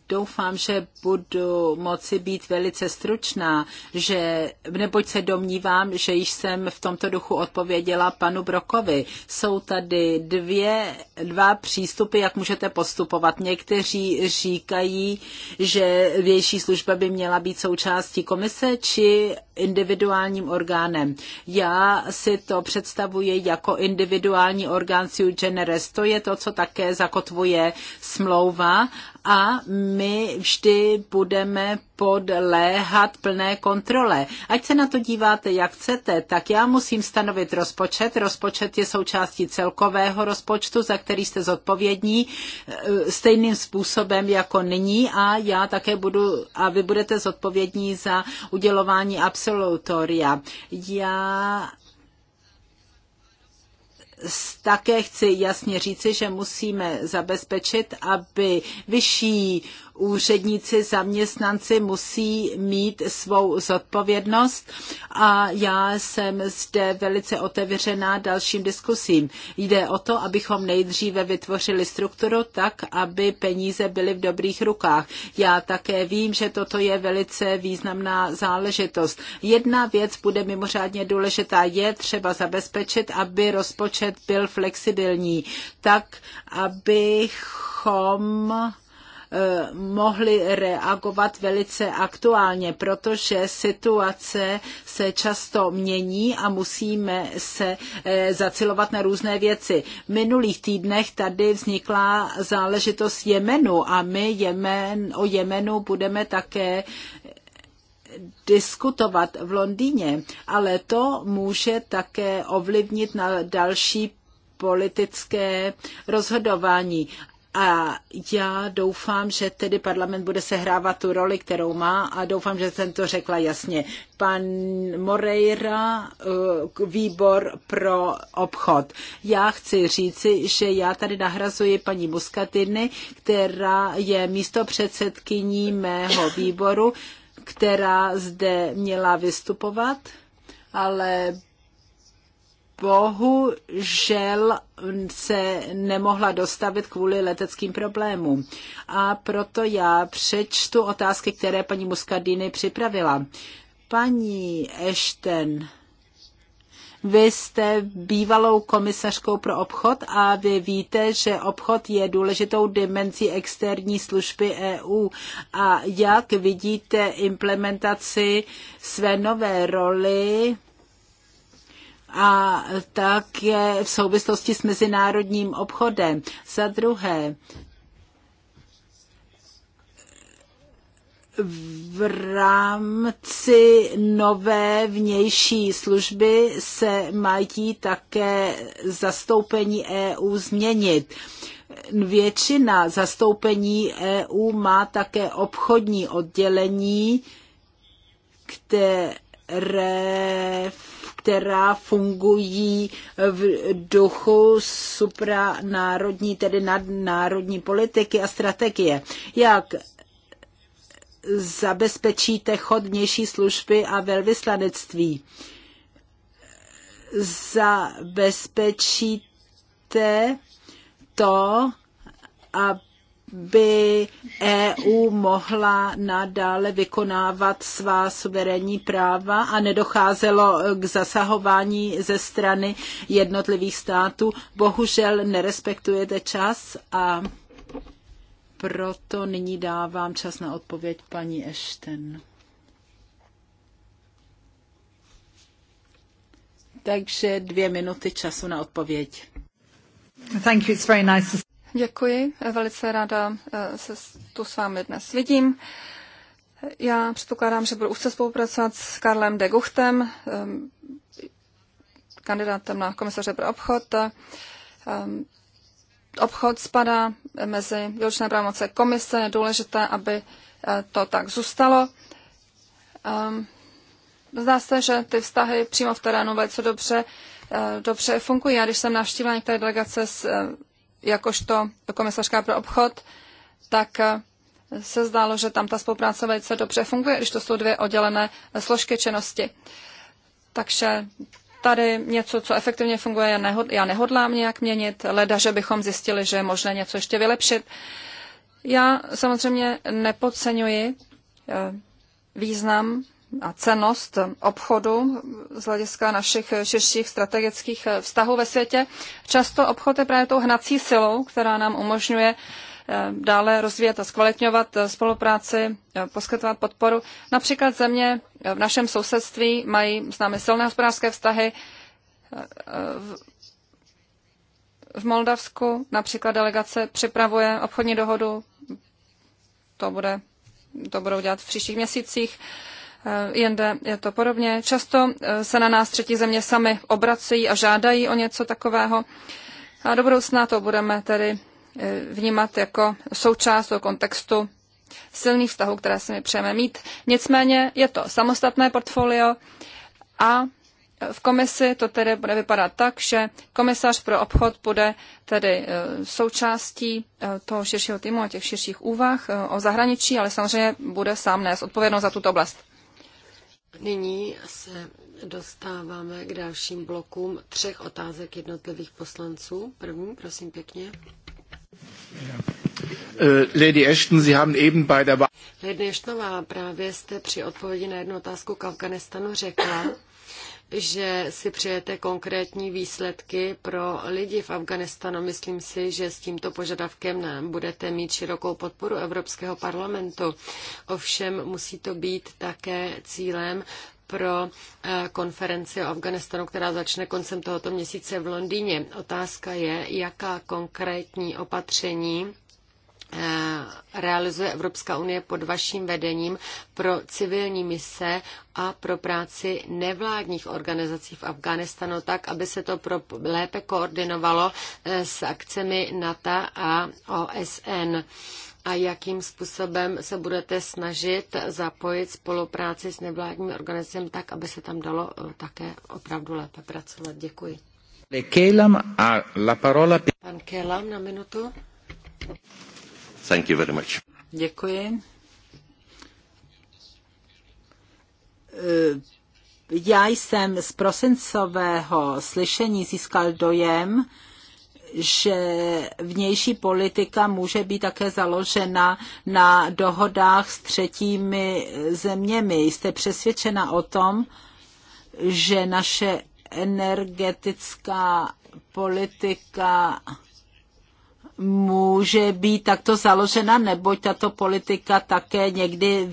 doufám, že budu moci být velice stručná, že, neboť se domnívám, že již jsem v tomto duchu odpověděla panu Brokovi. Jsou tady dvě, dva přístupy, jak můžete postupovat. Někteří říkají, že větší služba by měla být součástí komise či individuálním orgánem. Já si to představuji jako individuální orgán sui generis. To je to, co také zakotvuje smlouva a my my vždy budeme podléhat plné kontrole. Ať se na to díváte, jak chcete, tak já musím stanovit rozpočet. Rozpočet je součástí celkového rozpočtu, za který jste zodpovědní e, stejným způsobem jako nyní a já také budu a vy budete zodpovědní za udělování absolutoria. Já také chci jasně říci, že musíme zabezpečit, aby vyšší úředníci, zaměstnanci musí mít svou zodpovědnost a já jsem zde velice otevřená dalším diskusím. Jde o to, abychom nejdříve vytvořili strukturu tak, aby peníze byly v dobrých rukách. Já také vím, že toto je velice významná záležitost. Jedna věc bude mimořádně důležitá. Je třeba zabezpečit, aby rozpočet byl flexibilní, tak abychom mohli reagovat velice aktuálně, protože situace se často mění a musíme se eh, zacilovat na různé věci. V minulých týdnech tady vznikla záležitost Jemenu a my Jemen, o Jemenu budeme také diskutovat v Londýně, ale to může také ovlivnit na další politické rozhodování. A já doufám, že tedy parlament bude sehrávat tu roli, kterou má a doufám, že jsem to řekla jasně. Pan Moreira, eh, výbor pro obchod. Já chci říci, že já tady nahrazuji paní Muscatini, která je místo předsedkyní mého výboru, která zde měla vystupovat, ale bohužel se nemohla dostavit kvůli leteckým problémům. A proto já přečtu otázky, které paní Muscardini připravila. Paní Ešten, vy jste bývalou komisařkou pro obchod a vy víte, že obchod je důležitou dimenzí externí služby EU. A jak vidíte implementaci své nové roli a tak je v souvislosti s mezinárodním obchodem. Za druhé, v rámci nové vnější služby se mají také zastoupení EU změnit. Většina zastoupení EU má také obchodní oddělení, které v která fungují v duchu supranárodní, tedy nadnárodní politiky a strategie. Jak zabezpečíte chod vnější služby a velvyslanectví? Zabezpečíte to, aby by EU mohla nadále vykonávat svá suverénní práva a nedocházelo eh, k zasahování ze strany jednotlivých států. Bohužel nerespektujete čas a proto nyní dávám čas na odpověď paní Ešten. Takže dvě minuty času na odpověď. Thank you, it's very nice. Děkuji, velice ráda eh, se tu s vámi dnes vidím. Já předpokládám, že budu úzce spolupracovat s Karlem de Guchtem, eh, kandidátem na komisaře pro obchod. Eh, obchod spadá mezi výročné pravomoce komise. Je důležité, aby to tak zůstalo. Zdá se, že ty vztahy přímo v terénu velice dobře, dobře fungují. Já když jsem navštívila některé delegace z jakožto komisařka pro obchod, tak eh, se zdálo, že tam ta spolupráce velice dobře funguje, když to jsou dvě oddělené eh, složky činnosti. Takže tady něco, co efektivně funguje, já nehodlám nějak měnit, leda, že bychom zjistili, že je možné něco ještě vylepšit. Já samozřejmě nepodceňuji eh, význam a cenost obchodu z hlediska našich širších strategických vztahů ve světě. Často obchod je právě tou hnací silou, která nám umožňuje eh, dále rozvíjet a zkvalitňovat spolupráci, eh, poskytovat podporu. Například země v našem sousedství mají s námi silné hospodářské vztahy. Eh, v Moldavsku například delegace připravuje obchodní dohodu. To, bude, to budou dělat v příštích měsících. Eh, jinde je to podobně. Často eh, se na nás třetí země sami obracejí a žádají o něco takového. A do budoucna to budeme tedy eh, vnímat jako součást toho kontextu silných vztahů, které si my přejeme mít. Nicméně je to samostatné portfolio a v komisi to tedy bude vypadat tak, že komisař pro obchod bude tedy součástí toho širšího týmu a těch širších úvah o zahraničí, ale samozřejmě bude sám nést odpovědnost za tuto oblast. Nyní se dostáváme k dalším blokům třech otázek jednotlivých poslanců. První, prosím pěkně. Äh, Lady Ashton, Sie haben eben bei der Lady Ashtonová, právě jste při odpovědi na jednu otázku k Afganistanu řekla, že si přejete konkrétní výsledky pro lidi v Afganistanu. Myslím si, že s tímto požadavkem nám budete mít širokou podporu Evropského parlamentu. Ovšem musí to být také cílem pro eh, konferenci o Afganistanu, která začne koncem tohoto měsíce v Londýně. Otázka je, jaká konkrétní opatření Eh, realizuje Evropská unie pod vaším vedením pro civilní mise a pro práci nevládních organizací v Afganistanu tak, aby se to pro, lépe koordinovalo eh, s akcemi NATO a OSN a jakým způsobem se budete snažit zapojit spolupráci s nevládními organizacemi tak, aby se tam dalo eh, také opravdu lépe pracovat. Děkuji. a la parola... Pan Kelam na minutu. Thank you very much. Děkuji. Já jsem z prosincového slyšení získal dojem, že vnější politika může být také založena na dohodách s třetími zeměmi. Jste přesvědčena o tom, že naše energetická politika může být takto založena, neboť tato politika také někdy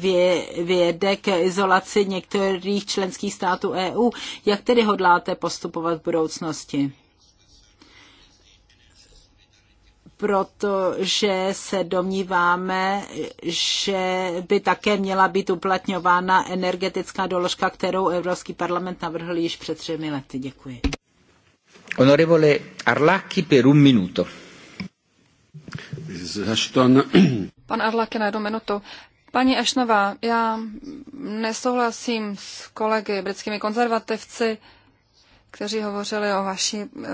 věde k izolaci některých členských států EU. Jak tedy hodláte postupovat v budoucnosti? protože se domníváme, že by také měla být uplatňována energetická doložka, kterou Evropský parlament navrhl již před třemi lety. Děkuji. Honorevole Arlacchi per un minuto. Pan Arlak je na jednu minutu. Paní Ashnová, já nesouhlasím s kolegy britskými konzervativci, kteří hovořili o, vaší, eh,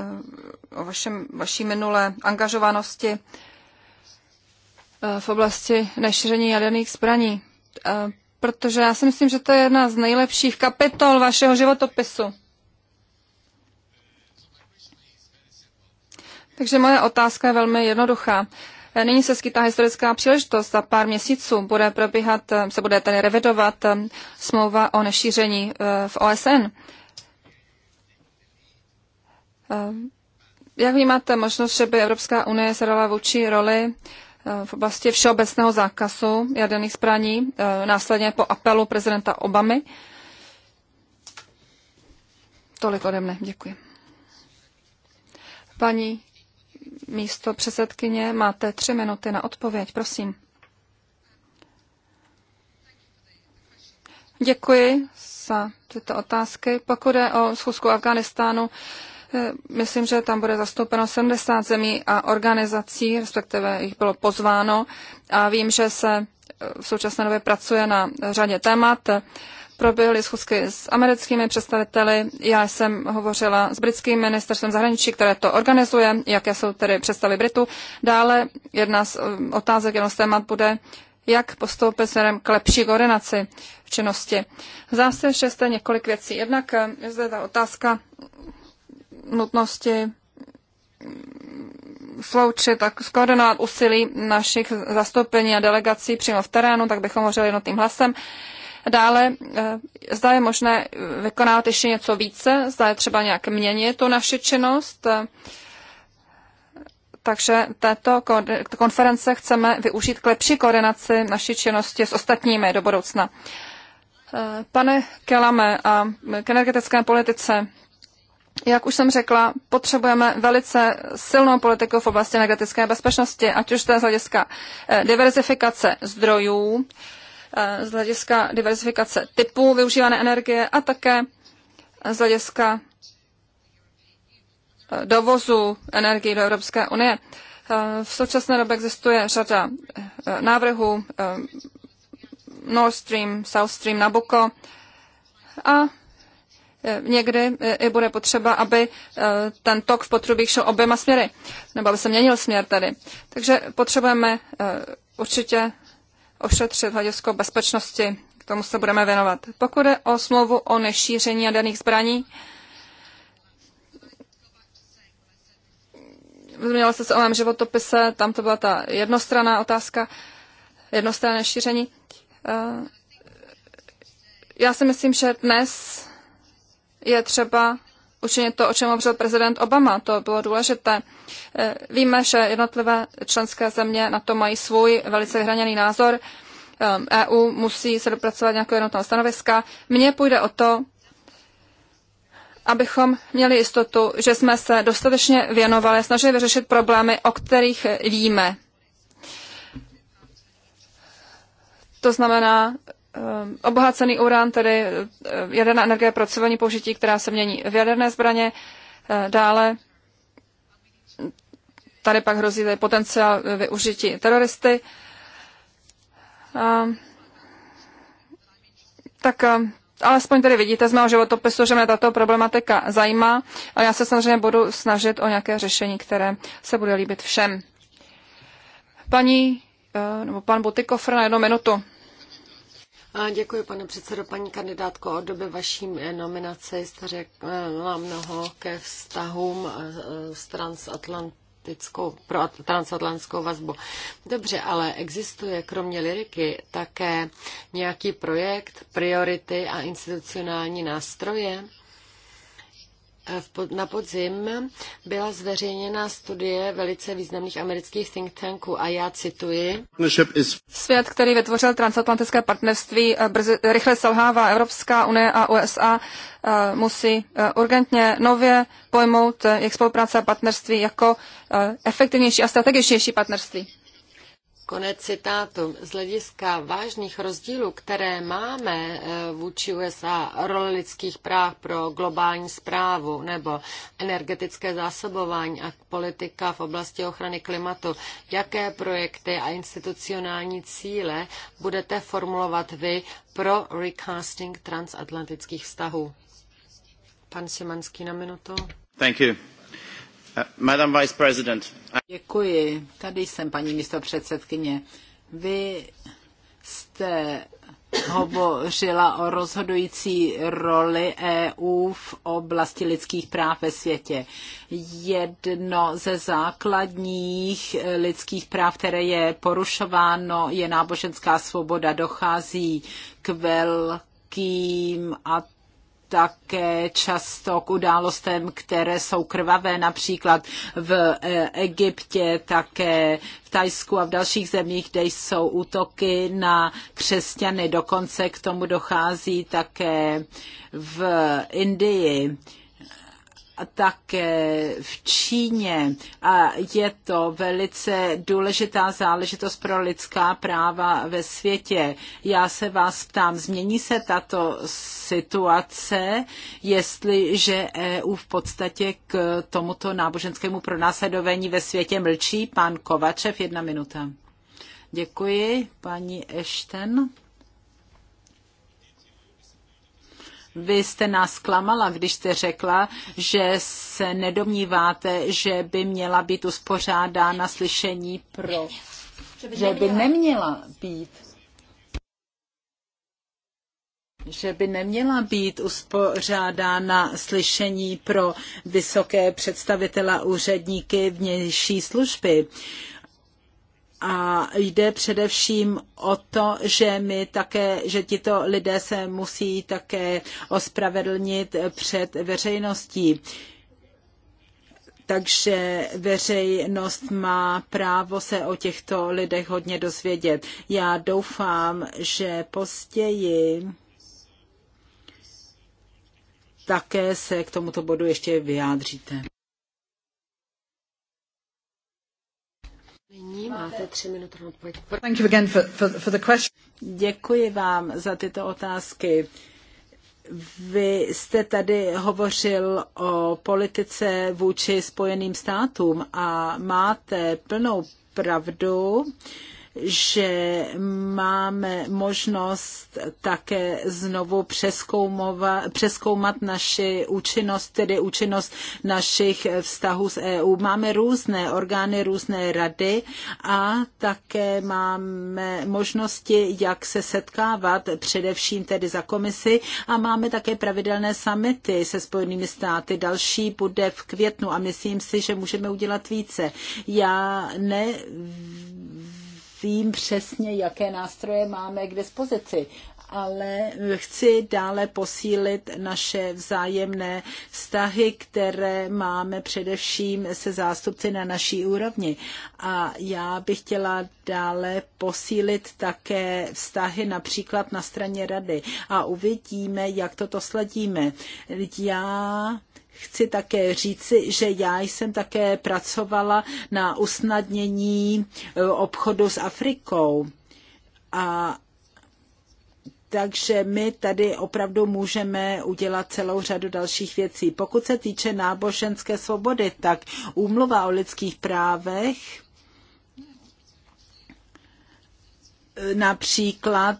o vašem, vaší minulé angažovanosti eh, v oblasti nešíření jaderných zbraní, eh, protože já si myslím, že to je jedna z nejlepších kapitol vašeho životopisu. Takže moje otázka je velmi jednoduchá. E, nyní se skytá historická příležitost. Za pár měsíců bude probíhat, e, se bude tedy revidovat e, smlouva o nešíření v OSN. Jak vnímáte možnost, že by Evropská unie se dala vůči roli v oblasti všeobecného zákazu jaderných zbraní, následně po apelu prezidenta Obamy? Tolik ode mne, děkuji. Paní místo předsedkyně. Máte tři minuty na odpověď, prosím. Děkuji za tyto otázky. Pokud je o schůzku Afganistánu, eh, myslím, že tam bude zastoupeno 70 zemí a organizací, respektive jich bylo pozváno. A vím, že se eh, v současné době pracuje na řadě témat proběhly schůzky s americkými představiteli. Já jsem hovořila s britským ministerstvem zahraničí, které to organizuje, jaké jsou tedy představy Britu. Dále jedna z um, otázek, jedno z témat bude, jak postoupit směrem k lepší koordinaci v činnosti. Zase šesté jste několik věcí. Jednak eh, je zde ta otázka nutnosti mm, sloučit a skoordinovat úsilí našich zastoupení a delegací přímo v terénu, tak bychom hovořili jednotným hlasem. Dále, eh, zda je možné vykonávat ještě něco více, zda je třeba nějak měnit tu naši činnost. Takže této konference chceme využít k lepší koordinaci naší činnosti s ostatními do budoucna. Eh, pane Kelame, a k energetické politice, jak už jsem řekla, potřebujeme velice silnou politiku v oblasti energetické bezpečnosti, ať už to je z hlediska eh, diverzifikace zdrojů, z hlediska diversifikace typu využívané energie a také z hlediska eh, dovozu energie do Evropské unie. Eh, v současné době existuje řada eh, návrhů Nord Stream, South Stream, Nabucco a někdy i bude potřeba, aby ten tok v potrubích šel oběma směry, nebo aby se měnil směr tady. Takže potřebujeme určitě ošetřit hledisko bezpečnosti. K tomu se budeme věnovat. Pokud je o smlouvu o nešíření jaderných zbraní, zmínila jste se o mém životopise, tam to byla ta jednostranná otázka, jednostranné šíření. Eh, já si myslím, že dnes je třeba učinit to, o čem hovořil prezident Obama. To bylo důležité. Eh, víme, že jednotlivé členské země na to mají svůj velice hraněný názor. EU eh, e musí se dopracovat nějakého jednotného stanoviska. Mně půjde o to, abychom měli jistotu, že jsme se dostatečně věnovali, snažili vyřešit problémy, o kterých víme. To znamená, Ehm, obohacený urán, tedy eh, jaderná energie pro civilní použití, která se mění v jaderné zbraně. Eh, dále tady pak hrozí tady potenciál eh, využití teroristy. Ehm, tak ehm, alespoň tady vidíte z mého životopisu, že mě tato problematika zajímá a já se samozřejmě budu snažit o nějaké řešení, které se bude líbit všem. Paní, nebo pan Butikofr na jednu minutu děkuji, pane předsedo, paní kandidátko. Od doby vaší nominace jste řekla mnoho ke vztahům e, e, s transatlantickou, pro transatlantickou vazbu. Dobře, ale existuje kromě liriky také nějaký projekt, priority a institucionální nástroje? Eh, na podzim byla zveřejněna studie velice významných amerických think tanků a já cituji. Svět, který vytvořil transatlantické partnerství, eh, brzy, eh, rychle selhává Evropská unie a USA, musí urgentně nově pojmout jejich spolupráce a partnerství jako efektivnější a strategičnější partnerství. Konec citátu. Z hlediska vážných rozdílů, které máme eh, vůči USA, role lidských práv pro globální zprávu nebo energetické zásobování a politika v oblasti ochrany klimatu, jaké projekty a institucionální cíle budete formulovat vy pro recasting transatlantických vztahů? Pan Simanský na minutu. Thank you. Uh, Děkuji. Tady jsem, paní místo předsedkyně. Vy jste hovořila o rozhodující roli EU v oblasti lidských práv ve světě. Jedno ze základních lidských práv, které je porušováno, je náboženská svoboda. Dochází k velkým a také často k událostem, které jsou krvavé, například v eh, Egyptě, také v Tajsku a v dalších zemích, kde jsou útoky na křesťany. Dokonce k tomu dochází také v Indii také v Číně a je to velice důležitá záležitost pro lidská práva ve světě. Já se vás ptám, změní se tato situace, jestliže EU v podstatě k tomuto náboženskému pronásledování ve světě mlčí? Pan Kovačev, jedna minuta. Děkuji, paní Ešten. Vy jste nás klamala, když jste řekla, že se nedomníváte, že by měla být uspořádána slyšení pro... Že by, neměla být. Že by neměla být uspořádána slyšení pro vysoké představitele úředníky vnější služby. Uh, a jde především o to, že my také, že tito lidé se musí také ospravedlnit před veřejností. Takže veřejnost má právo se o těchto lidech hodně dozvědět. Já doufám, že později také se k tomuto bodu ještě vyjádříte. Děkuji vám za tyto otázky. Vy jste tady hovořil o politice vůči Spojeným státům a máte plnou pravdu že máme možnost také znovu přeskoumat naši účinnost, tedy účinnost našich vztahů s EU. Máme různé orgány, různé rady a také máme možnosti, jak se setkávat, především tedy za komisi a máme také pravidelné samity se Spojenými státy. Další bude v květnu a myslím si, že můžeme udělat více. Já ne vím přesně, jaké nástroje máme k dispozici ale chci dále posílit naše vzájemné vztahy, které máme především se zástupci na naší úrovni. A já bych chtěla dále posílit také vztahy například na straně rady. A uvidíme, jak toto sledíme. Já chci také říci, že já jsem také pracovala na usnadnění e, obchodu s Afrikou. A takže my tady opravdu můžeme udělat celou řadu dalších věcí. Pokud se týče náboženské svobody, tak úmluva o lidských právech e, například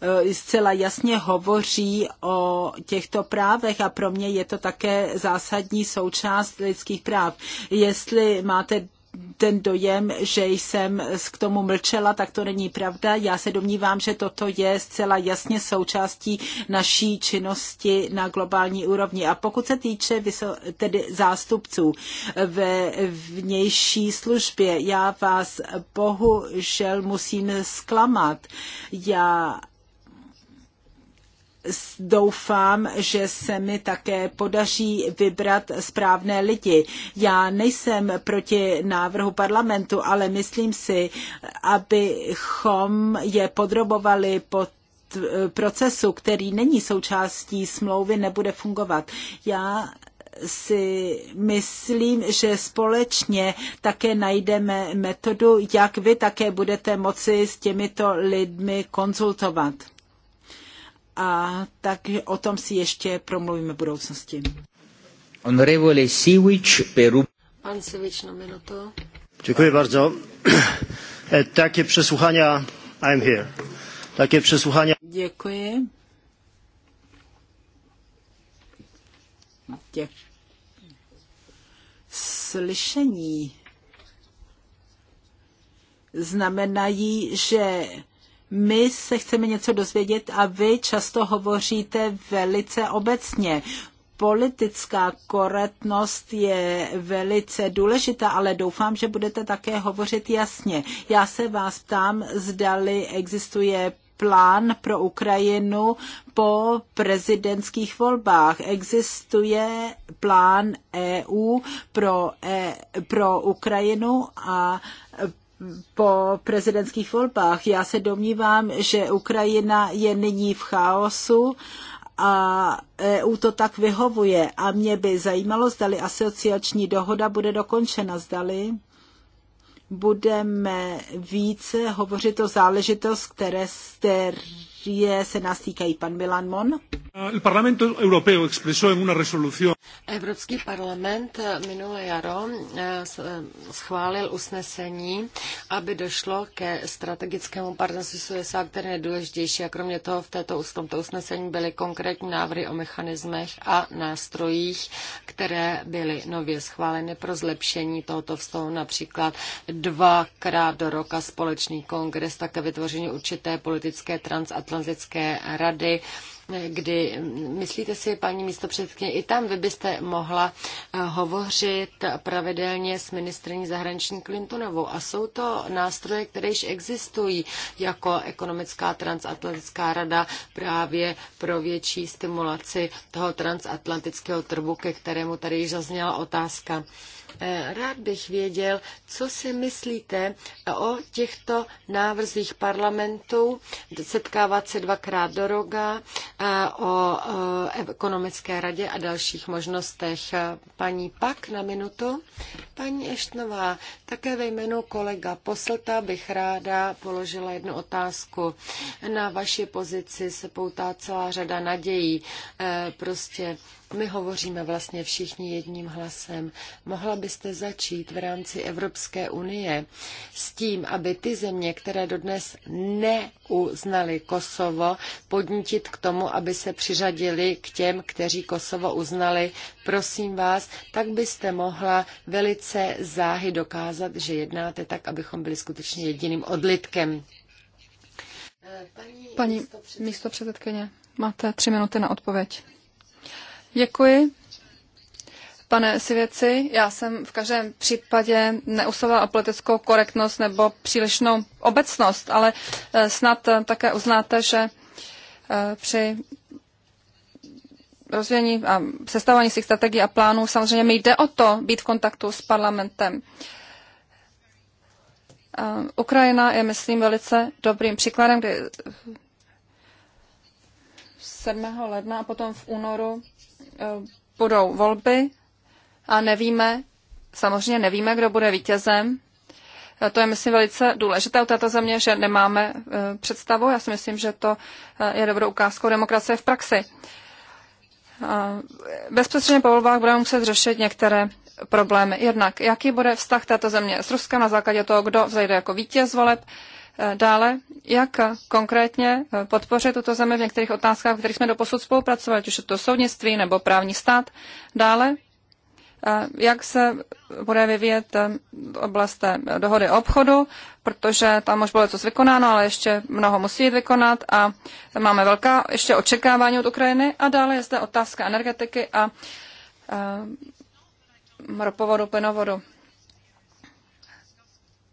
Eh, zcela jasně hovoří o těchto právech a pro mě je to také zásadní součást lidských práv. Jestli máte ten dojem, že jsem k tomu mlčela, tak to není pravda. Já se domnívám, že toto je zcela jasně součástí naší činnosti na globální úrovni. A pokud se týče tedy zástupců ve vnější službě, já vás bohužel musím zklamat. Já doufám, že se mi také podaří vybrat správné lidi. Já nejsem proti návrhu parlamentu, ale myslím si, abychom je podrobovali pod eh, procesu, který není součástí smlouvy, nebude fungovat. Já si myslím, že společně také najdeme metodu, jak vy také budete moci s těmito lidmi konzultovat a tak o tom si ještě promluvíme v budoucnosti. Honorevole Siwicz, Peru. Pan Siwicz na minutu. Děkuji bardzo. E, takie przesłuchania, I'm here. Takie przesłuchania. Děkuji. Děkuji. Slyšení znamenají, že my se chceme něco dozvědět a vy často hovoříte velice obecně politická korektnost je velice důležitá, ale doufám, že budete také hovořit jasně. Já se vás ptám, zdali existuje plán pro Ukrajinu po prezidentských volbách. Existuje plán EU pro, e, pro Ukrajinu a po prezidentských volbách. Já se domnívám, že Ukrajina je nyní v chaosu a EU to tak vyhovuje. A mě by zajímalo, zdali asociační dohoda bude dokončena, zdali budeme více hovořit o záležitost, které, které je, týkají. Pan Milan Mon. Evropský parlament minulé jaro eh, eh, schválil usnesení, aby došlo ke strategickému partnerství s USA, které je důležitější. A kromě toho v, této, v tomto usnesení byly konkrétní návrhy o mechanismech a nástrojích, které byly nově schváleny pro zlepšení tohoto vztahu, například dvakrát do roka společný kongres, také vytvoření určité politické transatlantické Atlantické rady kdy myslíte si, paní místo předsedkyně, i tam vy byste mohla eh, hovořit pravidelně s ministrní zahraniční Clintonovou. A jsou to nástroje, které již existují, jako ekonomická transatlantická rada právě pro větší stimulaci toho transatlantického trhu, ke kterému tady již zazněla otázka. Eh, rád bych věděl, co si myslíte eh, o těchto návrzích parlamentu, setkávat se dvakrát do roga? o e, ekonomické radě a dalších možnostech. Paní Pak na minutu. Paní Eštnová, také ve jménu kolega Poslta bych ráda položila jednu otázku. Na vaši pozici se poutá celá řada nadějí. E, prostě my hovoříme vlastně všichni jedním hlasem. Mohla byste začít v rámci Evropské unie s tím, aby ty země, které dodnes neuznali Kosovo, podnítit k tomu, aby se přiřadili k těm, kteří Kosovo uznali. Prosím vás, tak byste mohla velice záhy dokázat, že jednáte tak, abychom byli skutečně jediným odlitkem. Paní, Paní místopředsedkyně, máte tři minuty na odpověď. Děkuji. Pane Sivěci, já jsem v každém případě neusovala o politickou korektnost nebo přílišnou obecnost, ale eh, snad také uznáte, že eh, při rozvíjení a sestavování svých strategií a plánů samozřejmě mi jde o to být v kontaktu s parlamentem. Eh, Ukrajina je, myslím, velice dobrým příkladem, kdy 7. ledna a potom v únoru Eh, budou volby a nevíme, samozřejmě nevíme, kdo bude vítězem. Eh, to je, myslím, velice důležité u této země, že nemáme eh, představu. Já si myslím, že to je dobrou ukázkou demokracie v praxi. Bezprostředně po volbách budeme muset řešit některé problémy. Jednak, jaký bude vztah této země s Ruskem na základě toho, kdo vzejde jako vítěz voleb, Dále, jak konkrétně podpořit tuto zemi v některých otázkách, v kterých jsme doposud spolupracovali, ať už je to soudnictví nebo právní stát. Dále, jak se bude vyvíjet eh, oblast eh, dohody o obchodu, protože tam už bylo co vykonáno, ale ještě mnoho musí jít vykonat a máme velká ještě očekávání od Ukrajiny. A dále je zde otázka energetiky a eh, ropovodu, plynovodu.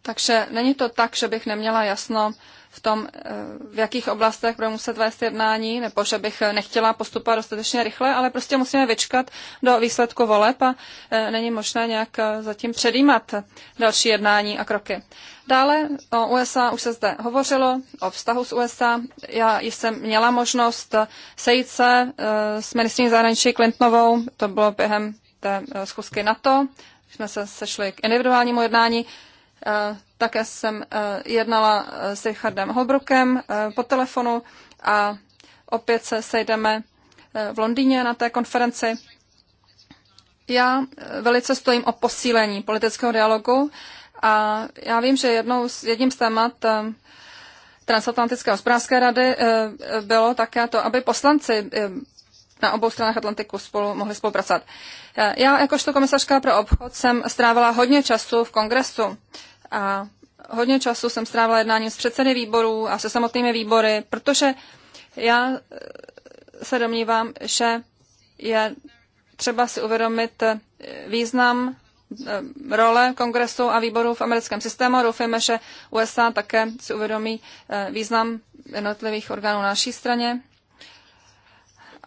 Takže není to tak, že bych neměla jasno v tom, eh, v jakých oblastech budeme muset vést jednání, nebo že bych eh, nechtěla postupovat dostatečně rychle, ale prostě musíme vyčkat do výsledku voleb a eh, není možné nějak zatím předjímat další jednání a kroky. Dále o USA už se zde hovořilo, o vztahu s USA. Já jsem měla možnost sejít se s ministrní zahraničí Clintonovou, to bylo během té schůzky NATO, jsme se sešli k individuálnímu jednání. Také jsem e, jednala e, s Richardem Holbrokem e, po telefonu a opět se sejdeme v Londýně na té konferenci. Já velice stojím o posílení politického dialogu a já vím, že jednou, jedním z témat Transatlantické hospodářské rady bylo také to, aby poslanci na obou stranách Atlantiku spolu mohli spolupracovat. Já jakožto komisařka pro obchod jsem strávila hodně času v kongresu a hodně času jsem strávila jednáním s předsedy výborů a se samotnými výbory, protože já eh, se domnívám, že je třeba si uvědomit eh, význam eh, role kongresu a výboru v americkém systému. Doufujeme, že USA také si uvědomí význam jednotlivých orgánů na naší straně.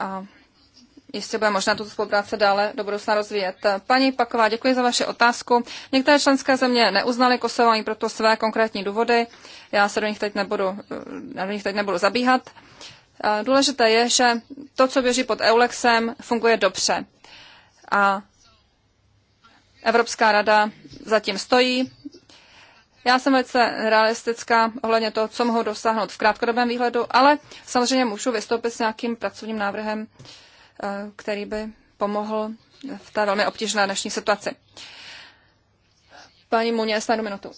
A jistě bude možná tuto spolupráce dále do budoucna rozvíjet. Paní Paková, děkuji za vaši otázku. Některé členské země neuznaly Kosovo ani proto své konkrétní důvody. Já se do nich teď nebudu, do nich teď nebudu zabíhat. Důležité je, že to, co běží pod Eulexem, funguje dobře. A Evropská rada zatím stojí. Já jsem velice realistická ohledně toho, co mohu dosáhnout v krátkodobém výhledu, ale samozřejmě můžu vystoupit s nějakým pracovním návrhem Eh, který by pomohl v té velmi obtížné dnešní situaci. Paní Muně, na jednu minutu.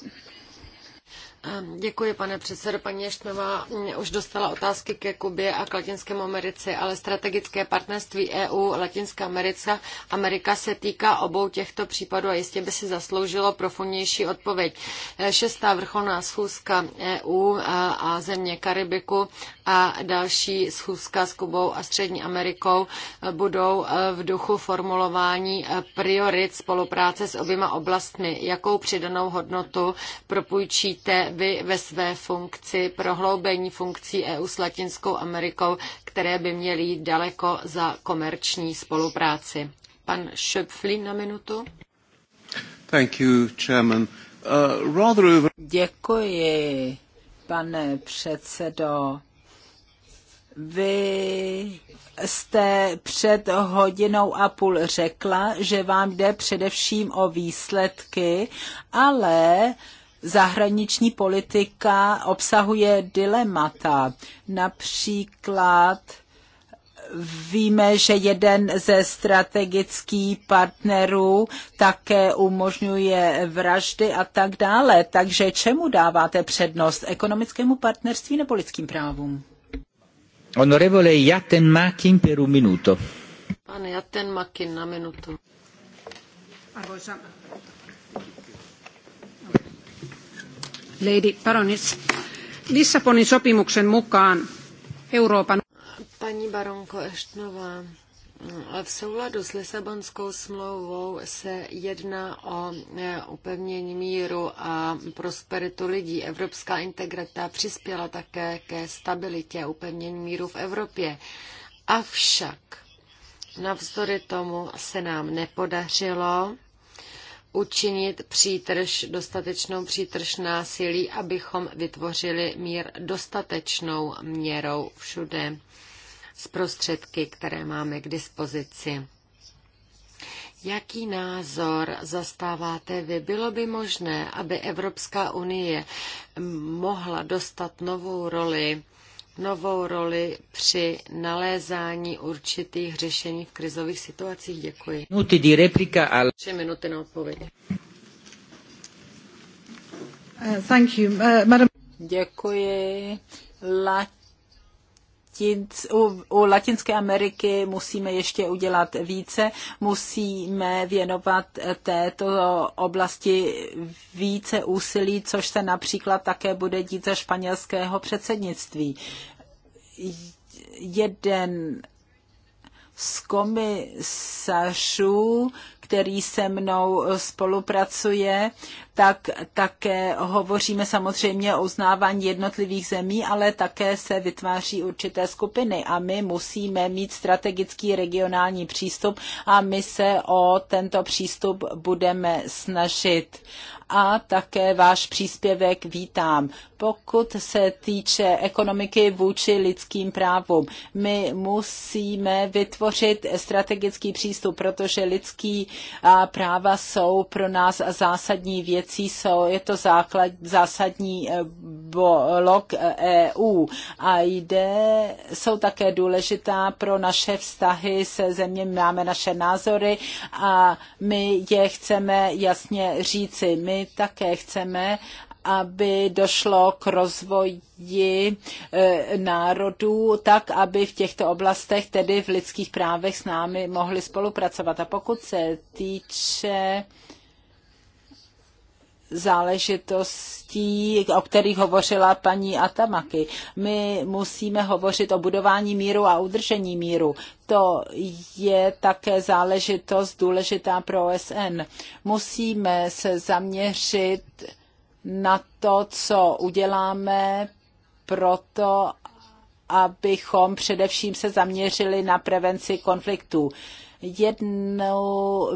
Ehm, děkuji, pane předsedo. Paní Ještnová už dostala otázky ke Kubě a k Latinskému Americe, ale strategické partnerství EU Latinská Amerika, Amerika se týká obou těchto případů a jistě by si zasloužilo profundnější odpověď. Eh, šestá vrcholná schůzka EU eh, a země Karibiku a další schůzka s Kubou a Střední Amerikou budou eh, v duchu formulování eh, priorit spolupráce s oběma oblastmi. Jakou přidanou hodnotu propůjčíte vy ve své funkci prohloubení funkcí EU s Latinskou Amerikou, které by měly jít daleko za komerční spolupráci? Pan Schöpflin na minutu. Thank you, Chairman. Uh, rather over... Děkuji, pane předsedo. Vy jste před hodinou a půl řekla, že vám jde především o výsledky, ale zahraniční politika obsahuje dilemata. Například víme, že jeden ze strategických partnerů také umožňuje vraždy a tak dále. Takže čemu dáváte přednost? Ekonomickému partnerství nebo lidským právům? Onorevole Jaten Makin per un minuto. Pan Jaten Makin na minutu. Arvoisa Lady Baroness, Lissabonin sopimuksen mukaan Euroopan... Pani baronko Eštnová, v souladu s Lisabonskou smlouvou se jedná o e, upevnění míru a prosperitu lidí. Evropská integrita přispěla také ke stabilitě a upevnění míru v Evropě. Avšak navzdory tomu se nám nepodařilo učinit přítrž, dostatečnou přítrž násilí, abychom vytvořili mír dostatečnou měrou všude s prostředky, které máme k dispozici. Jaký názor zastáváte vy? Bylo by možné, aby Evropská unie mohla dostat novou roli, novou roli při nalézání určitých řešení v krizových situacích? Děkuji. Minuty di replika al... Tři minuty na odpověď. Uh, thank you. Uh, madam... Děkuji. Lat Latinc, u, u Latinské Ameriky musíme ještě udělat více, musíme věnovat této oblasti více úsilí, což se například také bude dít za španělského předsednictví. Jeden z komisařů který se mnou eh, spolupracuje, tak také hovoříme samozřejmě o uznávání jednotlivých zemí, ale také se vytváří určité skupiny a my musíme mít strategický regionální přístup a my se o tento přístup budeme snažit a také váš příspěvek vítám. Pokud se týče ekonomiky vůči lidským právům, my musíme vytvořit strategický přístup, protože lidský práva jsou pro nás zásadní věcí, jsou, je to základ, zásadní e, blok EU e a jde, jsou také důležitá pro naše vztahy se zeměmi, máme naše názory a my je chceme jasně říci. My také chceme, aby došlo k rozvoji e, národů tak, aby v těchto oblastech, tedy v lidských právech s námi mohli spolupracovat. A pokud se týče záležitostí, o kterých hovořila paní Atamaky. My musíme hovořit o budování míru a udržení míru. To je také záležitost důležitá pro OSN. Musíme se zaměřit na to, co uděláme proto, abychom především se zaměřili na prevenci konfliktů jednu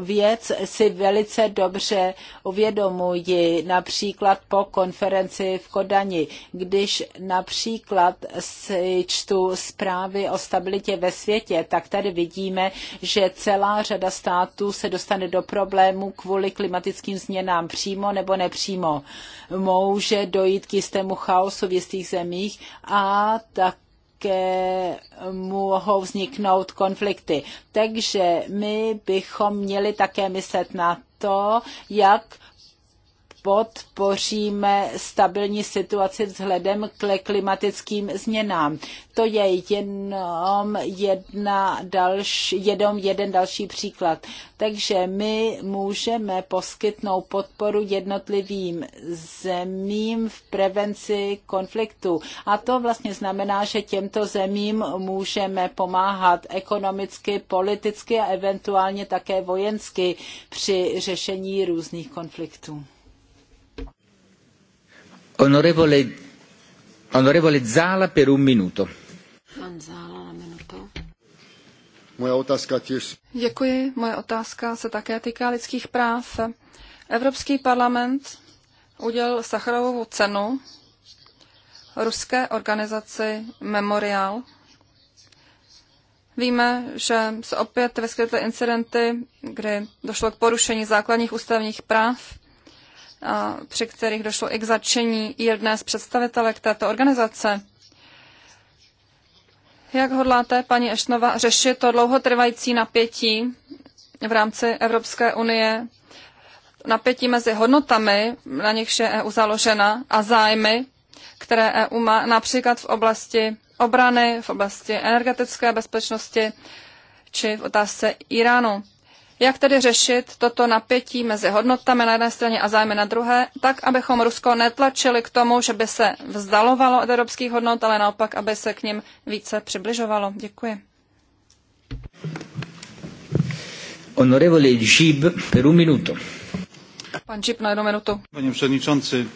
věc si velice dobře uvědomuji, například po konferenci v Kodani, když například si čtu zprávy o stabilitě ve světě, tak tady vidíme, že celá řada států se dostane do problémů kvůli klimatickým změnám přímo nebo nepřímo. Může dojít k jistému chaosu v jistých zemích a tak také mohou vzniknout konflikty. Takže my bychom měli také myslet na to, jak podpoříme stabilní situaci vzhledem k klimatickým změnám. To je jenom jedna další, jenom jeden další příklad. Takže my můžeme poskytnout podporu jednotlivým zemím v prevenci konfliktu. A to vlastně znamená, že těmto zemím můžeme pomáhat ekonomicky, politicky a eventuálně také vojensky při řešení různých konfliktů. Onorevole, onorevole Zala per un minuto. Pan Zala na minutu. Moje otázka těž. Děkuji. Moje otázka se také týká lidských práv. Evropský parlament udělil Sacharovovu cenu ruské organizaci Memorial. Víme, že se opět vyskytly incidenty, kdy došlo k porušení základních ústavních práv při kterých došlo i k začení jedné z představitelek této organizace. Jak hodláte, paní Ešnova, řešit to dlouhotrvající napětí v rámci Evropské unie, napětí mezi hodnotami, na nichž je EU založena, a zájmy, které EU má například v oblasti obrany, v oblasti energetické bezpečnosti či v otázce Iránu. Jak tedy řešit toto napětí mezi hodnotami na jedné straně a zájmy na druhé, tak abychom Rusko netlačili k tomu, že by se vzdalovalo od evropských hodnot, ale naopak, aby se k ním více přibližovalo? Děkuji. Honorevole Gib, per minuto. Pan Žib na jednu minutu. Pane předničanci,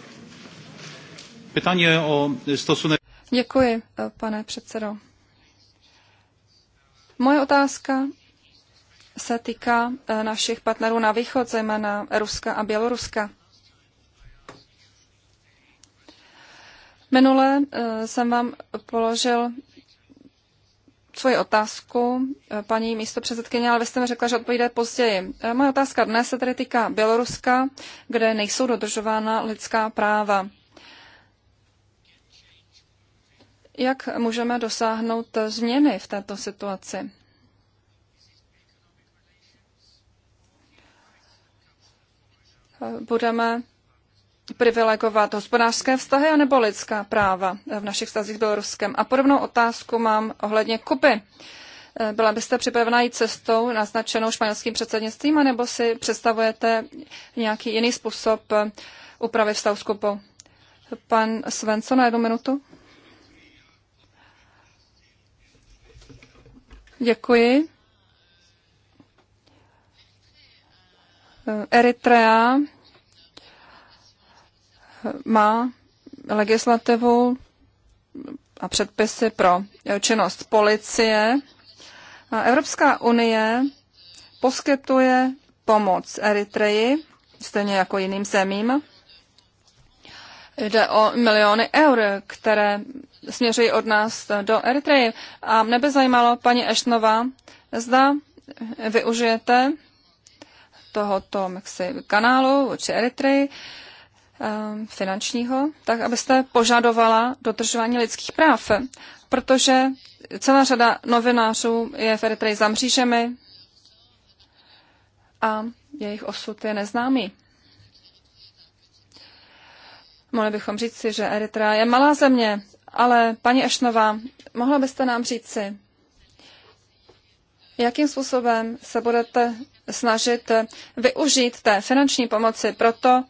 pytanie o stosune... Děkuji, eh, pane předsedo. Moje otázka se týká e, našich partnerů na východ, zejména Ruska a Běloruska. Minule e, jsem vám položil svoji otázku, e, paní místo předsedkyně, ale vy jste mi řekla, že odpovíde později. Moje otázka dnes se tedy týká Běloruska, kde nejsou dodržována lidská práva. Jak můžeme dosáhnout změny v této situaci? budeme privilegovat hospodářské vztahy anebo lidská práva v našich vztazích s Běloruskem. A podobnou otázku mám ohledně Kuby. Byla byste připravena jít cestou naznačenou španělským předsednictvím, anebo si představujete nějaký jiný způsob úpravy vztahu s Kubou? Pan Svensson na jednu minutu. Děkuji. Eritrea má legislativu a předpisy pro činnost policie. A Evropská unie poskytuje pomoc Eritreji, stejně jako jiným zemím. Jde o miliony eur, které směřují od nás do Eritreji. A mne by zajímalo, paní Eštnova, zda využijete tohoto jaksi, kanálu vůči Eritreji ehm, finančního, tak abyste požadovala dodržování lidských práv, protože celá řada novinářů je v Eritreji za mřížemi a jejich osud je neznámý. Mohli bychom říct si, že Eritrea je malá země, ale paní Ešnová, mohla byste nám říct si, jakým způsobem se budete snažit využít té finanční pomoci proto,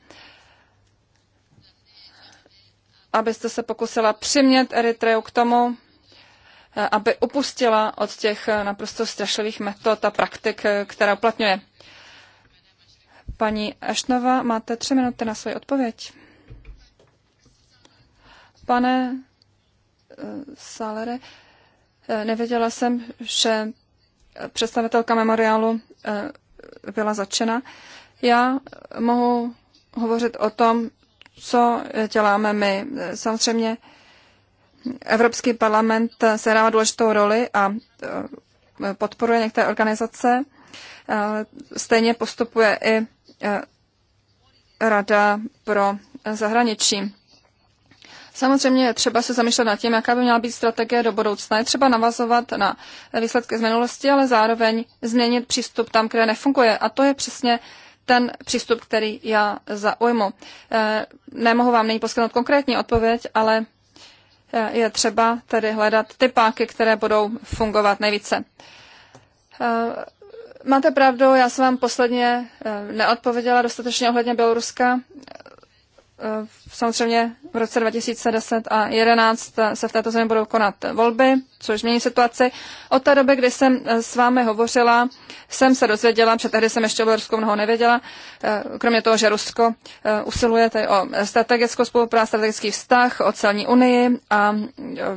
abyste se pokusila přimět Eritreu k tomu, aby upustila od těch naprosto strašlivých metod a praktik, které uplatňuje. Paní Ešnova, máte tři minuty na svoji odpověď. Pane eh, Salere, eh, nevěděla jsem, že představitelka memoriálu eh, byla začena. Já mohu hovořit o tom, co děláme my. Samozřejmě Evropský parlament dává důležitou roli a e, podporuje některé organizace. Stejně postupuje i e, Rada pro zahraničí. Samozřejmě je třeba se zamýšlet nad tím, jaká by měla být strategie do budoucna. Je třeba navazovat na výsledky z minulosti, ale zároveň změnit přístup tam, kde nefunguje. A to je přesně ten přístup, který já zaujmu. Eh, nemohu vám nyní poskytnout konkrétní odpověď, ale eh, je třeba tedy hledat ty páky, které budou fungovat nejvíce. Eh, máte pravdu, já jsem vám posledně neodpověděla dostatečně ohledně Běloruska. Eh, samozřejmě v roce 2010 a 2011 se v této zemi budou konat volby, což změní situaci. Od té doby, kdy jsem eh, s vámi hovořila, jsem se dozvěděla, protože tehdy jsem ještě o Rusku mnoho nevěděla, eh, kromě toho, že Rusko usiluje tady o strategickou spolupráci, strategický vztah, o celní unii a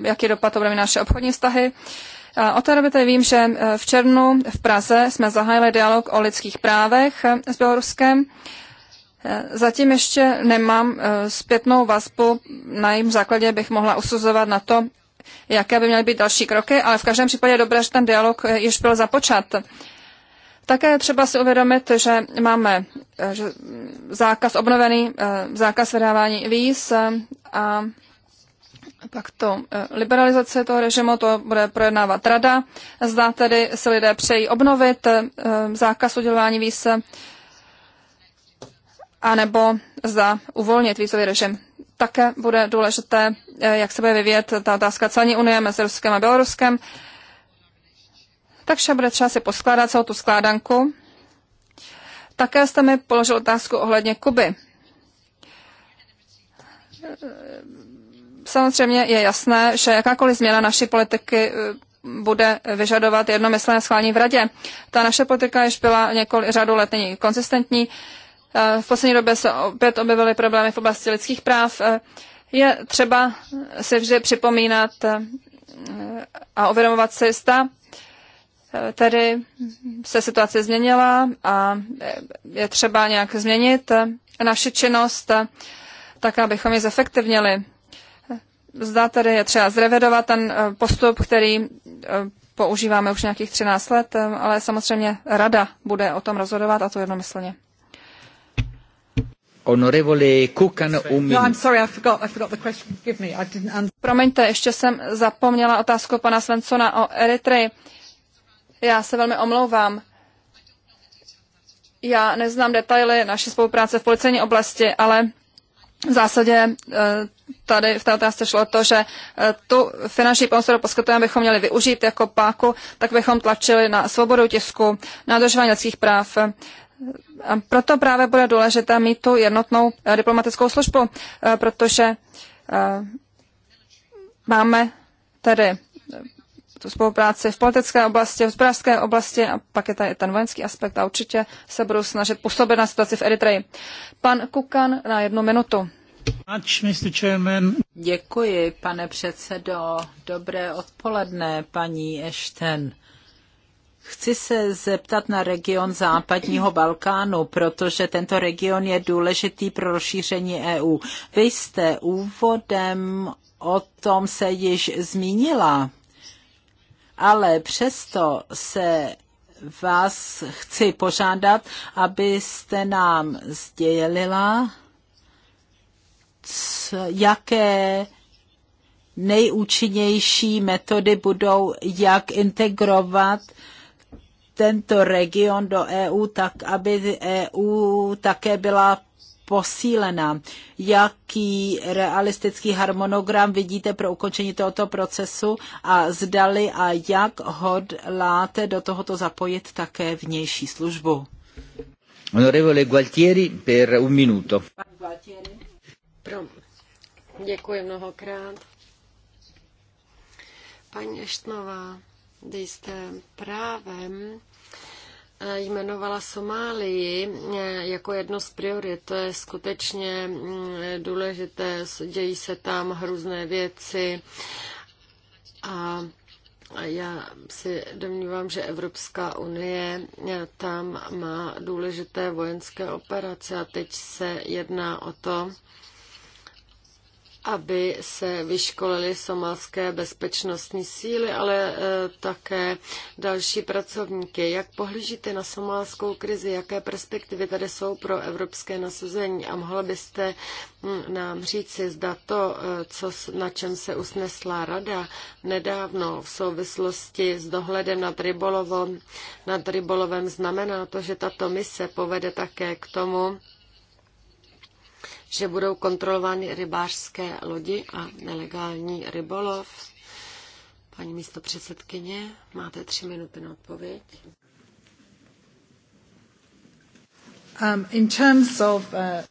jaký dopad to bude mít naše obchodní vztahy. A od té doby tady vím, že v červnu v Praze jsme zahájili dialog o lidských právech s Běloruskem. Eh, zatím ještě nemám eh, zpětnou vazbu, na jejím základě bych mohla usuzovat na to, jaké by měly být další kroky, ale v každém případě je dobré, že ten dialog eh, již byl započat. Také třeba si uvědomit, že máme zákaz obnovený, zákaz vydávání víz a pak to liberalizace toho režimu, to bude projednávat rada. Zdá tedy se lidé přejí obnovit zákaz udělování víz anebo za uvolnit vízový režim. Také bude důležité, eh, jak se bude vyvíjet ta otázka celní unie mezi Ruskem a Běloruskem. Takže bude třeba si poskládat celou tu skládanku. Také jste mi položil otázku ohledně Kuby. Samozřejmě je jasné, že jakákoliv změna naší politiky eh, bude vyžadovat jednomyslné schválení v radě. Ta naše politika již byla několik řadu let není konzistentní. Eh, v poslední době se opět objevily problémy v oblasti lidských práv. Eh, je třeba se vždy připomínat eh, a uvědomovat si, zda tedy se situace změnila a je třeba nějak změnit naši činnost, tak abychom ji zefektivnili. Zda tedy je třeba zrevidovat ten postup, který používáme už nějakých 13 let, ale samozřejmě rada bude o tom rozhodovat a to jednomyslně. Kukan, um... No, I'm sorry, I forgot, I forgot the question. me, I didn't Promiňte, ještě jsem zapomněla otázku pana Svensona o Eritreji. Já se velmi omlouvám. Já neznám detaily naší spolupráce v policejní oblasti, ale v zásadě eh, tady v té otázce šlo to, že eh, tu finanční pomoc, kterou poskytujeme, bychom měli využít jako páku, tak bychom tlačili na svobodu tisku, na dožívání lidských práv, a proto právě bude důležité mít tu jednotnou eh, diplomatickou službu, eh, protože eh, máme tedy tu spolupráci v politické oblasti, v hospodářské oblasti a pak je tady ten vojenský aspekt a určitě se budou snažit působit na situaci v Eritreji. Pan Kukan na jednu minutu. Děkuji, pane předsedo. Dobré odpoledne, paní Ešten. Chci se zeptat na region západního Balkánu, protože tento region je důležitý pro rozšíření EU. Vy jste úvodem o tom se již zmínila, ale přesto se vás chci požádat, abyste nám sdělila, jaké nejúčinnější metody budou, jak integrovat tento region do EU, tak aby EU také byla posílena. Jaký realistický harmonogram vidíte pro ukončení tohoto procesu a zdali a jak hodláte do tohoto zapojit také vnější službu? Honorevole Gualtieri per un minuto. Děkuji mnohokrát. Paní Eštnová, kdy jste právem eh, jmenovala Somálii eh, jako jedno z priorit. To je skutečně mm, důležité, dějí se tam hrůzné věci a já si domnívám, že Evropská unie eh, tam má důležité vojenské operace a teď se jedná o to, aby se vyškolili somalské bezpečnostní síly, ale eh, také další pracovníky. Jak pohlížíte na somálskou krizi? Jaké perspektivy tady jsou pro evropské nasazení? A mohla byste hm, nám říci, zda to, eh, co, na čem se usnesla rada nedávno v souvislosti s dohledem nad rybolovom, nad rybolovem, znamená to, že tato mise povede také k tomu, že budou kontrolovány rybářské lodi a nelegální rybolov. Paní místo předsedkyně, máte tři minuty na odpověď. Um, in terms of, uh...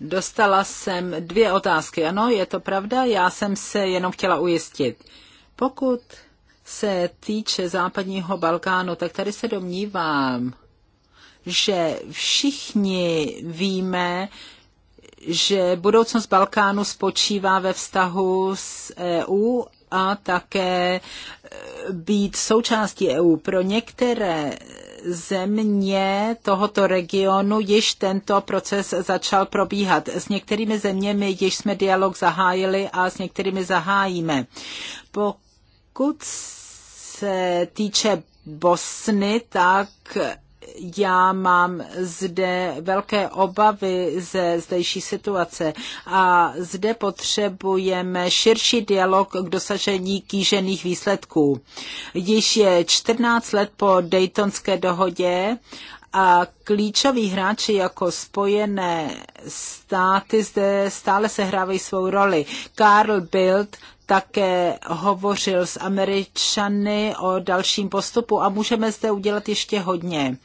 Dostala jsem dvě otázky. Ano, je to pravda, já jsem se jenom chtěla ujistit. Pokud se týče západního Balkánu, tak tady se domnívám, že všichni víme, že budoucnost Balkánu spočívá ve vztahu s EU a také eh, být součástí EU. Pro některé země tohoto regionu již tento proces začal probíhat. S některými zeměmi již jsme dialog zahájili a s některými zahájíme. Pokud se týče Bosny, tak já mám zde velké obavy ze zdejší situace a zde potřebujeme širší dialog k dosažení kýžených výsledků. Již je 14 let po Daytonské dohodě a klíčoví hráči jako spojené státy zde stále sehrávají svou roli. Karl Bild také hovořil s Američany o dalším postupu a můžeme zde udělat ještě hodně.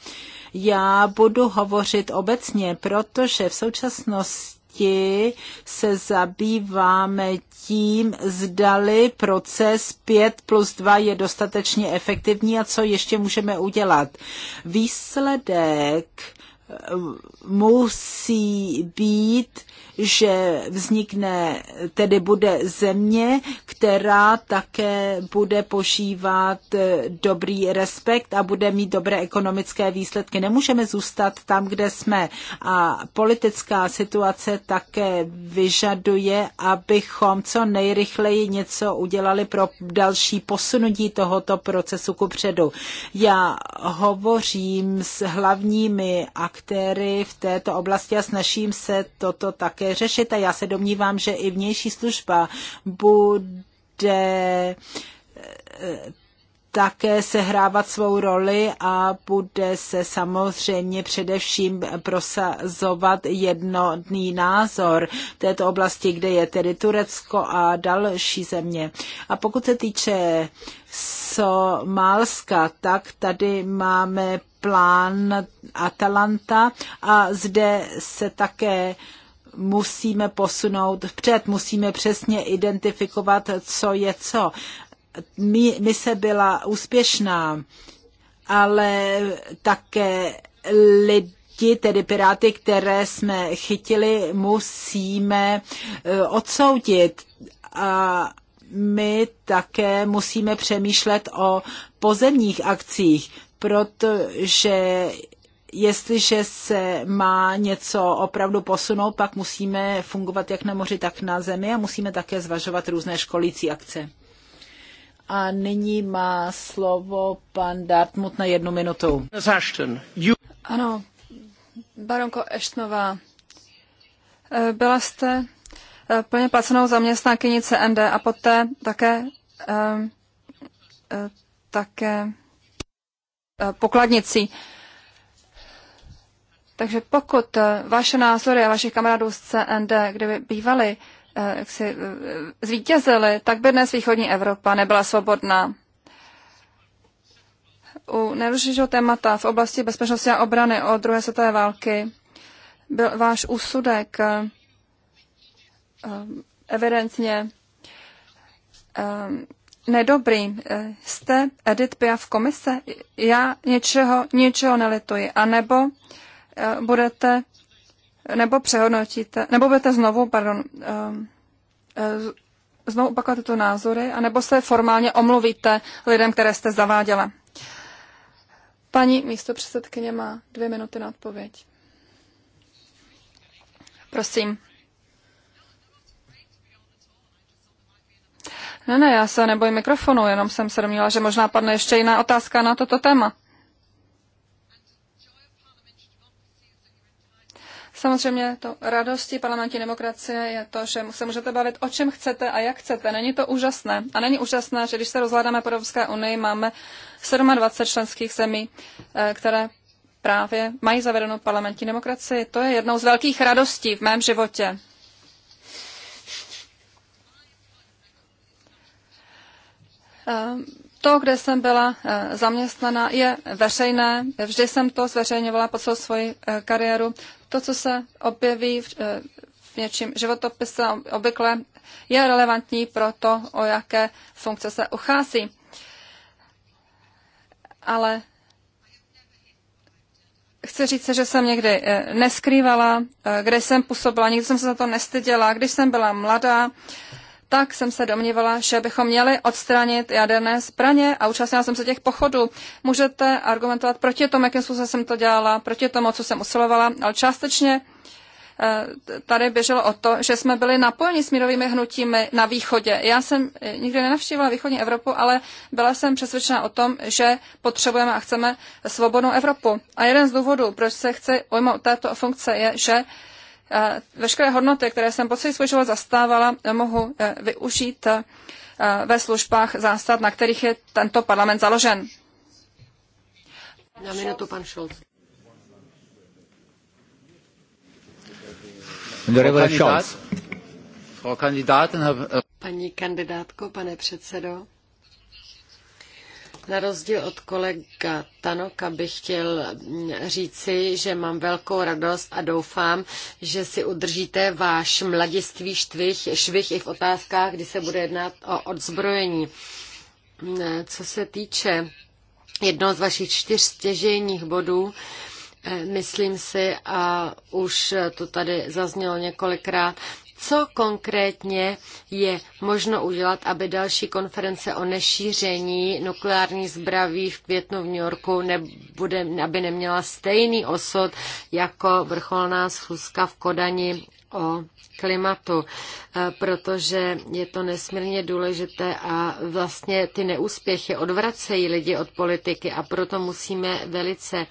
Já budu hovořit obecně, protože v současnosti se zabýváme tím, zdali proces 5 plus 2 je dostatečně efektivní a co ještě můžeme udělat. Výsledek eh, musí být že vznikne, tedy bude země, která také bude požívat eh, dobrý respekt a bude mít dobré ekonomické výsledky. Nemůžeme zůstat tam, kde jsme. A politická situace také vyžaduje, abychom co nejrychleji něco udělali pro další posunutí tohoto procesu ku předu. Já hovořím s hlavními aktéry v této oblasti a snažím se toto také také řešit a já se domnívám, že i vnější služba bude eh, také sehrávat svou roli a bude se samozřejmě především prosazovat jednotný názor v této oblasti, kde je tedy Turecko a další země. A pokud se týče Somálska, tak tady máme plán Atalanta a zde se také uh, musíme posunout vpřed, musíme přesně identifikovat, co je co. Mise byla úspěšná, ale také lidi tedy piráty, které jsme chytili, musíme eh, odsoudit. A my také musíme přemýšlet o pozemních akcích, protože jestliže se má něco opravdu posunout, pak musíme fungovat jak na moři, tak na zemi a musíme také zvažovat různé školící akce. A nyní má slovo pan Dartmut na jednu minutu. Ano, baronko Eštnová, eh, byla jste eh, plně placenou zaměstnankyní CND a poté také, eh, také pokladnicí. Takže pokud eh, vaše názory a vašich kamarádů z CND, kdyby bývali, eh, jak si eh, zvítězili, tak by dnes východní Evropa nebyla svobodná. U nejrůznějšího témata v oblasti bezpečnosti a obrany od druhé světové války byl váš úsudek evidentně nedobrý. Jste Edith Piaf v komise? Já ničeho, ničeho nelituji. A nebo Eh, budete nebo přehodnotíte, nebo budete znovu, pardon, ehm, eh, znovu opakovat tyto názory, anebo se formálně omluvíte lidem, které jste zaváděla. Paní místo předsedkyně má dvě minuty na odpověď. Prosím. Ne, ne, já se nebojím mikrofonu, jenom jsem se domnívala, že možná padne ještě jiná otázka na toto téma. Samozřejmě to radostí parlamentní demokracie je to, že se můžete bavit o čem chcete a jak chcete. Není to úžasné. A není úžasné, že když se rozhládáme po Evropské unii, máme 27 členských zemí, eh, které právě mají zavedenou parlamentní demokracii. To je jednou z velkých radostí v mém životě. Ehm, to, kde jsem byla eh, zaměstnaná, je veřejné. Vždy jsem to zveřejňovala po celou svoji eh, kariéru. To, co se objeví v, eh, v něčím životopise, obvykle je relevantní pro to, o jaké funkce se uchází. Ale chci říct, že jsem někdy neskrývala, kde jsem působila, nikdy jsem se za to nestyděla. Když jsem byla mladá, tak jsem se domnívala, že bychom měli odstranit jaderné zbraně a účastnila jsem se těch pochodů. Můžete argumentovat proti tomu, jakým způsobem jsem to dělala, proti tomu, co jsem usilovala, ale částečně eh, tady běželo o to, že jsme byli napojeni s mírovými hnutími na východě. Já jsem eh, nikdy nenavštívila východní Evropu, ale byla jsem přesvědčena o tom, že potřebujeme a chceme svobodnou Evropu. A jeden z důvodů, proč se chci ujmout této funkce, je, že veškeré hodnoty, které jsem po celý svůj život zastávala, mohu eh, využít eh, ve službách zásad, na kterých je tento parlament založen. Na minutu pan Scholz. Paní kandidátko, pane předsedo, na rozdíl od kolega Tanoka bych chtěl mm, říci, že mám velkou radost a doufám, že si udržíte váš mladiství štvih, švih i v otázkách, kdy se bude jednat o odzbrojení. Mm, co se týče jednoho z vašich čtyř stěžejních bodů, eh, Myslím si, a už to tady zaznělo několikrát, co konkrétně je možno udělat, aby další konference o nešíření nukleární zbraví v květnu v New Yorku nebude, aby neměla stejný osud jako vrcholná schůzka v Kodani o klimatu, eh, protože je to nesmírně důležité a vlastně ty neúspěchy odvracejí lidi od politiky a proto musíme velice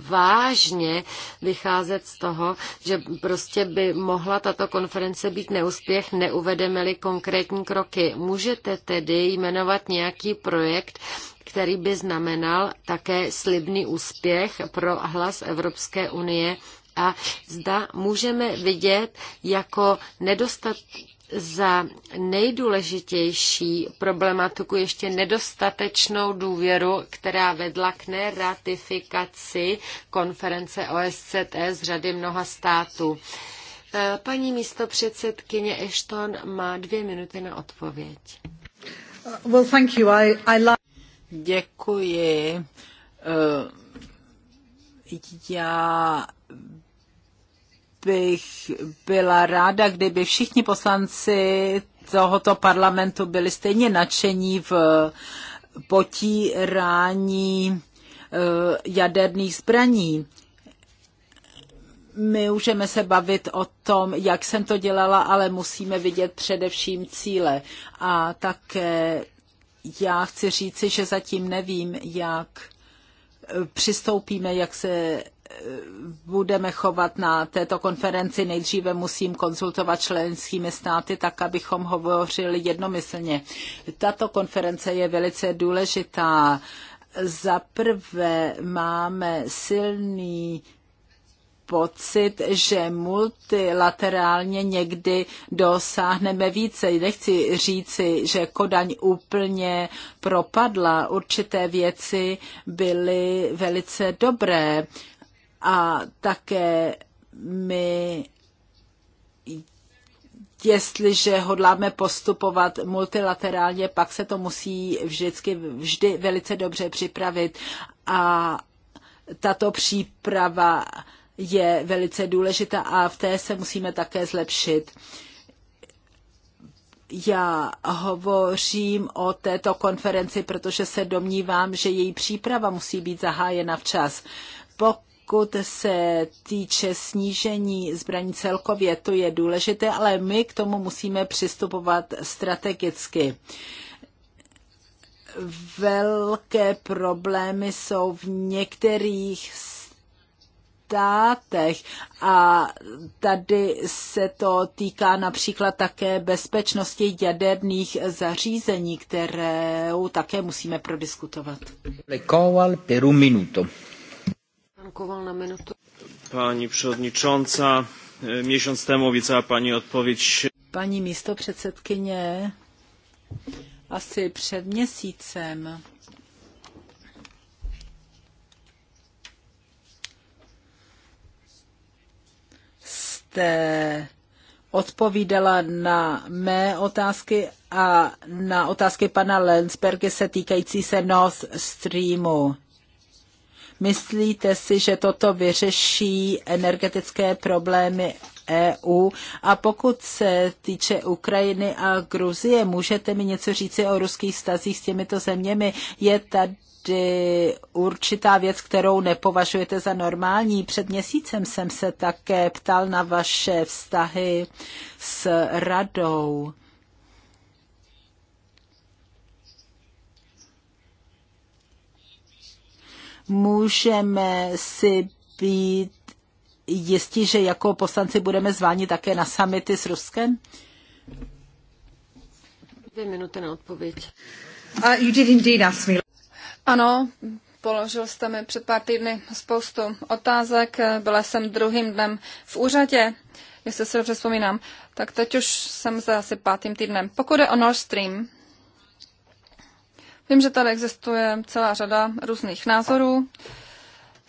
vážně vycházet z toho, že prostě by mohla tato konference být neúspěch, neuvedeme-li konkrétní kroky. Můžete tedy jmenovat nějaký projekt, který by znamenal také slibný úspěch pro hlas Evropské unie a zda můžeme vidět jako nedostatek za nejdůležitější problematiku ještě nedostatečnou důvěru, která vedla k neratifikaci konference OSCE z řady mnoha států. Eh, paní místo předsedkyně Ashton má dvě minuty na odpověď. Uh, well, thank you. I, I love... Děkuji. Eh, já bych byla ráda, kdyby všichni poslanci tohoto parlamentu byli stejně nadšení v potírání eh, jaderných zbraní. My můžeme se bavit o tom, jak jsem to dělala, ale musíme vidět především cíle. A také já chci říci, že zatím nevím, jak přistoupíme, jak se budeme chovat na této konferenci. Nejdříve musím konzultovat členskými státy, tak abychom hovořili jednomyslně. Tato konference je velice důležitá. Za prvé máme silný pocit, že multilaterálně někdy dosáhneme více. Nechci říci, že Kodaň úplně propadla. Určité věci byly velice dobré a také my jestliže hodláme postupovat multilaterálně, pak se to musí vždycky, vždy velice dobře připravit a tato příprava je velice důležitá a v té se musíme také zlepšit. Já hovořím o této konferenci, protože se domnívám, že její příprava musí být zahájena včas. Pokud pokud se týče snížení zbraní celkově, to je důležité, ale my k tomu musíme přistupovat strategicky. Velké problémy jsou v některých státech a tady se to týká například také bezpečnosti jaderných zařízení, které také musíme prodiskutovat. Koval per un minuto. Pani przewodnicząca, e, miesiąc temu obiecała pani odpowiedź. Paní místo předsedkyně, asi před měsícem jste odpovídala na mé otázky a na otázky pana Lensberge se týkající se Nord Streamu. Myslíte si, že toto vyřeší energetické problémy EU? A pokud se týče Ukrajiny a Gruzie, můžete mi něco říci o ruských stazích s těmito zeměmi? Je tady určitá věc, kterou nepovažujete za normální. Před měsícem jsem se také ptal na vaše vztahy s radou. můžeme si být jistí, že jako poslanci budeme zváni také na samity s Ruskem? Dvě minuty na odpověď. Uh, you did indeed ask me. Ano, položil jste mi před pár týdny spoustu otázek. Byla jsem druhým dnem v úřadě, jestli se dobře vzpomínám. Tak teď už jsem za asi pátým týdnem. Pokud je o Nord Stream, Vím, že tady existuje celá řada různých názorů,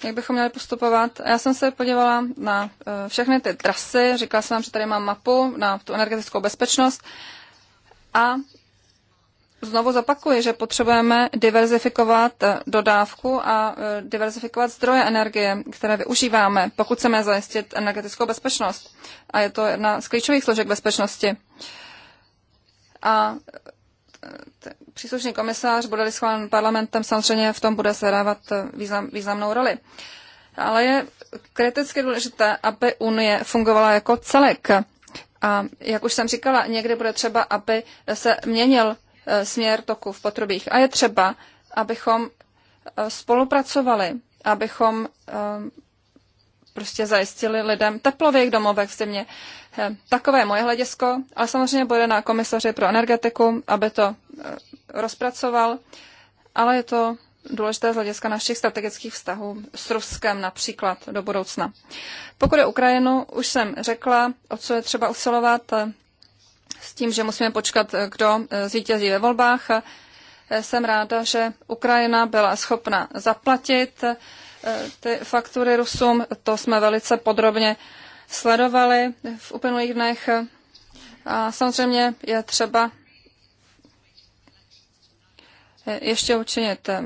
jak bychom měli postupovat. Já jsem se podívala na eh, všechny ty trasy, říkala jsem vám, že tady mám mapu na tu energetickou bezpečnost a Znovu zopakuji, že potřebujeme diverzifikovat eh, dodávku a eh, diverzifikovat zdroje energie, které využíváme, pokud chceme zajistit energetickou bezpečnost. A je to jedna z klíčových složek bezpečnosti. A příslušný komisář bude-li schválen parlamentem, samozřejmě v tom bude sehrávat eh, význam, významnou roli. Ale je kriticky důležité, aby Unie fungovala jako celek. A jak už jsem říkala, někdy bude třeba, aby se měnil eh, směr toku v potrubích. A je třeba, abychom eh, spolupracovali, abychom prostě zajistili lidem teplověk domovek v zimě. Eh, Takové moje hledisko, ale samozřejmě bude na komisaři pro energetiku, aby to eh, rozpracoval, ale je to důležité z hlediska našich strategických vztahů s Ruskem například do budoucna. Pokud je Ukrajinu, už jsem řekla, o co je třeba usilovat eh, s tím, že musíme počkat, kdo zvítězí ve volbách. Jsem ráda, že Ukrajina byla schopna zaplatit Eh, ty faktury Rusům, to jsme velice podrobně sledovali v uplynulých dnech. A samozřejmě je třeba eh, ještě učinit eh,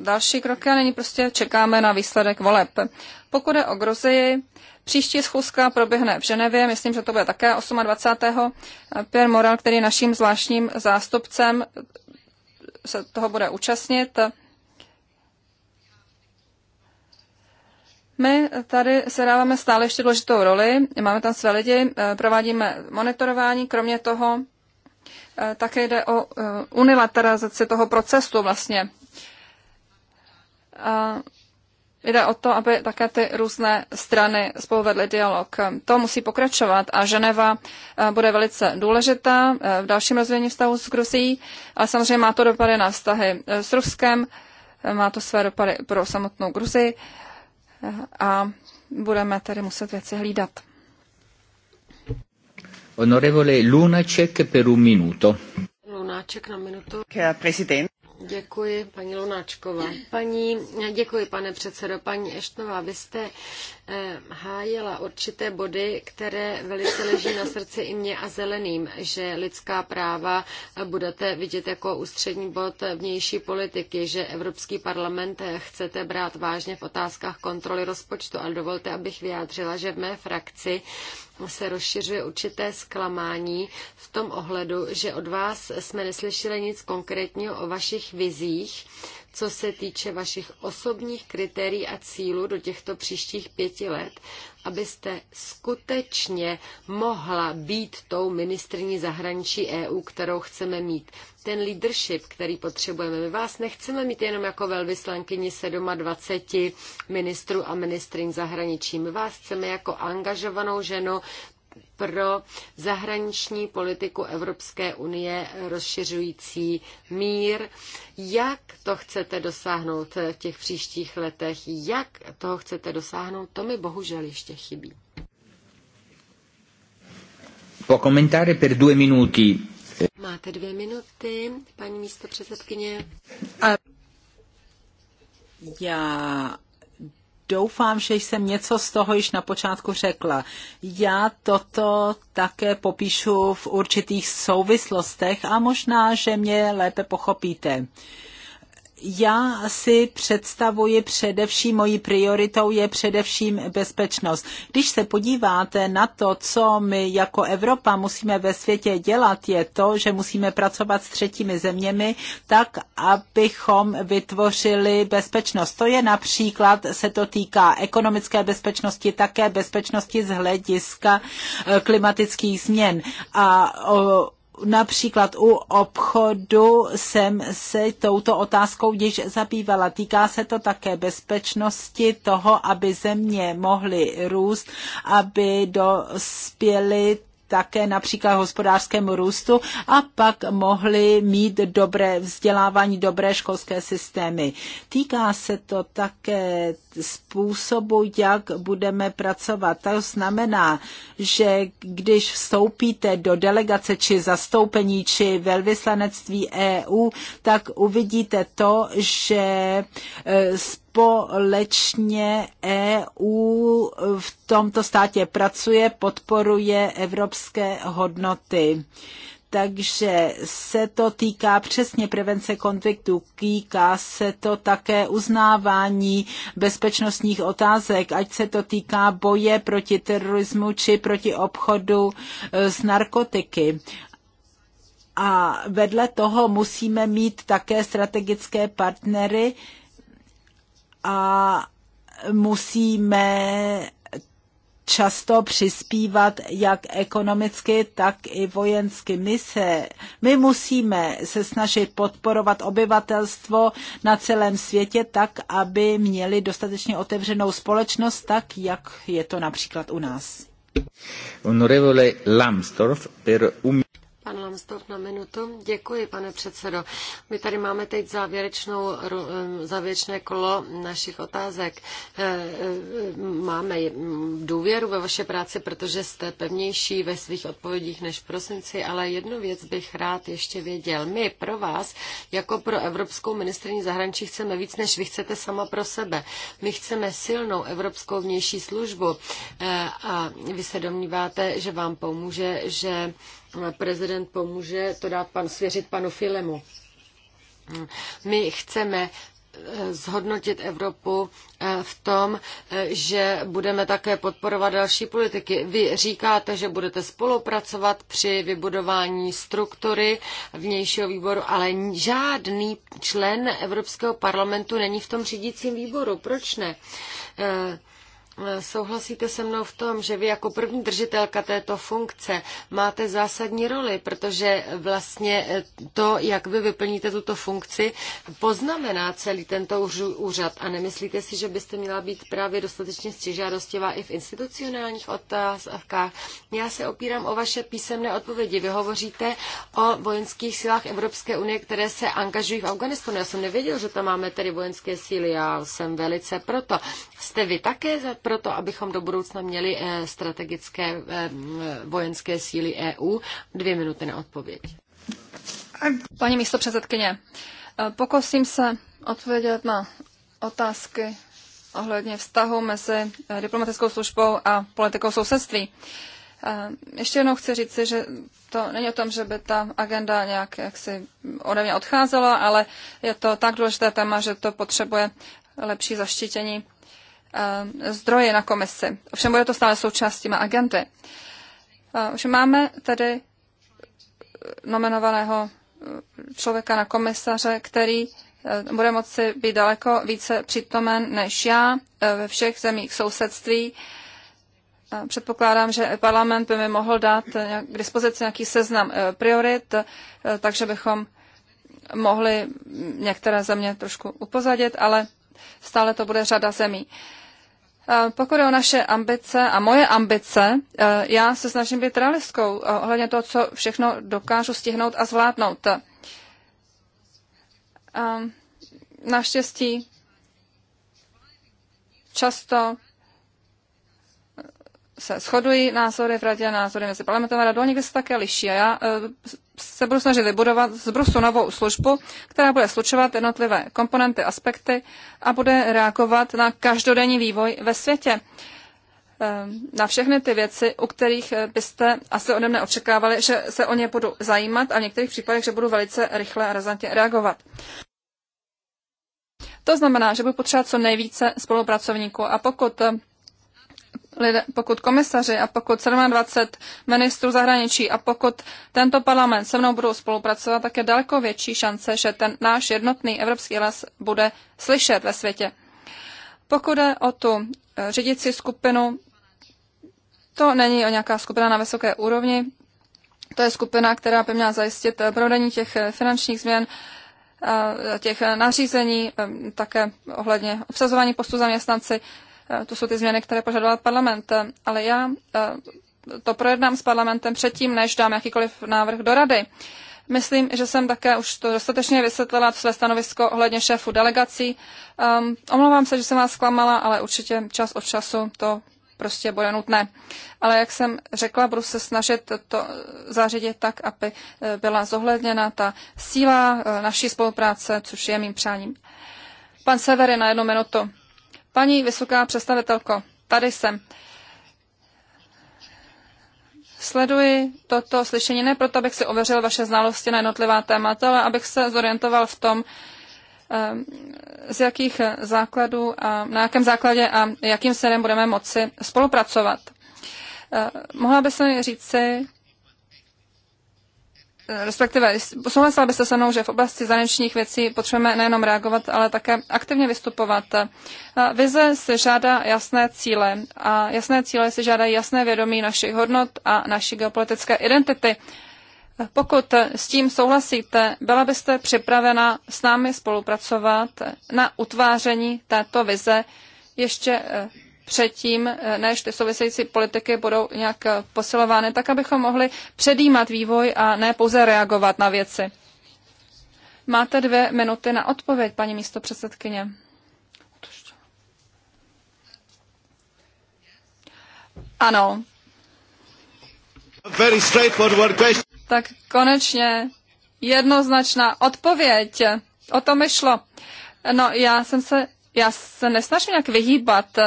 další kroky a nyní prostě čekáme na výsledek voleb. Pokud je o Gruzii, příští schůzka proběhne v Ženevě, myslím, že to bude také 28. Pierre Moral, který je naším zvláštním zástupcem, se toho bude účastnit. My tady se dáváme stále ještě důležitou roli, máme tam své lidi, eh, provádíme monitorování, kromě toho eh, také jde o eh, unilateralizaci toho procesu vlastně. A jde o to, aby také ty různé strany spolu vedly dialog. To musí pokračovat a Ženeva bude velice důležitá v dalším rozvíjení vztahu s Gruzií, ale samozřejmě má to dopady na vztahy s Ruskem, má to své dopady pro samotnou Gruzii a budeme tedy muset věci hlídat. Honorevole Lunaček per un minuto. Lunaček na minutu. Prezident. Děkuji, paní Lunáčková. Paní, děkuji, pane předsedo. Paní Eštnová, vy jste Eh, hájila určité body, které velice leží na srdci i mě a zeleným, že lidská práva budete vidět jako ústřední bod vnější politiky, že Evropský parlament chcete brát vážně v otázkách kontroly rozpočtu, ale dovolte, abych vyjádřila, že v mé frakci se rozšiřuje určité zklamání v tom ohledu, že od vás jsme neslyšeli nic konkrétního o vašich vizích co se týče vašich osobních kritérií a cílů do těchto příštích pěti let, abyste skutečně mohla být tou ministrní zahraničí EU, kterou chceme mít. Ten leadership, který potřebujeme. My vás nechceme mít jenom jako velvyslankyni 27 ministrů a ministrin zahraničí. My vás chceme jako angažovanou ženu, pro zahraniční politiku Evropské unie rozšiřující mír. Jak to chcete dosáhnout v těch příštích letech? Jak toho chcete dosáhnout? To mi bohužel ještě chybí. Po komentáře per dvě minuty. Máte dvě minuty, paní místo předsedkyně. A já doufám, že jsem něco z toho již na počátku řekla. Já toto také popíšu v určitých souvislostech a možná, že mě lépe pochopíte já si představuji především, mojí prioritou je především bezpečnost. Když se podíváte na to, co my jako Evropa musíme ve světě dělat, je to, že musíme pracovat s třetími zeměmi tak, abychom vytvořili bezpečnost. To je například, se to týká ekonomické bezpečnosti, také bezpečnosti z hlediska eh, klimatických změn. A například u obchodu jsem se touto otázkou již zabývala. Týká se to také bezpečnosti toho, aby země mohly růst, aby dospěly také například hospodářskému růstu a pak mohli mít dobré vzdělávání, dobré školské systémy. Týká se to také způsobu, jak budeme pracovat. To znamená, že když vstoupíte do delegace či zastoupení či velvyslanectví EU, tak uvidíte to, že eh, společně EU v tomto státě pracuje, podporuje evropské hodnoty. Takže se to týká přesně prevence konfliktů, týká se to také uznávání bezpečnostních otázek, ať se to týká boje proti terorismu či proti obchodu e, s narkotiky. A vedle toho musíme mít také strategické partnery, a musíme často přispívat jak ekonomicky, tak i vojensky. My, se, my musíme se snažit podporovat obyvatelstvo na celém světě tak, aby měli dostatečně otevřenou společnost, tak jak je to například u nás. Honorevole Lambsdorff, per un... Pan Lamstorf na minutu. Děkuji, pane předsedo. My tady máme teď závěrečnou, závěrečné kolo našich otázek. Eh, eh, máme důvěru ve vaše práci, protože jste pevnější ve svých odpovědích než v prosinci, ale jednu věc bych rád ještě věděl. My pro vás, jako pro Evropskou ministrině zahraničí, chceme víc, než vy chcete sama pro sebe. My chceme silnou Evropskou vnější službu eh, a vy se domníváte, že vám pomůže, že prezident pomůže to dát pan, svěřit panu Filemu. My chceme eh, zhodnotit Evropu eh, v tom, eh, že budeme také podporovat další politiky. Vy říkáte, že budete spolupracovat při vybudování struktury vnějšího výboru, ale žádný člen Evropského parlamentu není v tom řídícím výboru. Proč ne? Souhlasíte se mnou v tom, že vy jako první držitelka této funkce máte zásadní roli, protože vlastně eh, to, jak vy vyplníte tuto funkci, poznamená celý tento úřad. A nemyslíte si, že byste měla být právě dostatečně stěžádostivá i v institucionálních otázkách? Já se opírám o vaše písemné odpovědi. Vy hovoříte o vojenských silách Evropské unie, které se angažují v Afganistanu. Já jsem nevěděl, že tam máme tedy vojenské síly. Já jsem velice proto. Jste vy také za proto abychom do budoucna měli eh, strategické eh, vojenské síly EU. Dvě minuty na odpověď. Paní místo předsedkyně, eh, pokusím se odpovědět na otázky ohledně vztahu mezi diplomatickou službou a politikou sousedství. Ještě jednou chci říct, že to není o tom, že by ta agenda nějak jaksi ode mě odcházela, ale je to tak důležité téma, že to potřebuje lepší zaštítění Eh, zdroje na komisi. Ovšem bude to stále součástí mé agendy. Že eh, máme tedy eh, nominovaného člověka na komisaře, který bude moci být daleko více přítomen než já ve všech zemích sousedství. Předpokládám, že parlament by mi mohl dát k dispozici nějaký seznam priorit, takže bychom mohli některé země trošku upozadit, ale stále to bude řada zemí. Pokud je o naše ambice a moje ambice, e, já se snažím být realistkou e, ohledně toho, co všechno dokážu stihnout a zvládnout. E, naštěstí často se shodují názory v radě, názory mezi parlamentem a radou, někdy se také liší. A já e, se budu snažit vybudovat z Brusu novou službu, která bude slučovat jednotlivé komponenty, aspekty a bude reagovat na každodenní vývoj ve světě. E, na všechny ty věci, u kterých e, byste asi ode mne očekávali, že se o ně budu zajímat a v některých případech, že budu velice rychle a razantně reagovat. To znamená, že budu potřebovat co nejvíce spolupracovníků a pokud lidé, pokud komisaři a pokud 27 ministrů zahraničí a pokud tento parlament se mnou budou spolupracovat, tak je daleko větší šance, že ten náš jednotný evropský les bude slyšet ve světě. Pokud je o tu eh, řidici skupinu, to není o nějaká skupina na vysoké úrovni, to je skupina, která by měla zajistit eh, provedení těch eh, finančních změn, těch nařízení, také ohledně obsazování postu zaměstnanci. Eh, to jsou ty změny, které požadoval parlament. Ale já eh, to projednám s parlamentem předtím, než dám jakýkoliv návrh do rady. Myslím, že jsem také už to dostatečně vysvětlila své stanovisko ohledně šéfu delegací. Um, omlouvám se, že jsem vás zklamala, ale určitě čas od času to prostě bude nutné. Ale jak jsem řekla, budu se snažit to zařídit tak, aby eh, byla zohledněna ta síla naší spolupráce, což je mým přáním. Pan Severy na jednu minutu. Paní vysoká představitelko, tady jsem. Sleduji toto slyšení ne proto, abych si ověřil vaše znalosti na jednotlivá témata, ale abych se zorientoval v tom, ehm, z jakých základů a na jakém základě a jakým směrem budeme moci spolupracovat. Eh, mohla by se mi říci, respektive souhlasila byste se mnou, že v oblasti zahraničních věcí potřebujeme nejenom reagovat, ale také aktivně vystupovat. Vize si žádá jasné cíle a jasné cíle si žádají jasné vědomí našich hodnot a naší geopolitické identity. Pokud s tím souhlasíte, byla byste připravena s námi spolupracovat na utváření této vize ještě eh, předtím, eh, než ty související politiky budou nějak eh, posilovány, tak abychom mohli předjímat vývoj a ne pouze reagovat na věci. Máte dvě minuty na odpověď, paní místo předsedkyně. Ano. Tak konečně jednoznačná odpověď. O to mi šlo. No, já jsem se, já se nesnažím nějak vyhýbat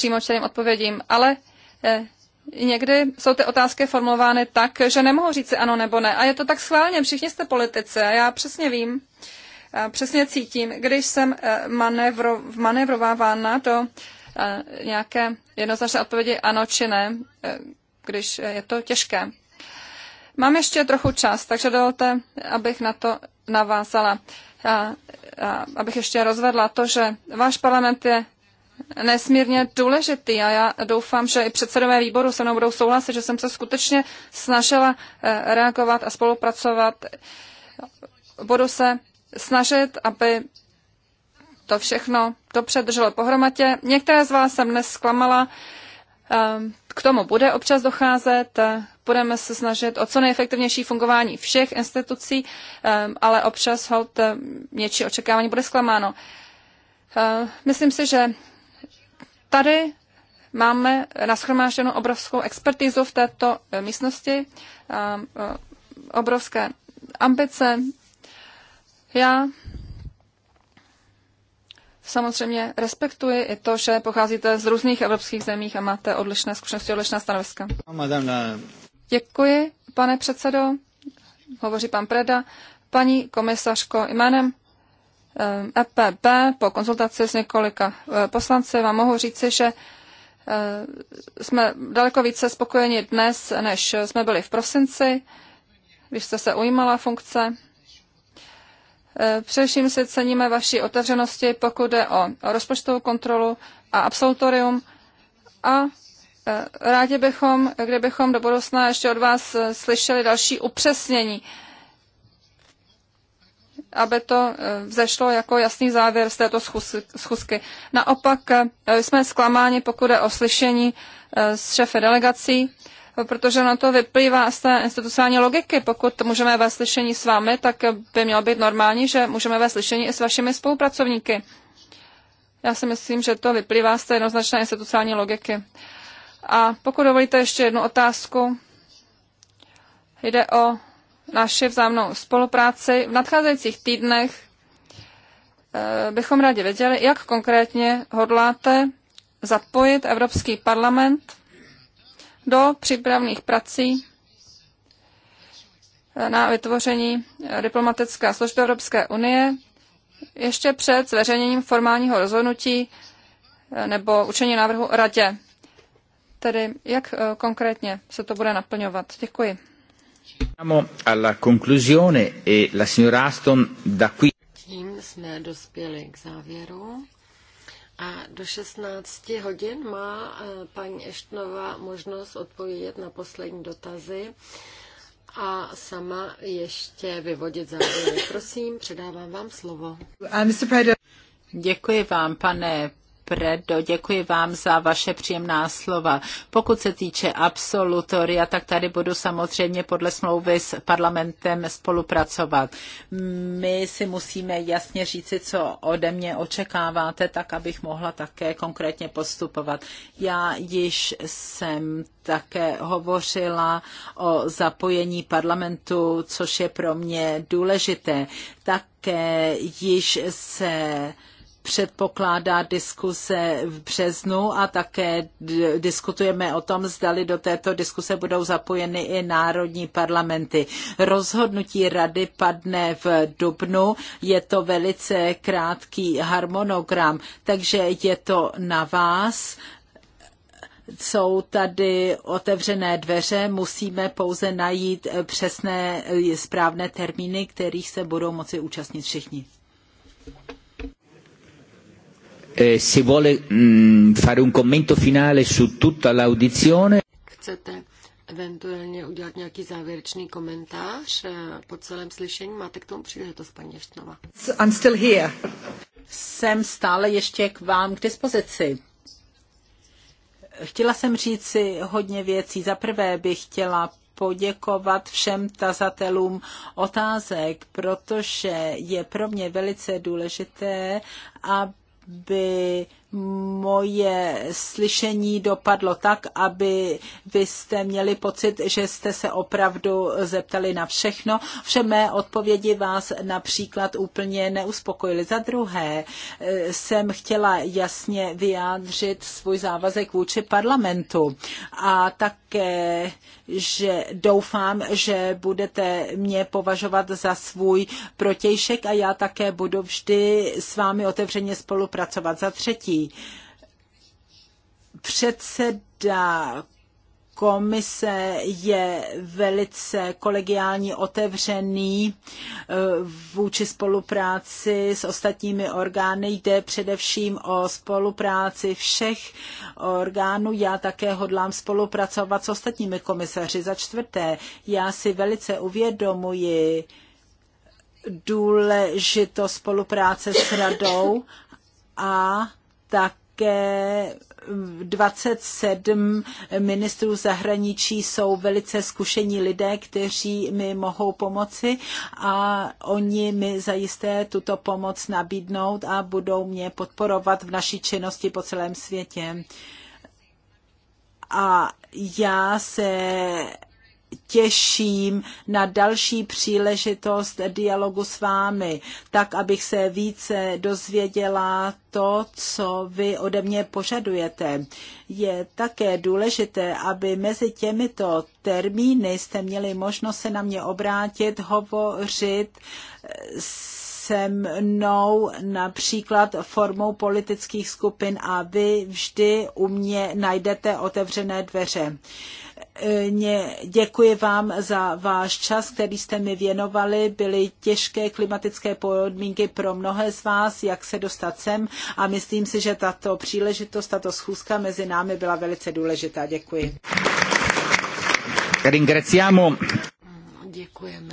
Přímo čtením odpovědím, ale eh, někdy jsou ty otázky formulovány tak, že nemohu říct si ano nebo ne. A je to tak schválně, všichni jste politici a já přesně vím, a přesně cítím, když jsem eh, manévro, manévrovávána do eh, nějaké jednoznačné odpovědi ano či ne, když je to těžké. Mám ještě trochu čas, takže dovolte, abych na to navázala. A, a, abych ještě rozvedla to, že váš parlament je nesmírně důležitý a já doufám, že i předsedové výboru se mnou budou souhlasit, že jsem se skutečně snažila eh, reagovat a spolupracovat. Budu se snažit, aby to všechno dobře drželo pohromadě. Některé z vás jsem dnes zklamala, eh, k tomu bude občas docházet, eh, budeme se snažit o co nejefektivnější fungování všech institucí, ale občas hold něčí očekávání bude zklamáno. Myslím si, že Tady máme naschromážděnou obrovskou expertizu v této eh, místnosti, eh, eh, obrovské ambice. Já samozřejmě respektuji i to, že pocházíte z různých evropských zemích a máte odlišné zkušenosti, odlišná stanoviska. No, Děkuji, pane předsedo, hovoří pan Preda. Paní komisařko, jménem EPP eh, e po konzultaci s několika eh, poslanci vám mohu říci, že eh, jsme daleko více spokojeni dnes, než jsme byli v prosinci, když jste se ujímala funkce. Především si ceníme vaší otevřenosti, pokud jde o rozpočtovou kontrolu a absolutorium a rádi bychom, kdybychom do budoucna ještě od vás slyšeli další upřesnění aby to eh, vzešlo jako jasný závěr z této schůzky. Naopak eh, jsme zklamáni, pokud je o slyšení eh, s šefe delegací, protože na to vyplývá z té institucionální logiky. Pokud můžeme ve slyšení s vámi, tak by mělo být normální, že můžeme ve slyšení i s vašimi spolupracovníky. Já si myslím, že to vyplývá z té jednoznačné institucionální logiky. A pokud dovolíte ještě jednu otázku, jde o naši vzájemnou spolupráci. V nadcházejících týdnech eh, bychom rádi věděli, jak konkrétně hodláte zapojit Evropský parlament do přípravných prací eh, na vytvoření eh, diplomatické služby Evropské unie ještě před zveřejněním formálního rozhodnutí nebo učení návrhu radě. Tedy jak konkrétně se to bude naplňovat? Děkuji. Siamo alla conclusione e la signora Aston da qui tím jsme dospěli k závěru. A do 16 hodin má eh, paní Eštnova možnost odpovědět na poslední dotazy a sama ještě vyvodit závěry. Prosím, předávám vám slovo. Uh, Děkuji vám, pane Predo, děkuji vám za vaše příjemná slova. Pokud se týče absolutoria, tak tady budu samozřejmě podle smlouvy s parlamentem spolupracovat. My si musíme jasně říci, co ode mě očekáváte, tak abych mohla také konkrétně postupovat. Já již jsem také hovořila o zapojení parlamentu, což je pro mě důležité. Také již se předpokládá diskuse v březnu a také diskutujeme o tom, zdali do této diskuse budou zapojeny i národní parlamenty. Rozhodnutí rady padne v dubnu, je to velice krátký harmonogram, takže je to na vás, jsou tady otevřené dveře, musíme pouze najít přesné správné termíny, kterých se budou moci účastnit všichni eh, se vuole mh, mm, fare un commento finale su tutta l'audizione. Chcete eventuálně udělat nějaký závěrečný komentář eh, po celém slyšení? Máte k tomu příležitost, paní Štnova? I'm still here. Jsem stále ještě k vám k dispozici. Chtěla jsem říct si hodně věcí. Za prvé bych chtěla poděkovat všem tazatelům otázek, protože je pro mě velice důležité, aby by moje slyšení dopadlo tak, aby vy jste měli pocit, že jste se opravdu zeptali na všechno. Vše mé odpovědi vás například úplně neuspokojily. Za druhé eh, jsem chtěla jasně vyjádřit svůj závazek vůči parlamentu a také, že doufám, že budete mě považovat za svůj protějšek a já také budu vždy s vámi otevřeně spolupracovat. Za třetí, Předseda komise je velice kolegiální, otevřený eh, vůči spolupráci s ostatními orgány. Jde především o spolupráci všech orgánů. Já také hodlám spolupracovat s ostatními komisaři. Za čtvrté, já si velice uvědomuji důležitost spolupráce s radou a také 27 ministrů zahraničí jsou velice zkušení lidé, kteří mi mohou pomoci a oni mi zajisté tuto pomoc nabídnout a budou mě podporovat v naší činnosti po celém světě. A já se těším na další příležitost dialogu s vámi, tak abych se více dozvěděla to, co vy ode mě požadujete. Je také důležité, aby mezi těmito termíny jste měli možnost se na mě obrátit, hovořit eh, se mnou například formou politických skupin a vy vždy u mě najdete otevřené dveře. Děkuji vám za váš čas, který jste mi věnovali. Byly těžké klimatické podmínky pro mnohé z vás, jak se dostat sem a myslím si, že tato příležitost, tato schůzka mezi námi byla velice důležitá. Děkuji. Děkujeme